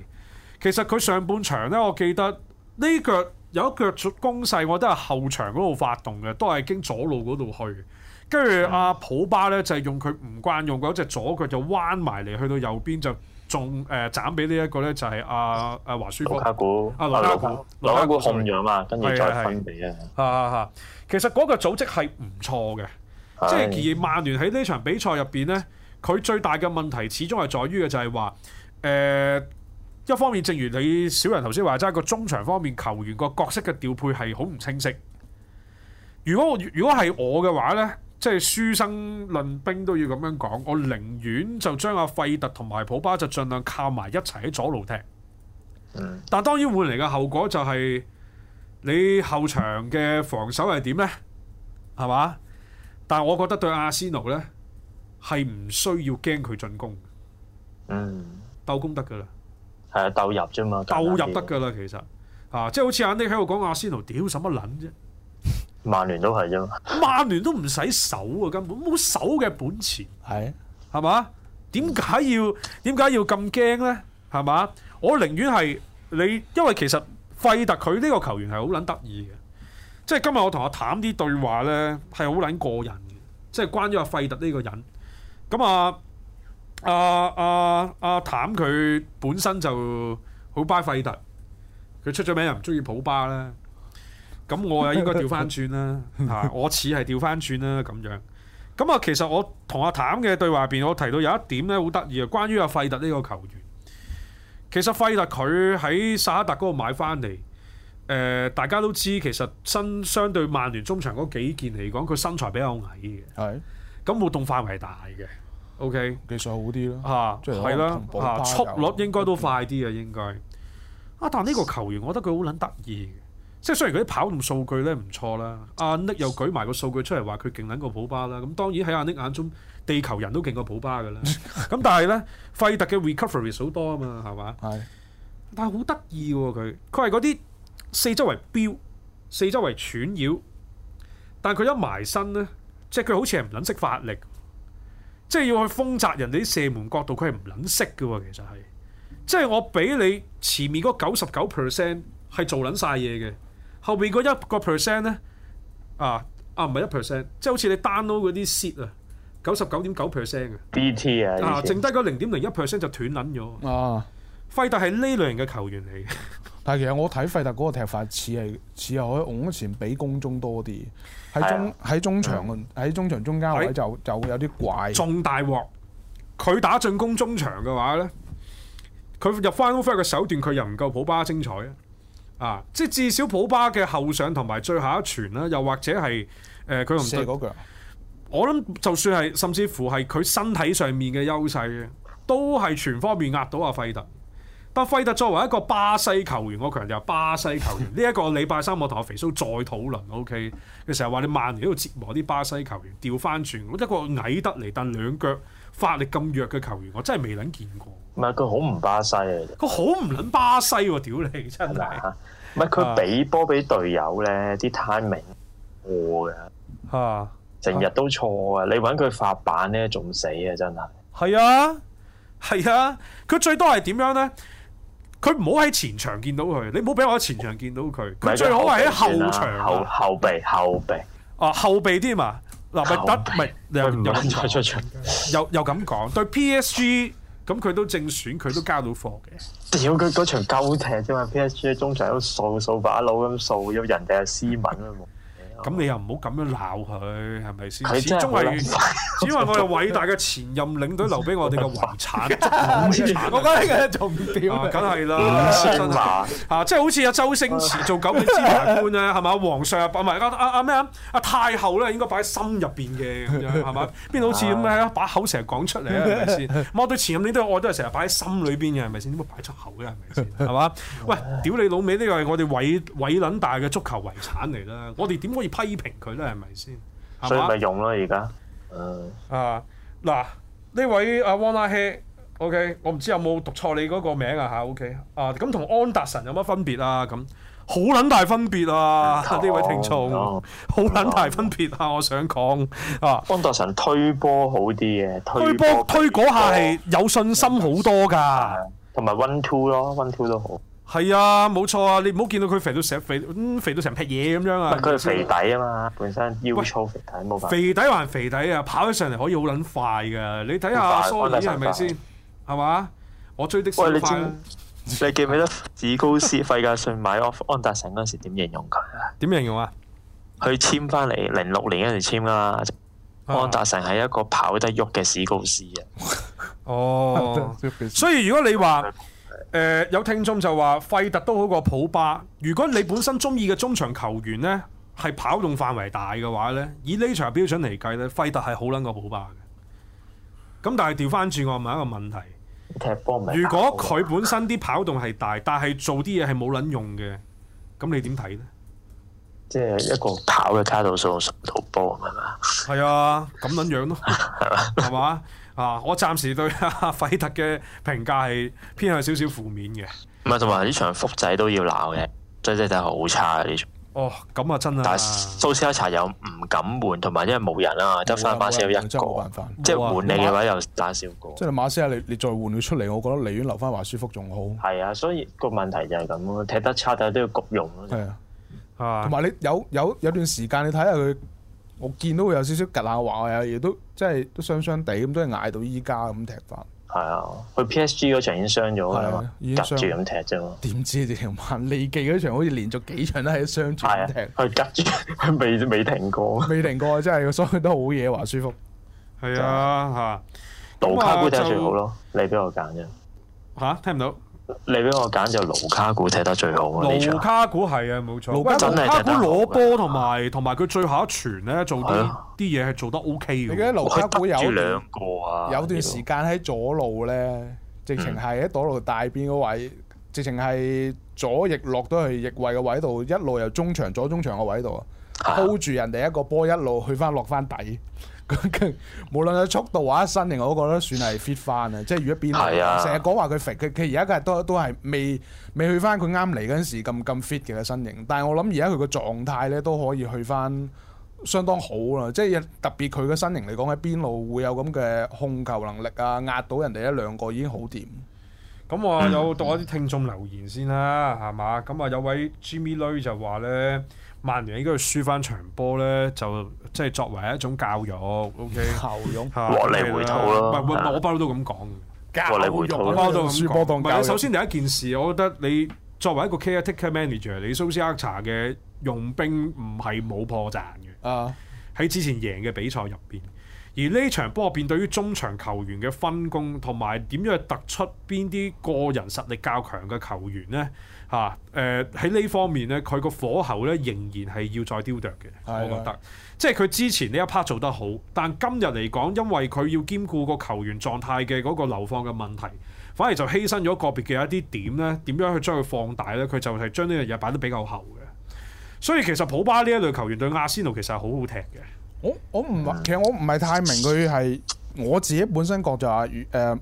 其實佢上半場呢，我記得呢腳有一腳出攻勢，我都係後場嗰度發動嘅，都係經左路嗰度去。跟住阿普巴呢，就係、是、用佢唔慣用嗰隻左腳就彎埋嚟去到右邊就。仲誒斬俾呢一個咧，就係阿阿華舒科、阿盧卡古、盧卡古同樣嘛，跟住再拚地啊！係係係，其實嗰個組織係唔錯嘅，即係是而曼聯喺呢場比賽入邊咧，佢最大嘅問題始終係在於嘅就係話，誒、呃、一方面正如你小人頭先話，即、那、係個中場方面球員個角色嘅調配係好唔清晰。如果如果係我嘅話咧。即係書生論兵都要咁樣講，我寧願就將阿費特同埋普巴就盡量靠埋一齊喺左路踢。嗯、但係當然換嚟嘅後果就係你後場嘅防守係點咧？係嘛？但係我覺得對阿仙奴咧係唔需要驚佢進攻。嗯，鬥攻得噶啦，係啊，鬥入啫嘛，鬥入得噶啦，其實啊，即係好似阿啲喺度講阿仙奴屌乜撚啫、啊。曼聯都係啫嘛，曼聯都唔使守啊，根本冇守嘅本錢，係、啊，係嘛？點解要點解要咁驚咧？係嘛？我寧願係你，因為其實費特佢呢個球員係好撚得意嘅，即係今日我同阿譚啲對話咧係好撚過癮嘅，即係關於阿費特呢個人。咁啊，阿阿阿譚佢本身就好巴費特，佢出咗名又唔中意普巴啦。咁 我又應該調翻轉啦，嚇 我似係調翻轉啦咁樣。咁啊，其實我同阿譚嘅對話入邊，我提到有一點咧，好得意啊，關於阿費特呢個球員。其實費特佢喺薩克達嗰度買翻嚟，誒、呃、大家都知，其實身相對曼聯中場嗰幾件嚟講，佢身材比較矮嘅，係的。咁活動範圍大嘅，OK。技術好啲咯，吓，係啦的，嚇速率應該都快啲啊，嗯、應該。啊，但呢個球員，我覺得佢好撚得意。即係雖然佢啲跑動數據咧唔錯啦，阿、啊、Nick 又舉埋個數據出嚟話佢勁捻過普巴啦，咁當然喺阿、啊、Nick 眼中地球人都勁過普巴噶啦，咁 但係咧費特嘅 recovery 好多啊嘛，係嘛？係、啊，但係好得意嘅佢，佢係嗰啲四周圍飆，四周圍纏繞，但佢一埋身咧，即係佢好似係唔捻識發力，即係要去封窄人哋啲射門角度，佢係唔捻識嘅。其實係，即係我俾你前面嗰九十九 percent 係做捻晒嘢嘅。後邊嗰一個 percent 咧，啊啊唔係一 percent，即係好似你 download 嗰啲 seed 啊，九十九點九 percent 啊，BT 啊，啊剩低個零點零一 percent 就斷捻咗。啊，費特係呢類型嘅球員嚟嘅。但係其實我睇費特嗰個踢法似係似係可以前比攻中多啲，喺中喺、啊、中，中場喺、嗯、中場中間位就就會有啲怪。重大鑊，佢打進攻中場嘅話咧，佢入翻 offence 嘅手段佢又唔夠普巴精彩啊！啊！即係至少普巴嘅後上同埋最後一傳啦，又或者係誒佢唔得。嗰、呃、腳。我諗就算係，甚至乎係佢身體上面嘅優勢都係全方面壓到阿費特，但費特作為一個巴西球員，我強調巴西球員呢一 個禮拜三我同阿肥蘇再討論。OK，佢成日話你曼聯喺度折磨啲巴西球員，調翻轉一個矮得嚟但兩腳發力咁弱嘅球員，我真係未能見過。唔係佢好唔巴西啊！佢好唔撚巴西喎，屌你真係！唔係佢俾波俾隊友咧，啲 timing 錯嘅吓，成日都錯啊！你揾佢發辦咧，仲死啊！死真係係啊，係啊！佢最多係點樣咧？佢唔好喺前場見到佢，你唔好俾我喺前場見到佢。佢最好係喺後場、啊後，後備後備後備啊，後備添嘛嗱，咪得咪！又又再又又咁講對 PSG。咁佢都正選，佢都交到貨嘅。屌，佢嗰場鳩踢啫嘛，PSG 中場都掃掃把佬咁掃，有人哋係斯文啊？咁你又唔好咁樣鬧佢，係咪先？始終係，始終係我哋偉大嘅前任領隊留俾我哋嘅遺產，我覺得嗰個做唔掂，梗係啦，五千即係好似阿周星馳做九品芝麻官咧，係嘛？皇上擺埋阿阿咩啊？阿太后咧應該擺喺心入邊嘅咁樣，係嘛？邊度好似咁樣喺把口成日講出嚟啊？係咪先？我對前任嘅愛都，我都係成日擺喺心裏邊嘅，係咪先？點會擺出口嘅？係咪先？係嘛？喂，屌你老味呢個係我哋偉偉撚大嘅足球遺產嚟啦！我哋點可批評佢咧，係咪先？是是所以咪用咯而家。啊，嗱，呢位阿汪阿希，OK，我唔知有冇讀錯你嗰個名啊吓，OK。啊，咁同安達臣有乜分別啊？咁、啊、好捻大分別啊！呢、嗯嗯嗯、位聽眾，好捻大分別啊！嗯嗯、我想講啊，嗯、安達臣推波好啲嘅、啊，推波推嗰下係有信心好多噶，同埋 one two 咯，one two 都，都好。係啊，冇錯啊！你唔好見到佢肥到成肥，肥到成劈嘢咁樣啊！佢係肥底啊嘛，本身腰粗肥底冇辦法。肥底還肥底啊！跑起上嚟可以好捻快噶，你睇下阿安達臣係咪先？係嘛？我追的超快啊！你記唔記得史高斯費格遜買安安達臣嗰時點形容佢啊？點形容啊？佢簽翻嚟零六年嗰時簽啦。安達臣係一個跑得喐嘅史高斯啊！哦，所以如果你話，誒、呃，有聽眾就話費特都好過普巴。如果你本身中意嘅中場球員呢，係跑動範圍大嘅話呢，以呢場標準嚟計呢，費特係好捻過普巴嘅。咁但係調翻轉我問一個問題。踢波，如果佢本身啲跑動係大，但係做啲嘢係冇捻用嘅，咁你點睇呢？即係一個跑嘅卡度數十套波係嘛？係啊，咁捻樣咯，係嘛？ 啊！我暫時對阿費特嘅評價係偏向少少負面嘅。唔係，同埋呢場福仔都要鬧嘅，真真真係好差呢、啊、場。哦，咁啊真啊！但係蘇斯卡茶又唔敢換，同埋因為冇人啦、啊，得翻馬斯一個、啊啊啊啊、即係換你嘅話又打少個。即係馬斯啊！啊啊就是、你你再換佢出嚟，我覺得你院留翻華舒福仲好。係啊，所以個問題就係咁咯，踢得差就都要焗用咯。係啊，同埋你有有有段時間你睇下佢。我見到佢有少少格下話啊，亦都即係都傷傷地咁，都係捱到依家咁踢法。係啊，去 PSG 嗰場已經傷咗啊嘛，夾住咁踢啫嘛。點知你成日話利記嗰場好似連續幾場都係一雙住，踢，佢夾住，佢未未停過，未停過真係，所以都好嘢話舒服。係啊，嚇、嗯！杜卡古仔最好咯，嗯、你俾我揀啫。吓、啊？聽唔到。你俾我揀就盧卡古踢得最好啊！盧卡古係啊，冇錯。盧卡古真係勁啊！盧卡古攞波同埋同埋佢最後一傳咧，啊、做啲啲嘢係做得 O K 嘅。你記得盧卡古有兩個啊，有段時間喺左路咧，直情係喺左路大邊個位，嗯、直情係左翼落都係翼位個位度，一路由中場左中場個位度，h o l d 住人哋一個波，一路去翻落翻底。咁 無論係速度或者身形，我覺得都算係 fit 翻啊！ 即係如果邊路成日講話佢肥，fit 佢佢而家佢都都係未未去翻佢啱嚟嗰陣時咁咁 fit 嘅身形。但係我諗而家佢個狀態咧都可以去翻相當好啦！即係特別佢嘅身形嚟講，喺邊路會有咁嘅控球能力啊，壓到人哋一兩個已經好掂。咁我、嗯、 有讀下啲聽眾留言先啦，係嘛？咁啊有位 Jimmy 女就話咧。曼聯應該要輸翻場波咧，就即係作為一種教育，OK？效用，落嚟、啊、回頭咯。唔係、啊，唔係，我包都咁講。落嚟回頭。我包都咁講。首先第一件事，我覺得你作為一個 caretaker manager，你蘇斯克查嘅用兵唔係冇破綻嘅。啊！喺之前贏嘅比賽入邊，而呢場波入邊，對於中場球員嘅分工同埋點樣去突出邊啲個人實力較強嘅球員咧？嚇、誒，喺呢方面咧，佢個火候咧仍然係要再雕琢嘅，的我覺得。即係佢之前呢一 part 做得好，但今日嚟講，因為佢要兼顧個球員狀態嘅嗰個流放嘅問題，反而就犧牲咗個別嘅一啲點咧，點樣去將佢放大咧？佢就係將呢樣嘢擺得比較厚嘅。所以其實普巴呢一類球員對阿仙奴其實係好好踢嘅。我我唔其實我唔係太明佢係我自己本身覺得啊、誒。呃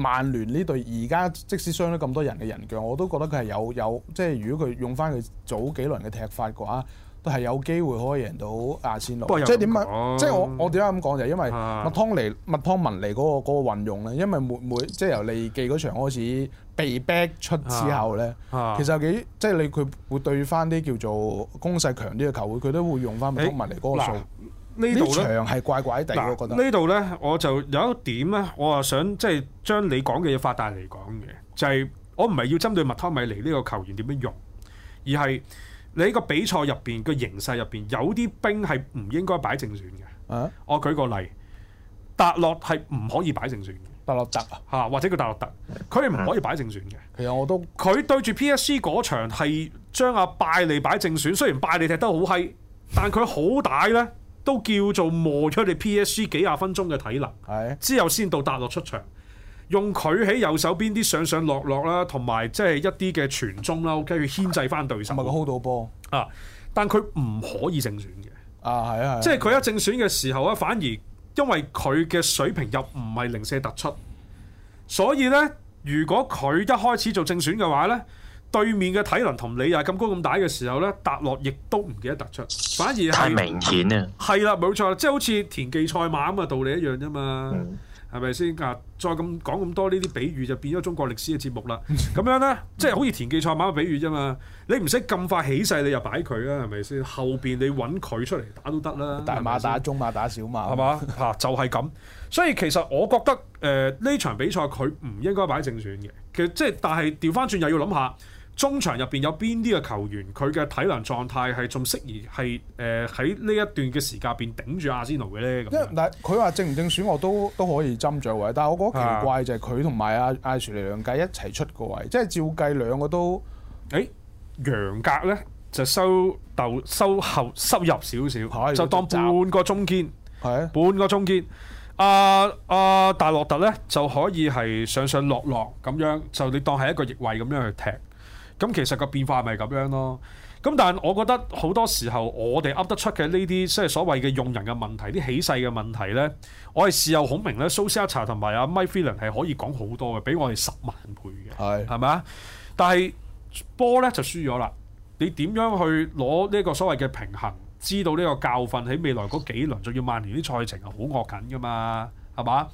曼聯呢隊而家即使傷咗咁多人嘅人腳，我都覺得佢係有有即係如果佢用翻佢早幾輪嘅踢法嘅話，都係有機會可以贏到阿仙奴。即係點解？即係我我點解咁講就因為麥湯尼麥湯文尼嗰個嗰個運用咧，因為每每即係由利記嗰場開始被 back 出之後咧，啊啊、其實有幾即係你佢會對翻啲叫做攻勢強啲嘅球會，佢都會用翻麥湯文尼嗰個呢場係怪怪哋，啊、我覺得。呢度咧，我就有一點咧，我話想即係、就是、將你講嘅嘢發大嚟講嘅，就係、是、我唔係要針對麥湯米尼呢個球員點樣用，而係你喺個比賽入邊嘅形勢入邊，有啲兵係唔應該擺正選嘅。啊，我舉個例，達洛係唔可以擺正選。達洛特嚇、啊，或者叫達洛特，佢哋唔可以擺正選嘅、嗯。其實我都佢對住 P S C 嗰場係將阿拜利擺正選，雖然拜利踢得 high, 好閪，但佢好大咧。都叫做磨出你 P S G 幾廿分鐘嘅體能，的之後先到達落出場，用佢喺右手邊啲上上落落啦，同埋即係一啲嘅傳中啦，跟住、啊、牽制翻對手。Hold 到波啊！但佢唔可以正選嘅啊，係啊，即係佢一正選嘅時候咧，反而因為佢嘅水平又唔係零舍突出，所以咧，如果佢一開始做正選嘅話咧。對面嘅體能同你呀咁高咁大嘅時候咧，揼落亦都唔記得突出，反而係明顯啊！係啦，冇錯啦，即係好似田忌賽馬咁嘅道理一樣啫嘛，係咪先？嗱，再咁講咁多呢啲比喻就變咗中國歷史嘅節目啦。咁樣咧，即係、嗯、好似田忌賽馬嘅比喻啫嘛，你唔使咁快起勢，你又擺佢啦，係咪先？後邊你揾佢出嚟打都得啦，大馬打中馬打小馬，係嘛？嗱，就係、是、咁。所以其實我覺得誒呢、呃、場比賽佢唔應該擺正選嘅，其實即係但係調翻轉又要諗下。中場入邊有邊啲嘅球員，佢嘅體能狀態係仲適宜係誒喺呢一段嘅時間，邊頂住亞仙奴嘅咧咁。因為佢話正唔正選我都都可以斟著位，但係我覺得奇怪、啊、就係佢同埋阿阿雪尼兩屆一齊出個位，即係照計兩個都誒楊、欸、格咧就收豆收後收入少少，以就當半個中堅，啊、半個中堅。阿、啊、阿、啊啊、大洛特咧就可以係上上落落咁樣，就你當係一個翼位咁樣去踢。咁其實個變化咪咁樣咯，咁但係我覺得好多時候我哋噏得出嘅呢啲即係所謂嘅用人嘅問題、啲起勢嘅問題呢，我係事後孔明咧、蘇斯亞查同埋阿麥菲連係可以講好多嘅，比我哋十萬倍嘅，係係咪？但係波呢就輸咗啦。你點樣去攞呢個所謂嘅平衡？知道呢個教訓喺未來嗰幾輪，仲要曼聯啲賽程係好惡緊噶嘛？係嘛？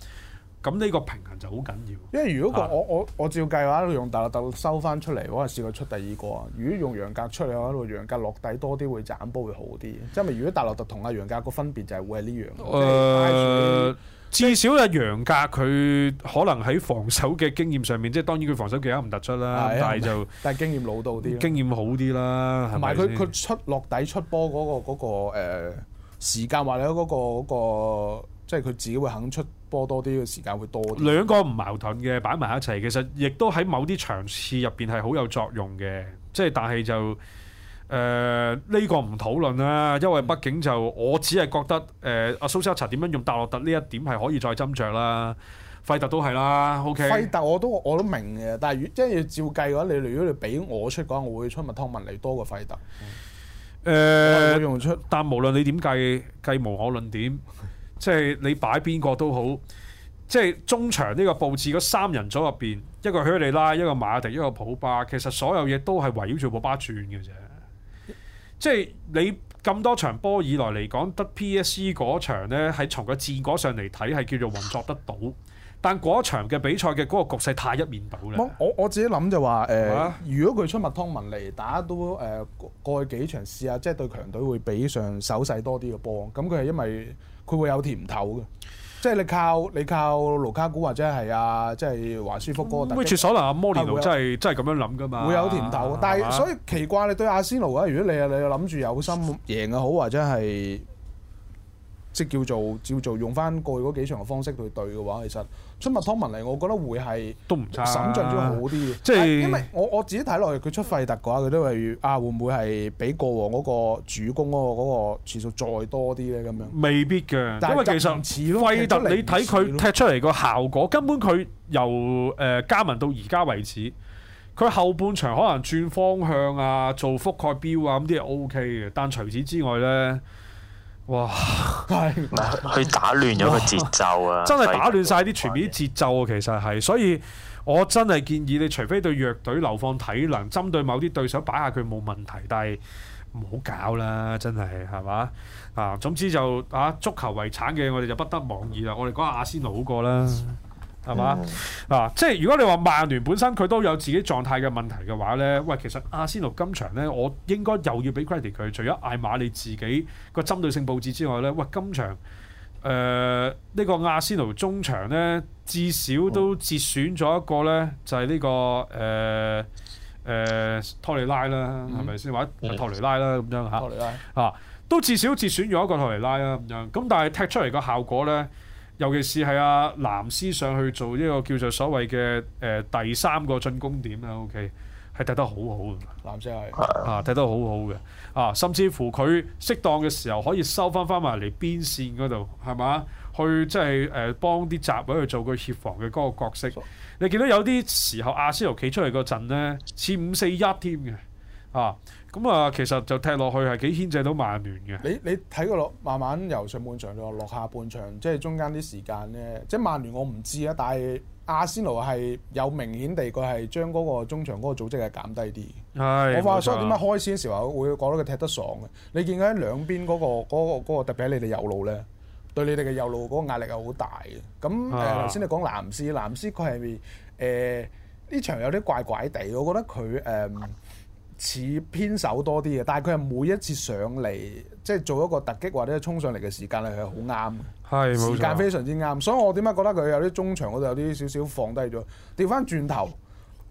咁呢個平衡就好緊要。因為如果個我我我照計嘅話，用達洛特收翻出嚟，我係試過出第二個啊。如果用楊格出嚟，嘅話喺度楊格落底多啲，會斬波會好啲。即係咪？如果達洛特同阿楊格個分別就係會係呢樣。誒，至少阿楊格佢可能喺防守嘅經驗上面，即係當然佢防守技巧唔突出啦，但係就但係經驗老到啲，經驗好啲啦。同埋佢佢出落底出波嗰個嗰個誒時間或者嗰個嗰個，即係佢自己會肯出。播多啲嘅時間會多啲。兩個唔矛盾嘅擺埋一齊，其實亦都喺某啲場次入邊係好有作用嘅。即係但係就誒呢、呃呢個唔討論啦，因為畢竟就我只係覺得誒阿蘇斯哈查點樣用達洛特呢一點係可以再斟酌啦。費特都係啦，OK。費特我都我都明嘅，但係即係要照計嘅話，你如果你俾我出嘅話，我會出麥當文你多過費特。誒、嗯，呃、用出，但無論你點計，計無可論點。即係你擺邊個都好，即係中場呢個布置，嗰三人組入邊，一個希利拉，一個馬迪，一個普巴，其實所有嘢都係圍繞住普巴轉嘅啫。即係你咁多場波以來嚟講，得 P S C 嗰場呢係從個戰果上嚟睇，係叫做運作得到。但嗰場嘅比賽嘅嗰個局勢太一面倒啦。我我自己諗就話誒，呃、麼如果佢出麥湯文嚟，打都誒、呃、過去幾場試下，即係對強隊會比上手勢多啲嘅波。咁佢係因為。佢會有甜頭嘅，即係你靠你靠盧卡古或者係啊，即係華舒福哥，會出手啦！阿摩連奴真係真係咁樣諗噶嘛，會有甜頭。但係吧所以奇怪，你對阿仙奴啊，如果你啊你諗住有心贏嘅、啊、好，或者係。即叫做照做，用翻過去嗰幾場嘅方式去對嘅話，其實出麥湯文嚟，我覺得會係都唔差，審慎咗好啲即係因為我我自己睇落去，佢出費特嘅話，佢都係啊，會唔會係比過往嗰、嗰個主攻嗰、嗰個嗰、嗰個次數再多啲咧？咁樣未必嘅，但 因為其實費實特你睇佢踢出嚟個效果，根本佢由誒、呃、加盟到而家為止，佢後半場可能轉方向啊，做覆蓋標啊，咁啲係 O K 嘅。但除此之外咧。哇！係，佢打亂咗個節奏啊！真係打亂晒啲全面啲節奏啊！其實係，所以我真係建議你，除非對弱隊流放體能，針對某啲對手擺下佢冇問題，但係唔好搞啦！真係係嘛啊！總之就啊，足球遺產嘅我哋就不得妄議啦！我哋講下阿仙奴好過啦。係嘛？嗱、mm hmm. 啊，即係如果你話曼聯本身佢都有自己狀態嘅問題嘅話咧，喂，其實亞仙奴今場咧，我應該又要俾 credit 佢，除咗艾馬利自己個針對性佈置之外咧，喂，今場誒呢、呃這個亞仙奴中場咧，至少都節選咗一個咧，就係、是、呢、這個誒誒托尼拉啦，係咪先？或者托尼拉啦咁、mm hmm. 樣嚇，啊，都至少節選咗一個托尼拉啦咁樣。咁但係踢出嚟嘅效果咧？尤其是係阿、啊、藍斯上去做一個叫做所謂嘅誒、呃、第三個進攻點啦，OK，係打得好好嘅。藍色係啊，打得好好嘅啊，甚至乎佢適當嘅時候可以收翻翻埋嚟邊線嗰度，係嘛？去即係誒幫啲閘位去做個協防嘅嗰個角色。So. 你見到有啲時候阿仙奴企出嚟個陣咧，似五四一添嘅啊。咁啊、嗯，其實就踢落去係幾牽制到曼聯嘅。你你睇過落，慢慢由上半場到落下半場，即係中間啲時間咧，即係曼聯我唔知啊，但係亞仙奴係有明顯地佢係將嗰個中場嗰個組織係減低啲。係。我話所以點解開始嘅時候會覺得佢踢得爽嘅？你見佢兩邊嗰、嗰個嗰、嗰個、嗰個、特別喺你哋右路咧，對你哋嘅右路嗰個壓力係好大嘅。咁頭先你講藍斯，藍斯佢係咪誒呢場有啲怪怪地？我覺得佢誒。嗯似偏手多啲嘅，但係佢係每一次上嚟，即係做一個突擊或者衝上嚟嘅時間咧，佢係好啱，係是，時間非常之啱。錯所以我點解覺得佢有啲中場嗰度有啲少少放低咗，調翻轉頭。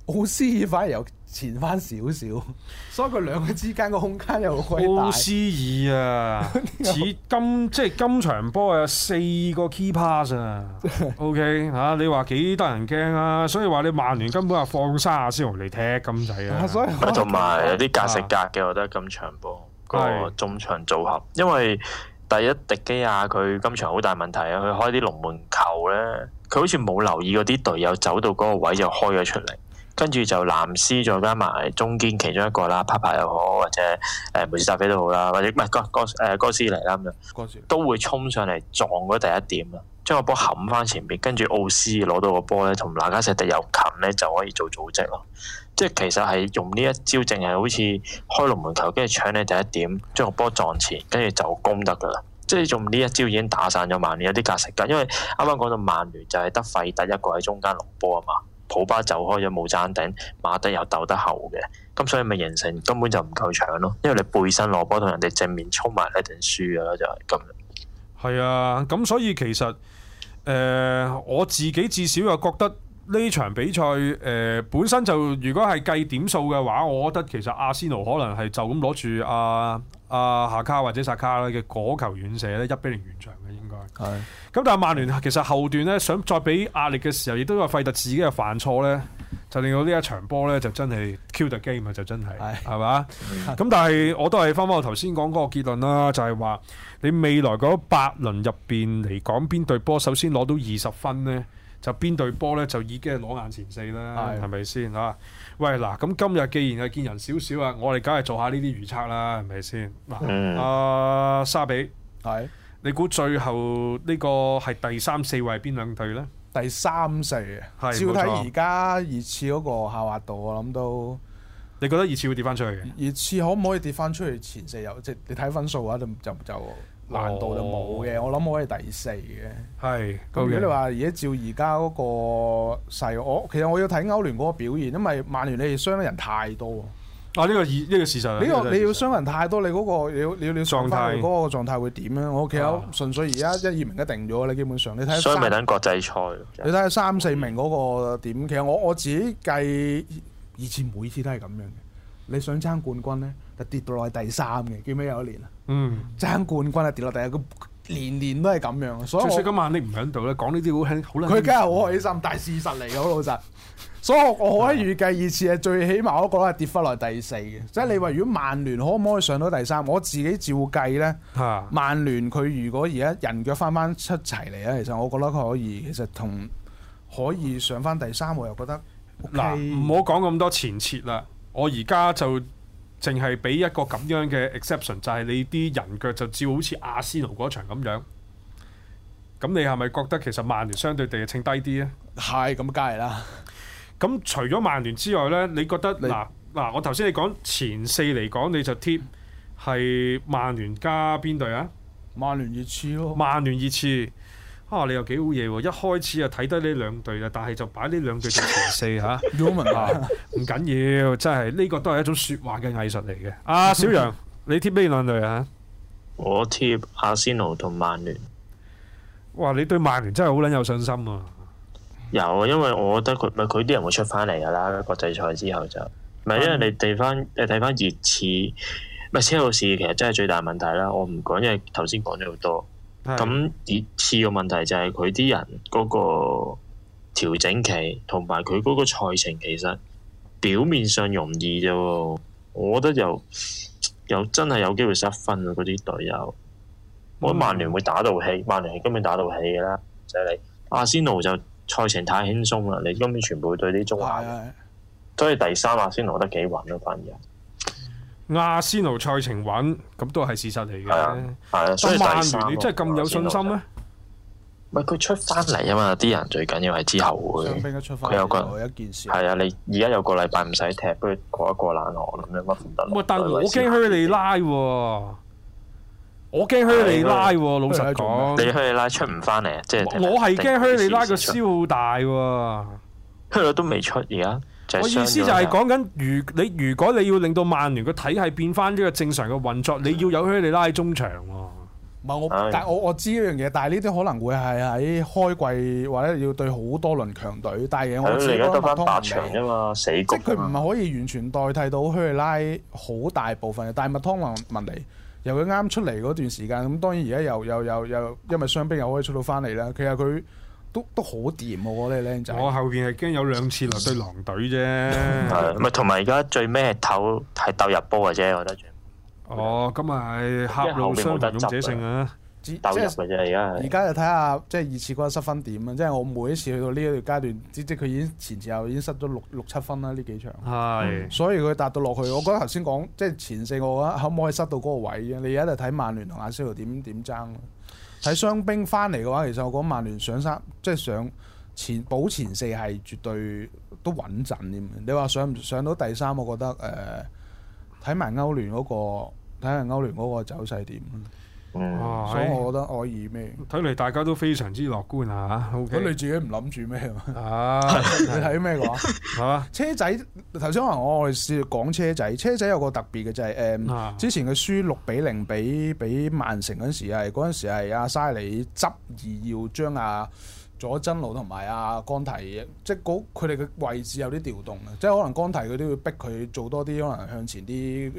奧斯爾反而又前翻少少， 所以佢兩個之間嘅空間又好大。奧斯爾啊，似今、 這個、即係今場波有四個 key pass 啊。 o、okay, K 啊，你話幾得人驚啊？所以話你曼聯根本係放沙阿斯隆嚟踢咁滯啊。同埋、啊、有啲格食格嘅，啊、我覺得今場波嗰、那個中場組合，是因為第一迪基亞佢今場好大問題啊，佢開啲龍門球咧，佢好似冇留意嗰啲隊友走到嗰個位就開咗出嚟。跟住就藍斯再加埋中間其中一個啦，帕帕又好，或者誒、呃、梅斯達菲都好啦，或者唔係哥哥誒哥斯嚟啦咁樣，都會衝上嚟撞嗰第一點啦，將個波冚翻前邊，跟住奧斯攞到個波咧，同拉加石迪又近咧，就可以做組織咯。即係其實係用呢一招，淨係好似開龍門球，跟住搶你第一點，將個波撞前，跟住就攻得噶啦。即係用呢一招已經打散咗曼聯一啲格式噶，因為啱啱講到曼聯就係得費特一個喺中間落波啊嘛。普巴走開咗冇爭頂，馬德又鬥得後嘅，咁所以咪形成根本就唔夠搶咯，因為你背身攞波同人哋正面衝埋一定輸噶啦就係咁。係啊，咁所以其實誒、呃、我自己至少又覺得。呢場比賽誒、呃、本身就如果係計點數嘅話，我覺得其實阿仙奴可能係就咁攞住阿阿夏卡或者薩卡咧嘅嗰球遠射呢一比零完場嘅應該係。咁是但係曼聯其實後段呢，想再俾壓力嘅時候，亦都有費特自己嘅犯錯呢，就令到呢一場波呢，就真係 cut game 啊，就真係係嘛？咁吧 但係我都係翻返我頭先講嗰個結論啦，就係、是、話你未來嗰八輪入邊嚟講，邊隊波首先攞到二十分呢？就邊隊波咧就已經係攞眼前四啦，係咪先啊？喂嗱，咁今日既然係見人少少啊，我哋梗係做下呢啲預測啦，係咪先？ 啊，沙比，係的你估最後呢個係第三四位邊兩隊咧？第三四啊，是照睇而家二次嗰個下滑度，我諗都你覺得熱刺會跌翻出去嘅？熱刺可唔可以跌翻出去前四入？即、就是、你睇分數啊，都就就、啊。難度就冇嘅，我諗我可以第四嘅。係，如果你話而家照而家嗰個勢，我其實我要睇歐聯嗰個表現，因為曼聯你哋傷得人太多。啊，呢、呢個呢、呢個事實。呢、呢個、呢個、你要傷人太多，你嗰、嗰個你你了相翻嗰個狀態會點咧？我其實純粹而家一、啊、一二名一定咗你，基本上你睇。所以咪等國際賽。你睇三四名嗰個點？嗯、其實我我自己計以前每次都係咁樣嘅。你想爭，爭冠軍咧？跌到落第三嘅，記唔記得有一年啊？嗯，爭冠軍啊，跌落第一個，年年都係咁樣，所以。即使今晚你唔響度咧，講呢啲好輕好。佢梗係好開心，但係事實嚟嘅好老實。所以我可以預計二次係最起碼，我覺得係跌翻落第四嘅。即係你話，如果曼聯可唔可以上到第三？我自己照計咧，曼聯佢如果而家人腳翻翻出齊嚟咧，其實我覺得佢可以，其實同可以上翻第三，我又覺得。嗱，唔好講咁多前設啦，我而家就。淨係俾一個咁樣嘅 exception，就係你啲人腳就照好似阿仙奴嗰場咁樣，咁你係咪覺得其實曼聯相對地秤低啲咧？係，咁梗係啦。咁除咗曼聯之外呢，你覺得嗱嗱你？我頭先你講前四嚟講，你就 tip 係曼聯加邊隊啊？曼聯熱刺咯。曼聯熱刺。啊！你又幾好嘢喎！一開始就睇得呢兩隊啦，但係就擺呢兩隊做前四嚇。唔緊要，真係呢、呢個都係一種説話嘅藝術嚟嘅。阿、啊、小楊， 你貼咩兩隊啊？我貼阿仙奴同曼聯。哇！你對曼聯真係好撚有信心啊！有，因為我覺得佢佢啲人會出翻嚟噶啦。國際賽之後就唔咪、嗯，因為你睇翻你睇翻熱刺咪車路士，其實真係最大問題啦。我唔講，因為頭先講咗好多。咁第二次嘅問題就係佢啲人嗰個調整期，同埋佢嗰個賽程其實表面上容易啫，我覺得又又真係有機會失分啊！嗰啲隊友，我覺得曼聯會打到起、嗯，曼聯係根本打到起嘅啦，就係、是、阿仙奴就賽程太輕鬆啦，你今次全部對啲中下游，所以第三阿仙奴得幾穩啊，反而。亞斯奴賽程穩，咁都係事實嚟嘅。係啊，所以曼聯你真係咁有信心咩？唔係佢出翻嚟啊嘛，啲人最緊要係之後會。佢有個人，翻嚟、啊、一件事。係啊，你而家有個禮拜唔使踢，不如過一過冷河，諗乜都唔得。唔、嗯、但我驚靴利拉，我驚靴利拉。老實講，你靴利拉出唔翻嚟，即係我係驚靴利拉個消耗大。靴利都未出，而家。我意思就係講緊，如你如果你要令到曼聯個體系變翻呢個正常嘅運作，的你要有希利拉喺中場喎。唔係我，但係我我，我知呢樣嘢，但係呢啲可能會係喺開季或者要對好多輪強隊。但係我知。佢而家得翻八場啫嘛，死局嘛，即係佢唔可以完全代替到希利拉好大部分嘅。但係麥湯文尼，由佢啱出嚟嗰段時間，咁當然而家又又又又，因為傷兵又可以出到翻嚟啦。其實佢。都都好掂喎，我哋靚仔。我後邊係驚有兩次嚟對狼隊啫。係咪同埋而家最尾係鬥係鬥入波嘅啫，我覺得。哦，咁啊，狹路相逢勇者勝啊！鬥入咪就係而家。而家就睇下即係二次嗰個失分點啊。即係我每一次去到呢一段階段，即即佢已經前前後已經失咗六六七分啦，呢幾場。係。所以佢達到落去，我覺得頭先講即係前四個，我覺得可唔可以失到嗰個位啫？你而家就睇曼聯同阿仙奴點點爭。睇傷兵翻嚟嘅話，其實我講曼聯上三，即係上前保前四係絕對都穩陣嘅。你話上上到第三，我覺得誒，睇、呃、埋歐聯嗰、嗰個，睇下歐聯嗰個走勢點。哦，嗯啊、所以我覺得可以咩？睇嚟大家都非常之樂觀啊！咁、okay、你自己唔諗住咩？啊， 你睇咩嘅話？嚇、啊，車仔頭先可能我係試講車仔，車仔有個特別嘅就係、是、誒，嗯啊、之前嘅輸六比零比比曼城嗰時，係嗰陣時係阿沙利執意要將阿佐真路同埋阿江提，即係佢哋嘅位置有啲調動啊！即係可能江提佢都要逼佢做多啲可能向前啲，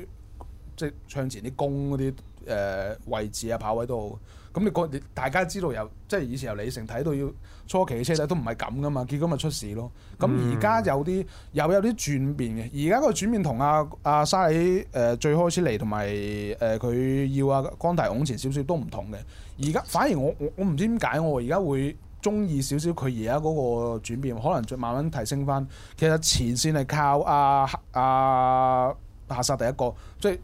即係向前啲攻嗰啲。誒、呃、位置啊，跑位都好。咁你個大家知道又即係以前由李成睇到要初期嘅車仔都唔係咁㗎嘛，結果咪出事咯。咁而家有啲又有啲轉變嘅。而家個轉變同阿阿沙利誒、呃、最開始嚟、呃啊、同埋誒佢要阿江大鵪鶉少少都唔同嘅。而家反而我我我唔知點解我而家會中意少少佢而家嗰個轉變，可能再慢慢提升翻。其實前線係靠阿阿夏薩第一個，即係。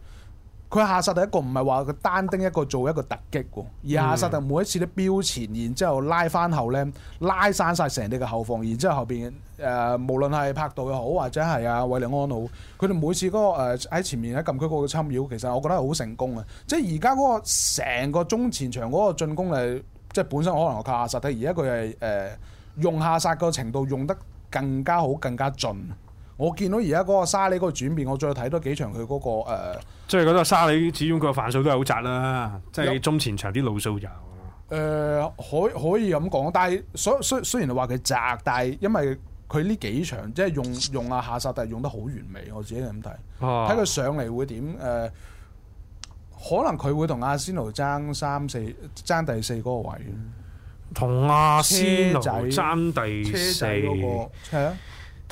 佢夏薩第一個唔係話佢單丁一個做一個突擊喎，而夏薩就每一次都標前，然之後拉翻後咧拉散晒成啲嘅後防，然之後後邊誒、呃、無論係柏度又好或者係阿韋力安好，佢哋每次嗰、嗰個喺、呃、前面喺禁區嗰個侵擾，其實我覺得係好成功啊。即係而家嗰個成個中前場嗰個進攻嚟，即係本身可能我靠夏薩嘅，而家佢係誒用夏薩個程度用得更加好，更加盡。我見到而家嗰個沙利嗰個轉變，我再睇多幾場佢嗰、那個即係嗰個沙利，始終佢嘅犯數都係好窄啦，即係中前場啲路數就，誒、呃，可以可以咁講，但係所雖雖，雖然話佢窄，但係因為佢呢幾場即係用用阿夏薩特用得好完美，我自己係咁睇。睇佢、啊、上嚟會點誒、呃？可能佢會同阿仙奴爭三四爭第四嗰個位。同阿仙奴爭第四。車仔嗰、那個。啊、那個。嗯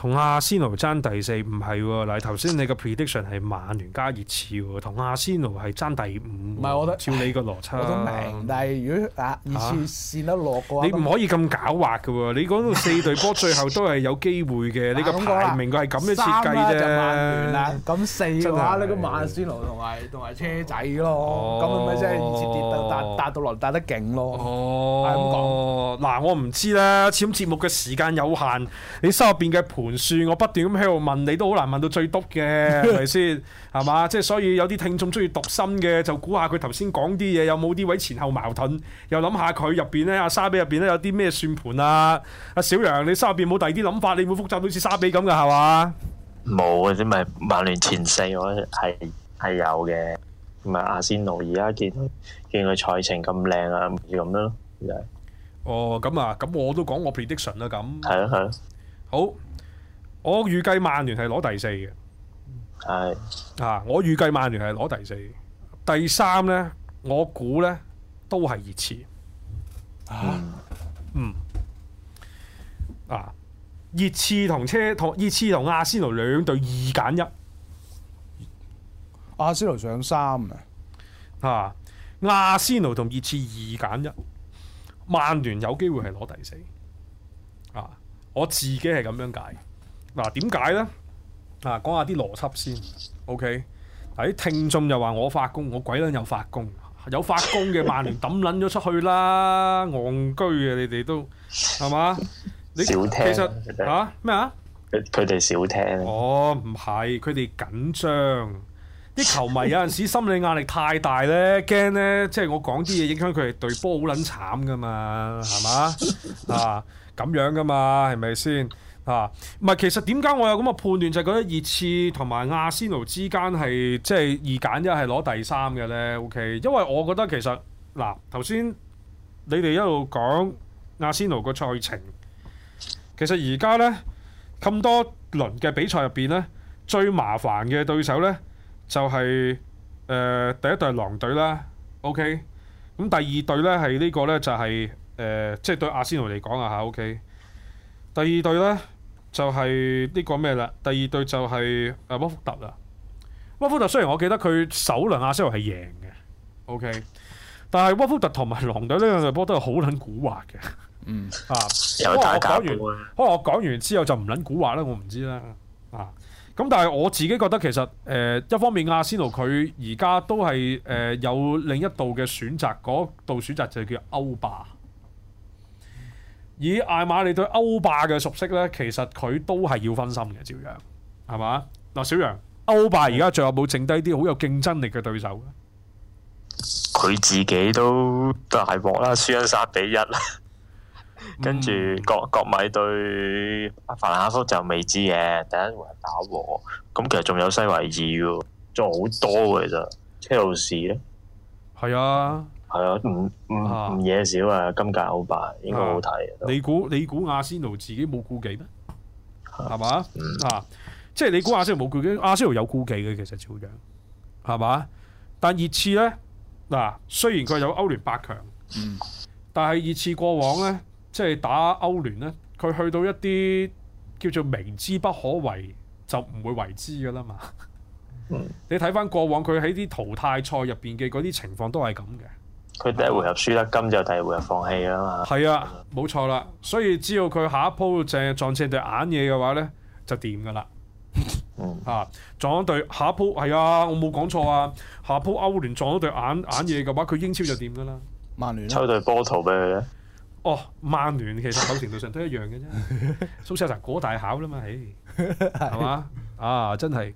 同阿仙奴爭第四唔係喎，嗱頭先你個 prediction 係曼聯加熱刺喎，同阿仙奴係爭第五。唔係我覺得照你個邏輯，我都明。但係如果啊熱刺線得落嘅話，啊、是你唔可以咁狡猾嘅喎，你講到四隊波最後都係有機會嘅， 你個排名佢係咁樣設計啫、啊。三啦就曼聯啦，咁四下你個阿仙奴同埋同埋車仔咯，咁咪即係熱刺跌到達達到落打得勁咯。哦，嗱我唔知啦，始終節目嘅時間有限，你收入邊嘅盤？算我不斷咁喺度問你都好難問到最篤嘅，係咪先？係嘛？即係所以有啲聽眾中意讀心嘅，就估下佢頭先講啲嘢有冇啲位前後矛盾，又諗下佢入邊咧阿沙比入邊咧有啲咩算盤啊？阿小楊，你心入邊冇第二啲諗法，你會複雜到似沙比咁噶係嘛？冇啊，啲咪曼聯前四我係係有嘅，同埋阿仙奴而家見見佢賽程咁靚啊咁咯，又係哦，咁啊咁我都講我 prediction 啦咁，係啊，係啊。好。我預計曼聯係攞第四嘅，係唉啊。我預計曼聯係攞第四，第三呢？我估呢，都係熱刺啊。嗯，嗯啊，熱刺同車同熱刺同阿仙奴兩隊二揀一，阿仙奴上三啊。阿仙奴同熱刺二揀一，曼聯有機會係攞第四啊。我自己係咁樣解。嗱，點解咧？嗱，講下啲邏輯先。O.K. 嗱，啲，聽眾又話我發功，我鬼撚又發功，有發功嘅曼聯抌撚咗出去啦，戇居嘅你哋都係嘛？你少聽，其實嚇咩啊？佢佢哋少聽。哦，唔係，佢哋緊張，啲球迷有陣時心理壓力太大咧，驚咧，即係我講啲嘢影響佢哋對波好撚慘噶嘛，係嘛？啊，咁樣噶嘛，係咪先？啊，唔係，其實點解我有咁嘅判斷，就係覺得熱刺同埋阿仙奴之間係即係二揀一係攞第三嘅咧？O K，因為我覺得其實嗱，頭先你哋一路講阿仙奴個賽程，其實而家咧，咁多輪嘅比賽入邊咧，最麻煩嘅對手咧，就係誒第一隊狼隊啦，O K，咁第二隊咧係呢個咧就係誒，即係對阿仙奴嚟講啊吓，O K。第二隊呢，就係、是、呢個咩啦？第二隊就係阿波福特啦。波、呃、福特雖然我記得佢首輪阿仙奴係贏嘅，OK，但係波、呃、福特同埋狼隊呢兩隊波都係好撚古惑嘅。嗯啊，啊可能我講完，可能我講完之後就唔撚古惑啦，我唔知啦。啊，咁但係我自己覺得其實誒、呃、一方面阿仙奴佢而家都係誒、呃、有另一度嘅選擇，嗰度選擇就係叫歐霸。以艾瑪利對歐霸嘅熟悉呢，其實佢都係要分心嘅，照樣係嘛？嗱，小楊，歐霸而家仲有冇剩低啲好有競爭力嘅對手？佢自己都大和啦大鑊，輸咗三比一啦， 跟住國國米對阿凡蘭克就未知嘅，第一回打和，咁其實仲有西維爾，仲好多嘅，其實，車路士呢，係啊。係啊，唔唔唔嘢少啊，今屆歐霸應該好睇，啊啊。你估你估亞仙奴自己冇顧忌咩？係嘛？啊，即係你估亞仙奴冇顧忌？亞仙奴有顧忌嘅，其實照樣係嘛？但熱刺咧，嗱，雖然佢有歐聯八強，嗯，但係熱刺過往咧，即係打歐聯咧，佢去到一啲叫做明知不可為就唔會為之噶啦嘛。呵呵，你睇翻過往佢喺啲淘汰賽入邊嘅嗰啲情況都係咁嘅。佢第一回合輸得金就第二回合放棄啊嘛，係啊，冇錯啦，所以只要佢下一鋪淨撞正對眼嘢嘅話咧，就掂噶啦。嚇、嗯啊、撞一對，下一鋪係啊，我冇講錯啊。下一鋪歐聯撞咗對眼、嗯、眼嘢嘅話，佢英超就掂噶啦。曼聯、啊、抽對波圖俾佢咧。哦，曼聯其實某程度上都一樣嘅啫。蘇超就嗰大考啦嘛，唉，係嘛 啊，真係。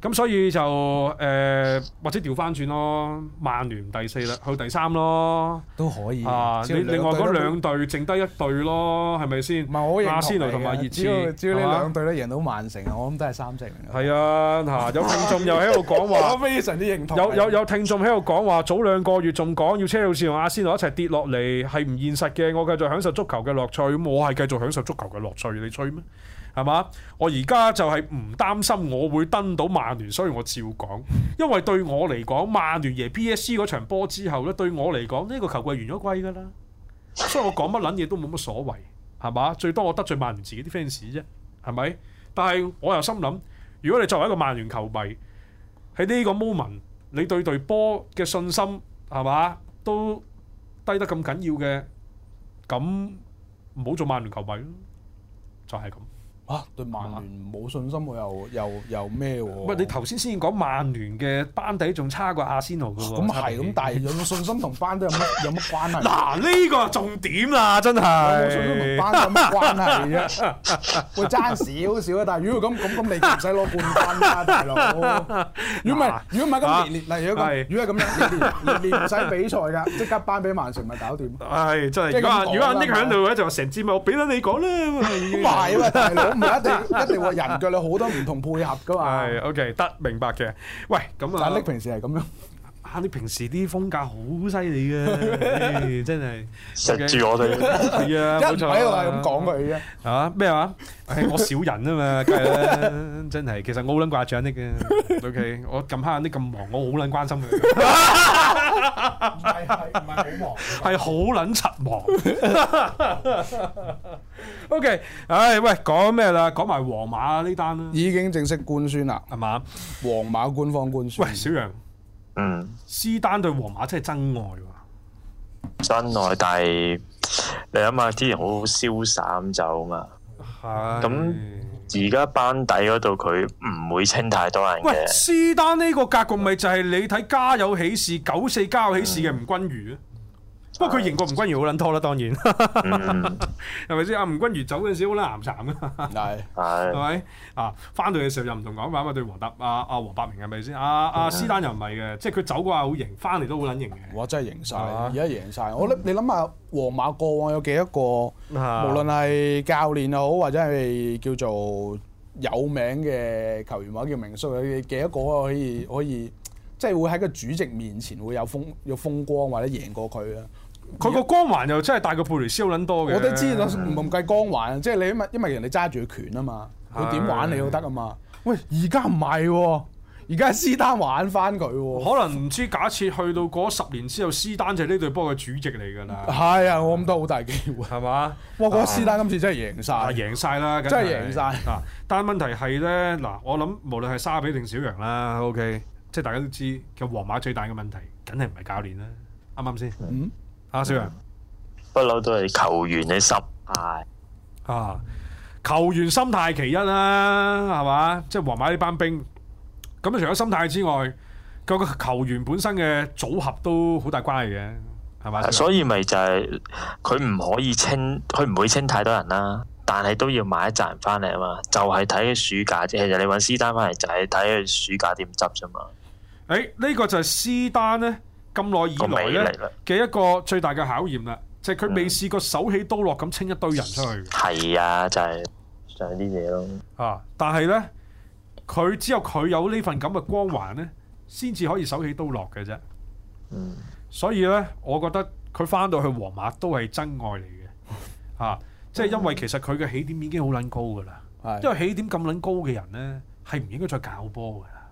咁所以就誒、呃，或者調翻轉咯，曼聯第四啦，去第三咯，都可以。啊，另外嗰兩隊剩低一隊咯，係咪先？唔係，我認同阿仙奴同埋熱刺。只要只要呢兩隊都贏到曼城，吧我諗都係三勝。係啊，嚇！有聽眾又喺度講話，非常之認同。有有有聽眾喺度講話，早兩個月仲講要車路士同阿仙奴一齊跌落嚟係唔現實嘅。我繼續享受足球嘅樂趣，我係繼續享受足球嘅樂趣。你吹咩？係嘛？我而家就係唔擔心我會登到曼聯，所以我照講。因為對我嚟講，曼聯贏 PSG 嗰場波之後咧，對我嚟講呢個球季完咗季㗎喇，所以我講乜撚嘢都冇乜所謂，係嘛？最多我得罪曼聯自己啲 fans 啫，係咪？但係我又心諗，如果你作為一個曼聯球迷喺呢個 moment，你對隊波嘅信心係嘛都低得咁緊要嘅，咁唔好做曼聯球迷咯，就係咁。嚇，對曼聯冇信心我又又又咩喎？你頭先先講曼聯嘅班底仲差過阿仙奴嘅喎。咁係咁，但係有冇信心同班底有乜有乜關係？嗱，呢個重點啦，真係。有冇信心同班有乜關係啫？會爭少少啊！但係如果咁咁咁你，唔使攞半班啦，大佬。如果唔係，如果唔係咁年年，例如咁，如果係咁樣，年年唔使比賽㗎，即刻頒俾曼城咪搞掂？係真係。如果阿如果匿喺度嘅就話成支咪我俾得你講啦。好埋啊嘛～唔 一定，一定話人腳有好多唔同配合噶嘛、啊。係 OK 得，明白嘅。喂，咁啊，阿叻、啊 like, 平時係咁樣。嚇、啊！你平時啲風格好犀利嘅， 真係食、okay? 住我哋。係啊，冇錯、啊。喺度我係咁講嘅而家。嚇咩話？唉、哎，我少人啊嘛，梗係啦。 真係，其實我好撚掛住你嘅。O、okay? K， 我近黑啲咁忙，我好撚關心佢。唔 係，係唔係好忙？係好撚柒忙。O K，唉，喂，講咩啦？講埋皇馬呢單啦。已經正式官宣啦，係嘛？皇馬官方官宣。喂，小楊。嗯，施丹對皇馬真係真愛啊，真愛，但係你諗下之前好好瀟灑咁走嘛，咁而家班底嗰度佢唔會清太多人，喂，施丹呢個格局咪就係你睇家有喜事九四家有喜事嘅吳君如？不過佢贏過吳君如好撚拖啦，當然，係咪先？阿 吳君如走嗰陣時好撚鹹慘嘅，係係是，係咪？ 啊，翻到嘅時候又唔同講話，咁啊對皇達阿阿黃百明係咪先？阿、啊、阿、啊啊、施丹又唔係嘅，即係佢走嗰下好型，翻嚟都好撚型嘅。哇！真係贏晒。而家、啊、贏晒。嗯、我諗你諗下，皇馬過往有幾多個？是無論係教練又好，或者係叫做有名嘅球員或者叫名宿，有幾多個可以可以，可以，即係會喺個主席面前會有風有風光或者贏過佢啊？佢個光環又真係大過貝雷斯好撚多嘅。我都知啦，唔計、嗯、光環，即係你因為人哋揸住個權啊嘛，佢點玩你都得啊嘛。喂，而家唔係，而家斯丹玩翻佢、啊。可能唔知假設去到過十年之後，斯丹就係呢隊波嘅主席嚟㗎啦。係啊，我諗都好大機會係嘛？是吧哇！嗰、那個、斯丹今次真係贏晒、啊，贏晒啦，真係贏晒，嗱、啊，但問題係咧嗱，我諗無論係沙比定小羊啦，OK，即係大家都知嘅。皇馬最大嘅問題，梗係唔係教練啦。啱啱先？嗯。阿、啊、小楊，不嬲、嗯、都係球員嘅心態啊！球員心態其一啦、啊，係嘛？即係皇馬呢班兵咁啊、嗯！除咗心態之外，個球員本身嘅組合都好大關係嘅，係嘛？所以咪就係佢唔可以清，佢唔會清太多人啦、啊。但係都要買一扎人翻嚟。啊嘛！就係、是、睇暑假，其實你揾施丹翻嚟就係睇佢暑假點執啫嘛。誒、欸、呢、這個就係施丹咧，咁耐以來咧嘅一個最大嘅考驗啦，就係佢未試過手起刀落咁清一堆人出去。係、嗯、啊，就係、是、就係啲嘢咯。啊，但係咧，佢只有佢有份呢份咁嘅光環咧，先至可以手起刀落嘅啫。嗯。所以咧，我覺得佢翻到去皇馬都係真愛嚟嘅。吓、嗯，即係、啊就是、因為其實佢嘅起點已經好撚高噶啦。嗯、因為起點咁撚高嘅人咧，係唔應該再搞波噶啦。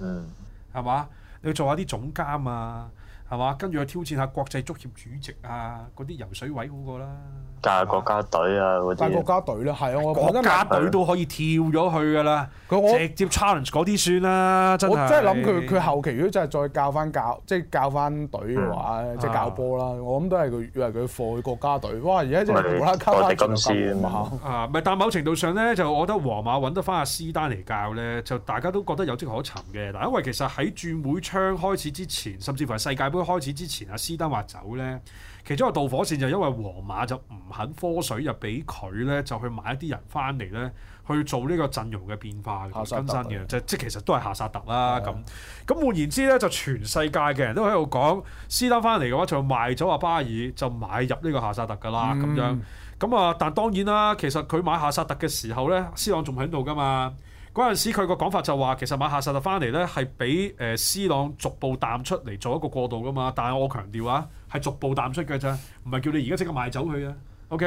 嗯。係嘛？去做下啲總監啊，係嘛？跟住去挑戰下國際足協主席啊，嗰啲油水位好過啦。教國家隊啊啲，教國家隊啦，係啊，我國家隊都可以跳咗去㗎啦，佢我直接 challenge 嗰啲算啦，真係。我真係諗佢佢後期如果真係再教翻教，即係教翻隊嘅話，嗯、即係教波啦。啊、我諗都係佢，以為佢放去國家隊。哇！而家真係無啦啦交翻咁多啊！唔係，但某程度上咧，就我覺得皇馬揾得翻阿、啊、斯丹嚟教咧，就大家都覺得有跡可尋嘅。嗱，因為其實喺轉會窗開始之前，甚至乎係世界盃開始之前，阿、啊、斯丹話走咧。其中一個導火線就因為皇馬就唔肯科水入，俾佢咧就去買一啲人翻嚟咧去做呢個陣容嘅變化嘅更新嘅，即即其實都係夏薩特啦咁。咁是的 換言之咧，就全世界嘅人都喺度講，斯丹翻嚟嘅話就賣咗阿巴爾，就買入呢個夏薩特噶啦咁、嗯、樣。咁啊，但當然啦，其實佢買夏薩特嘅時候咧，斯朗仲喺度噶嘛。嗰陣時佢個講法就話，其實買夏薩特翻嚟咧係俾誒 C 朗逐步淡出嚟做一個過渡噶嘛。但係我強調啊，係逐步淡出嘅啫，唔係叫你而家即刻賣走佢啊。OK，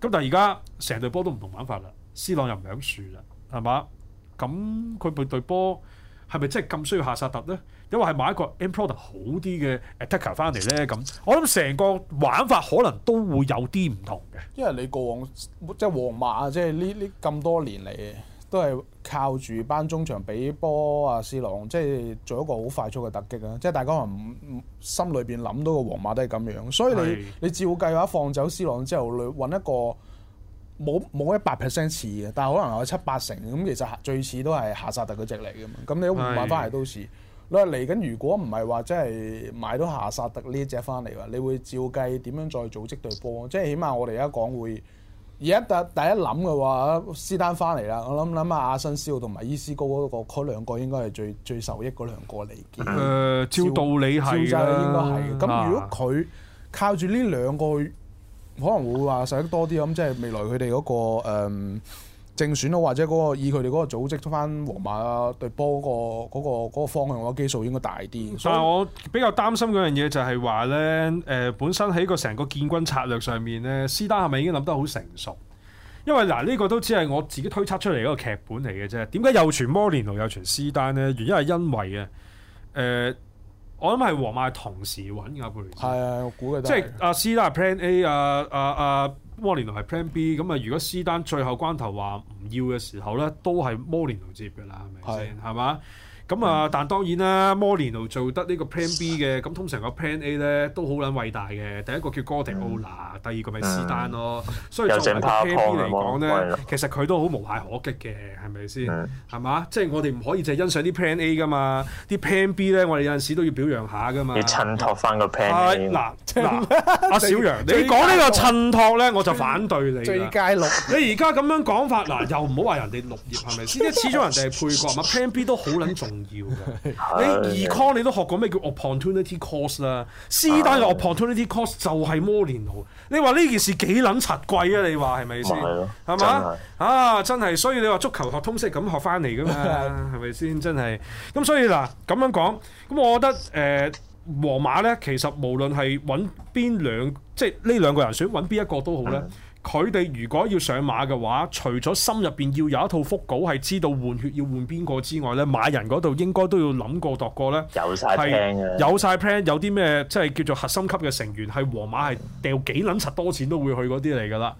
咁但係而家成隊波都唔同玩法啦，C 朗又唔喺度啦，係嘛？咁佢部隊波係咪真係咁需要夏薩特咧？因為係買一個 end product 好啲嘅 attacker 翻嚟咧？咁我諗成個玩法可能都會有啲唔同嘅。因為你過往即係皇馬即係呢呢咁多年嚟。都係靠住班中場俾波啊，C 朗即係做一個好快速嘅突擊啊。即係大家可能唔心裏邊諗到個皇馬都係咁樣，所以你是的 你照計嘅話，放走 C 朗之後，你揾一個冇冇一百 percent 似嘅，但係可能有七八成咁，其實最似都係夏薩特嗰隻嚟嘅嘛。咁你都唔買翻嚟都似。是的 你嚟緊，如果唔係話真係買到夏薩特呢隻翻嚟話，你會照計點樣再組織隊波？即係起碼我哋而家講會。而家第第一諗嘅話，施丹翻嚟啦，我諗諗下，阿辛斯奧同埋伊斯高嗰、那個，嗰兩個應該係最最受益嗰兩個嚟嘅。誒、呃，照道理係啦朝，的應該係。咁、啊、如果佢靠住呢兩個，可能會話受益多啲咁，即係未來佢哋嗰個、嗯正選咯，或者嗰個以佢哋嗰個組織翻皇馬對波嗰個嗰個嗰個嗰個方向嘅基數應該大啲。所以我比較擔心嗰樣嘢就係話咧，誒、呃、本身喺個成個建軍策略上面咧，斯丹係咪已經諗得好成熟？因為嗱呢、呃呢個都只係我自己推測出嚟嗰個劇本嚟嘅啫。點解又傳摩連奴又傳斯丹咧？原因係因為啊，誒、呃、我諗係皇馬同時揾阿布雷斯，啊，我估嘅，即係阿斯丹 plan A 啊啊啊。啊摩連奴係 Plan B，咁啊如果斯丹最後關頭話唔要嘅時候咧，都係摩連奴接嘅啦，係咪先？係嘛？咁啊，但當然啦，摩連奴做得呢個 Plan B 嘅，咁通常個 Plan A 咧都好撚偉大嘅。第一個叫哥迪奧拿，第二個咪斯丹咯。所以作為 Plan B 嚟講咧，其實佢都好無懈可擊嘅，係咪先？係嘛？即係我哋唔可以淨係欣賞啲 Plan A 㗎嘛？啲 Plan B 咧，我哋有陣時都要表揚下㗎嘛。要襯托翻個 Plan。嗱嗱，阿小楊，你講呢個襯托咧，我就反對你。最佳綠葉，你而家咁樣講法嗱，又唔好話人哋綠葉係咪先？即始終人哋係配角，嘛 Plan B 都好撚重。要嘅， 你二、e、con 你都學過咩叫 opportunity cost 啦、啊，施丹嘅 opportunity cost 就係摩連奴。你話呢件事幾撚柒貴啊？你話係咪先？係咯，係嘛 吧？啊，真係，所以你話足球學通識咁學翻嚟嘅嘛，係咪先？真係。咁所以嗱，咁樣講，咁我覺得誒、呃，皇馬咧，其實無論係揾邊兩，即係呢兩個人選，揾邊一個都好咧。 佢哋如果要上馬嘅話，除咗心入邊要有一套腹稿係知道換血要換邊個之外咧，買人嗰度應該都要諗過度過呢，有晒 plan 嘅，有曬 plan，有啲咩即係叫做核心級嘅成員係皇馬係掉幾撚柒多錢都會去嗰啲嚟噶啦。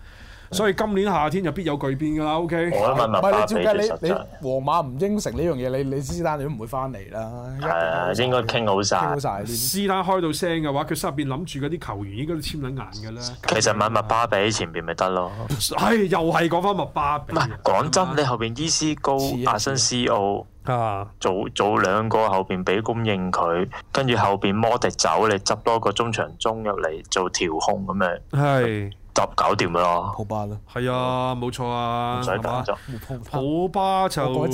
所以今年夏天就必有巨變噶啦，OK？我都問麥,麥巴比最實際。唔係你點解你你皇馬唔應承呢樣嘢？你你斯丹你都唔會翻嚟啦。係啊，應該傾好晒，斯丹開到聲嘅話，佢心入邊諗住嗰啲球員應該都簽緊眼㗎啦。其實問麥,麥巴比前邊咪得咯。係、哎、又係講翻麥巴比。唔係講真，你後邊伊斯高、亞是辛斯奧啊，做做兩個後邊俾供應佢，跟住後邊摩迪走，你執多個中場中入嚟做調控咁樣。係。就搞掂啦，好巴啦，係啊，冇錯啊，唔使打好巴就。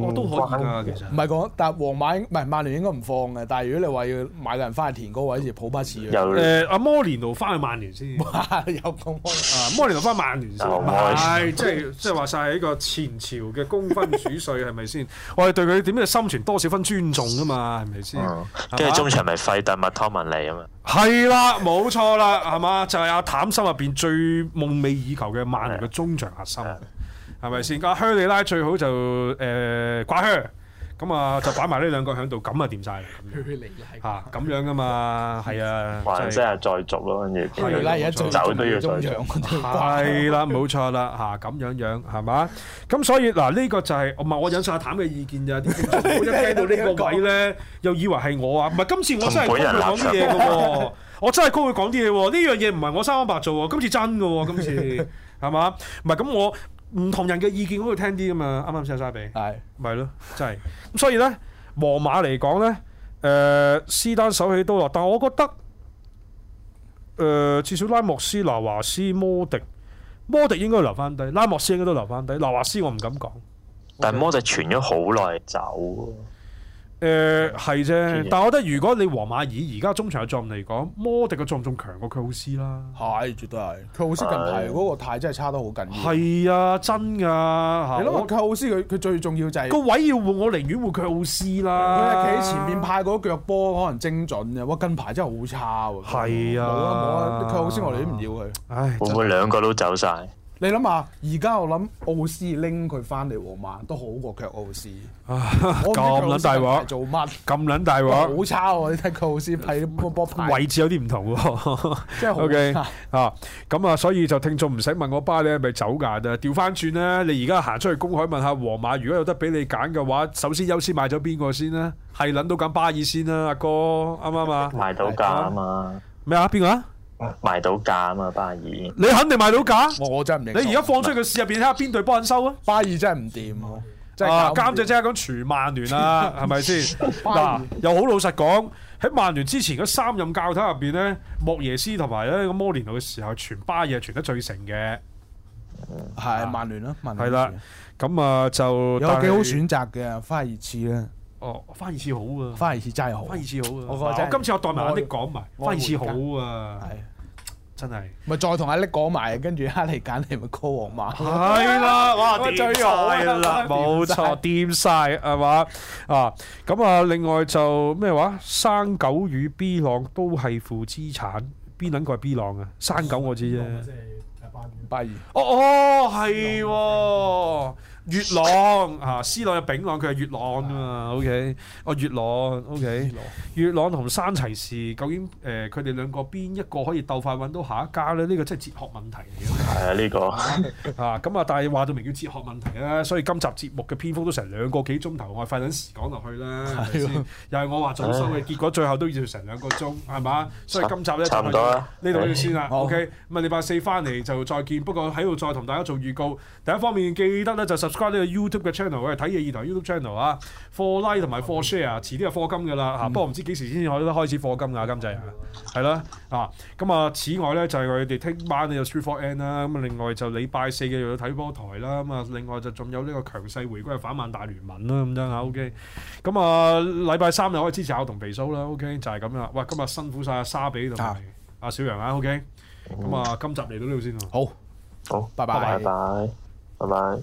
我都可以噶，其實唔係講，但係皇馬唔係曼聯應該唔放嘅。但係如果你話要買個人翻去填嗰位，好似普巴士誒阿摩連奴翻去曼聯先，有冇？有摩連奴翻曼聯先，唔係即係即係話晒係一個前朝嘅功勳主帥係咪先？我哋對佢點都要心存多少分尊重㗎嘛，係咪先？跟住中場咪費特麥湯文尼啊嘛，係啦，冇錯啦，係嘛？就係阿淡心入邊最夢寐以求嘅曼聯嘅中場核心。係咪先？阿靴利拉最好就誒掛靴，咁啊就擺埋呢兩個喺度，咁啊掂曬。靴利拉嚇咁樣噶嘛，係啊，或者係再續咯，跟住。靴利拉而家最重嘅中藥，係啦，冇錯啦，嚇咁樣樣係嘛？咁所以嗱，呢個就係唔係我引曬阿譚嘅意見咋？啲觀眾冇一聽到呢個位咧，又以為係我啊？唔係今次我真係 call 佢講啲嘢嘅喎，我真係 call 佢講啲嘢喎。呢樣嘢唔係我生安白做喎，今次真嘅喎，今次係嘛？唔係咁我。唔同人嘅意見都會聽啲噶嘛，啱啱先有沙比，係咪咯？真係咁，所以咧，皇馬嚟講咧，誒，斯丹手起刀落，但係我覺得，誒，至少拉莫斯、拿華斯、摩迪，摩迪應該留翻低，拉莫斯應該都留翻低，拿華斯我唔敢講，但係摩迪傳咗好耐走。誒，係啫、呃，但係我覺得如果你皇馬以而家中場嘅作用嚟講，摩迪嘅仲唔仲強過佢奧斯啦？係，絕對係。佢奧斯近排嗰個態真係差得好緊要。係啊，真噶。你諗下，佢奧斯佢，佢最重要就係個位要換，我寧願換佢奧斯啦。佢係企喺前面，派過腳波，可能精準嘅。哇，近排真係好差。係啊的。冇啊冇啊，佢奧斯我哋都唔要佢。的唉。會唔會兩個都走晒？你諗下，而家我諗奧斯拎佢翻嚟皇馬都好過卻奧斯。咁捻大話做乜？咁捻大話？好差喎！你睇個奧斯批波波位置有啲唔同。O K 啊，咁啊，所以就聽眾唔使問我巴爾係咪走㗎啦。調翻轉咧，你而家行出去公海問，問下皇馬，如果有得俾你揀嘅話，首先優先賣咗邊個先咧？係諗到揀巴爾先啦，阿哥啱唔啱啊？賣 吧到價啊嘛？咩啊？邊個啊？賣到價啊嘛，巴爾，你肯定賣到價，哦？我真係唔明。你而家放出去市入邊，睇下邊隊幫緊收啊？ 是是巴爾真係唔掂啊，監只啫，咁傳曼聯啊，係咪先？嗱，又好老實講，喺曼聯之前嗰三任教頭入邊咧，莫耶斯同埋咧個摩連奴嘅時候，傳巴爾傳得最成嘅，係曼聯咯，係啦，咁啊就有幾好選擇嘅，巴爾次咧。哦，翻二次好啊！翻二次真係好，翻二次好啊！我今次我代埋阿叻講埋，翻二次好啊！係，真係咪再同阿叻講埋，跟住哈利揀你咪 call 皇馬？係啦，哇掂曬啦，冇錯，掂晒，係嘛啊？咁啊，另外就咩話？生狗與 B 浪都係負資產，邊撚個係 B 浪啊？生狗我知啫，即係八二八哦，係喎。粵朗吓，思朗又丙朗，佢係粵朗啊嘛？O K，哦，粵朗，O K，粵朗同山齊士，究竟誒，佢哋兩個邊一個可以鬥快揾到下一家咧？呢個真係哲學問題嚟嘅。係啊，呢個吓咁啊，但係話到明叫哲學問題咧，所以今集節目嘅篇幅都成兩個幾鐘頭，我係費緊時講落去啦。又係我話早收嘅，結果最後都要成兩個鐘，係嘛？所以今集咧，差唔多呢度呢先啦。O K，咁啊，禮拜四翻嚟就再見。不過喺度再同大家做預告，第一方面記得咧就十。subscribe 呢個 YouTube 嘅 channel，喂，睇嘢二台 YouTube channel 啊，for like 同埋 for share，遲啲就 for 金噶啦嚇，嗯、不過唔知幾時先先可以開始 for 金噶今集，係啦，啊，咁啊，此外咧就係佢哋聽晚咧有 Superfan 啦，咁啊，N，另外就禮拜四嘅又要睇波台啦，咁啊，另外就仲有呢個強勢回歸嘅反萬大聯盟啦，咁樣啊 OK 咁啊，禮、okay? 拜三又可以支持我同肥蘇啦，OK，就係咁啦，喂，今日辛苦晒阿沙比同阿小楊啊，OK，咁啊、嗯，今集嚟到呢度先啊，好，好，拜，拜，拜拜，拜拜。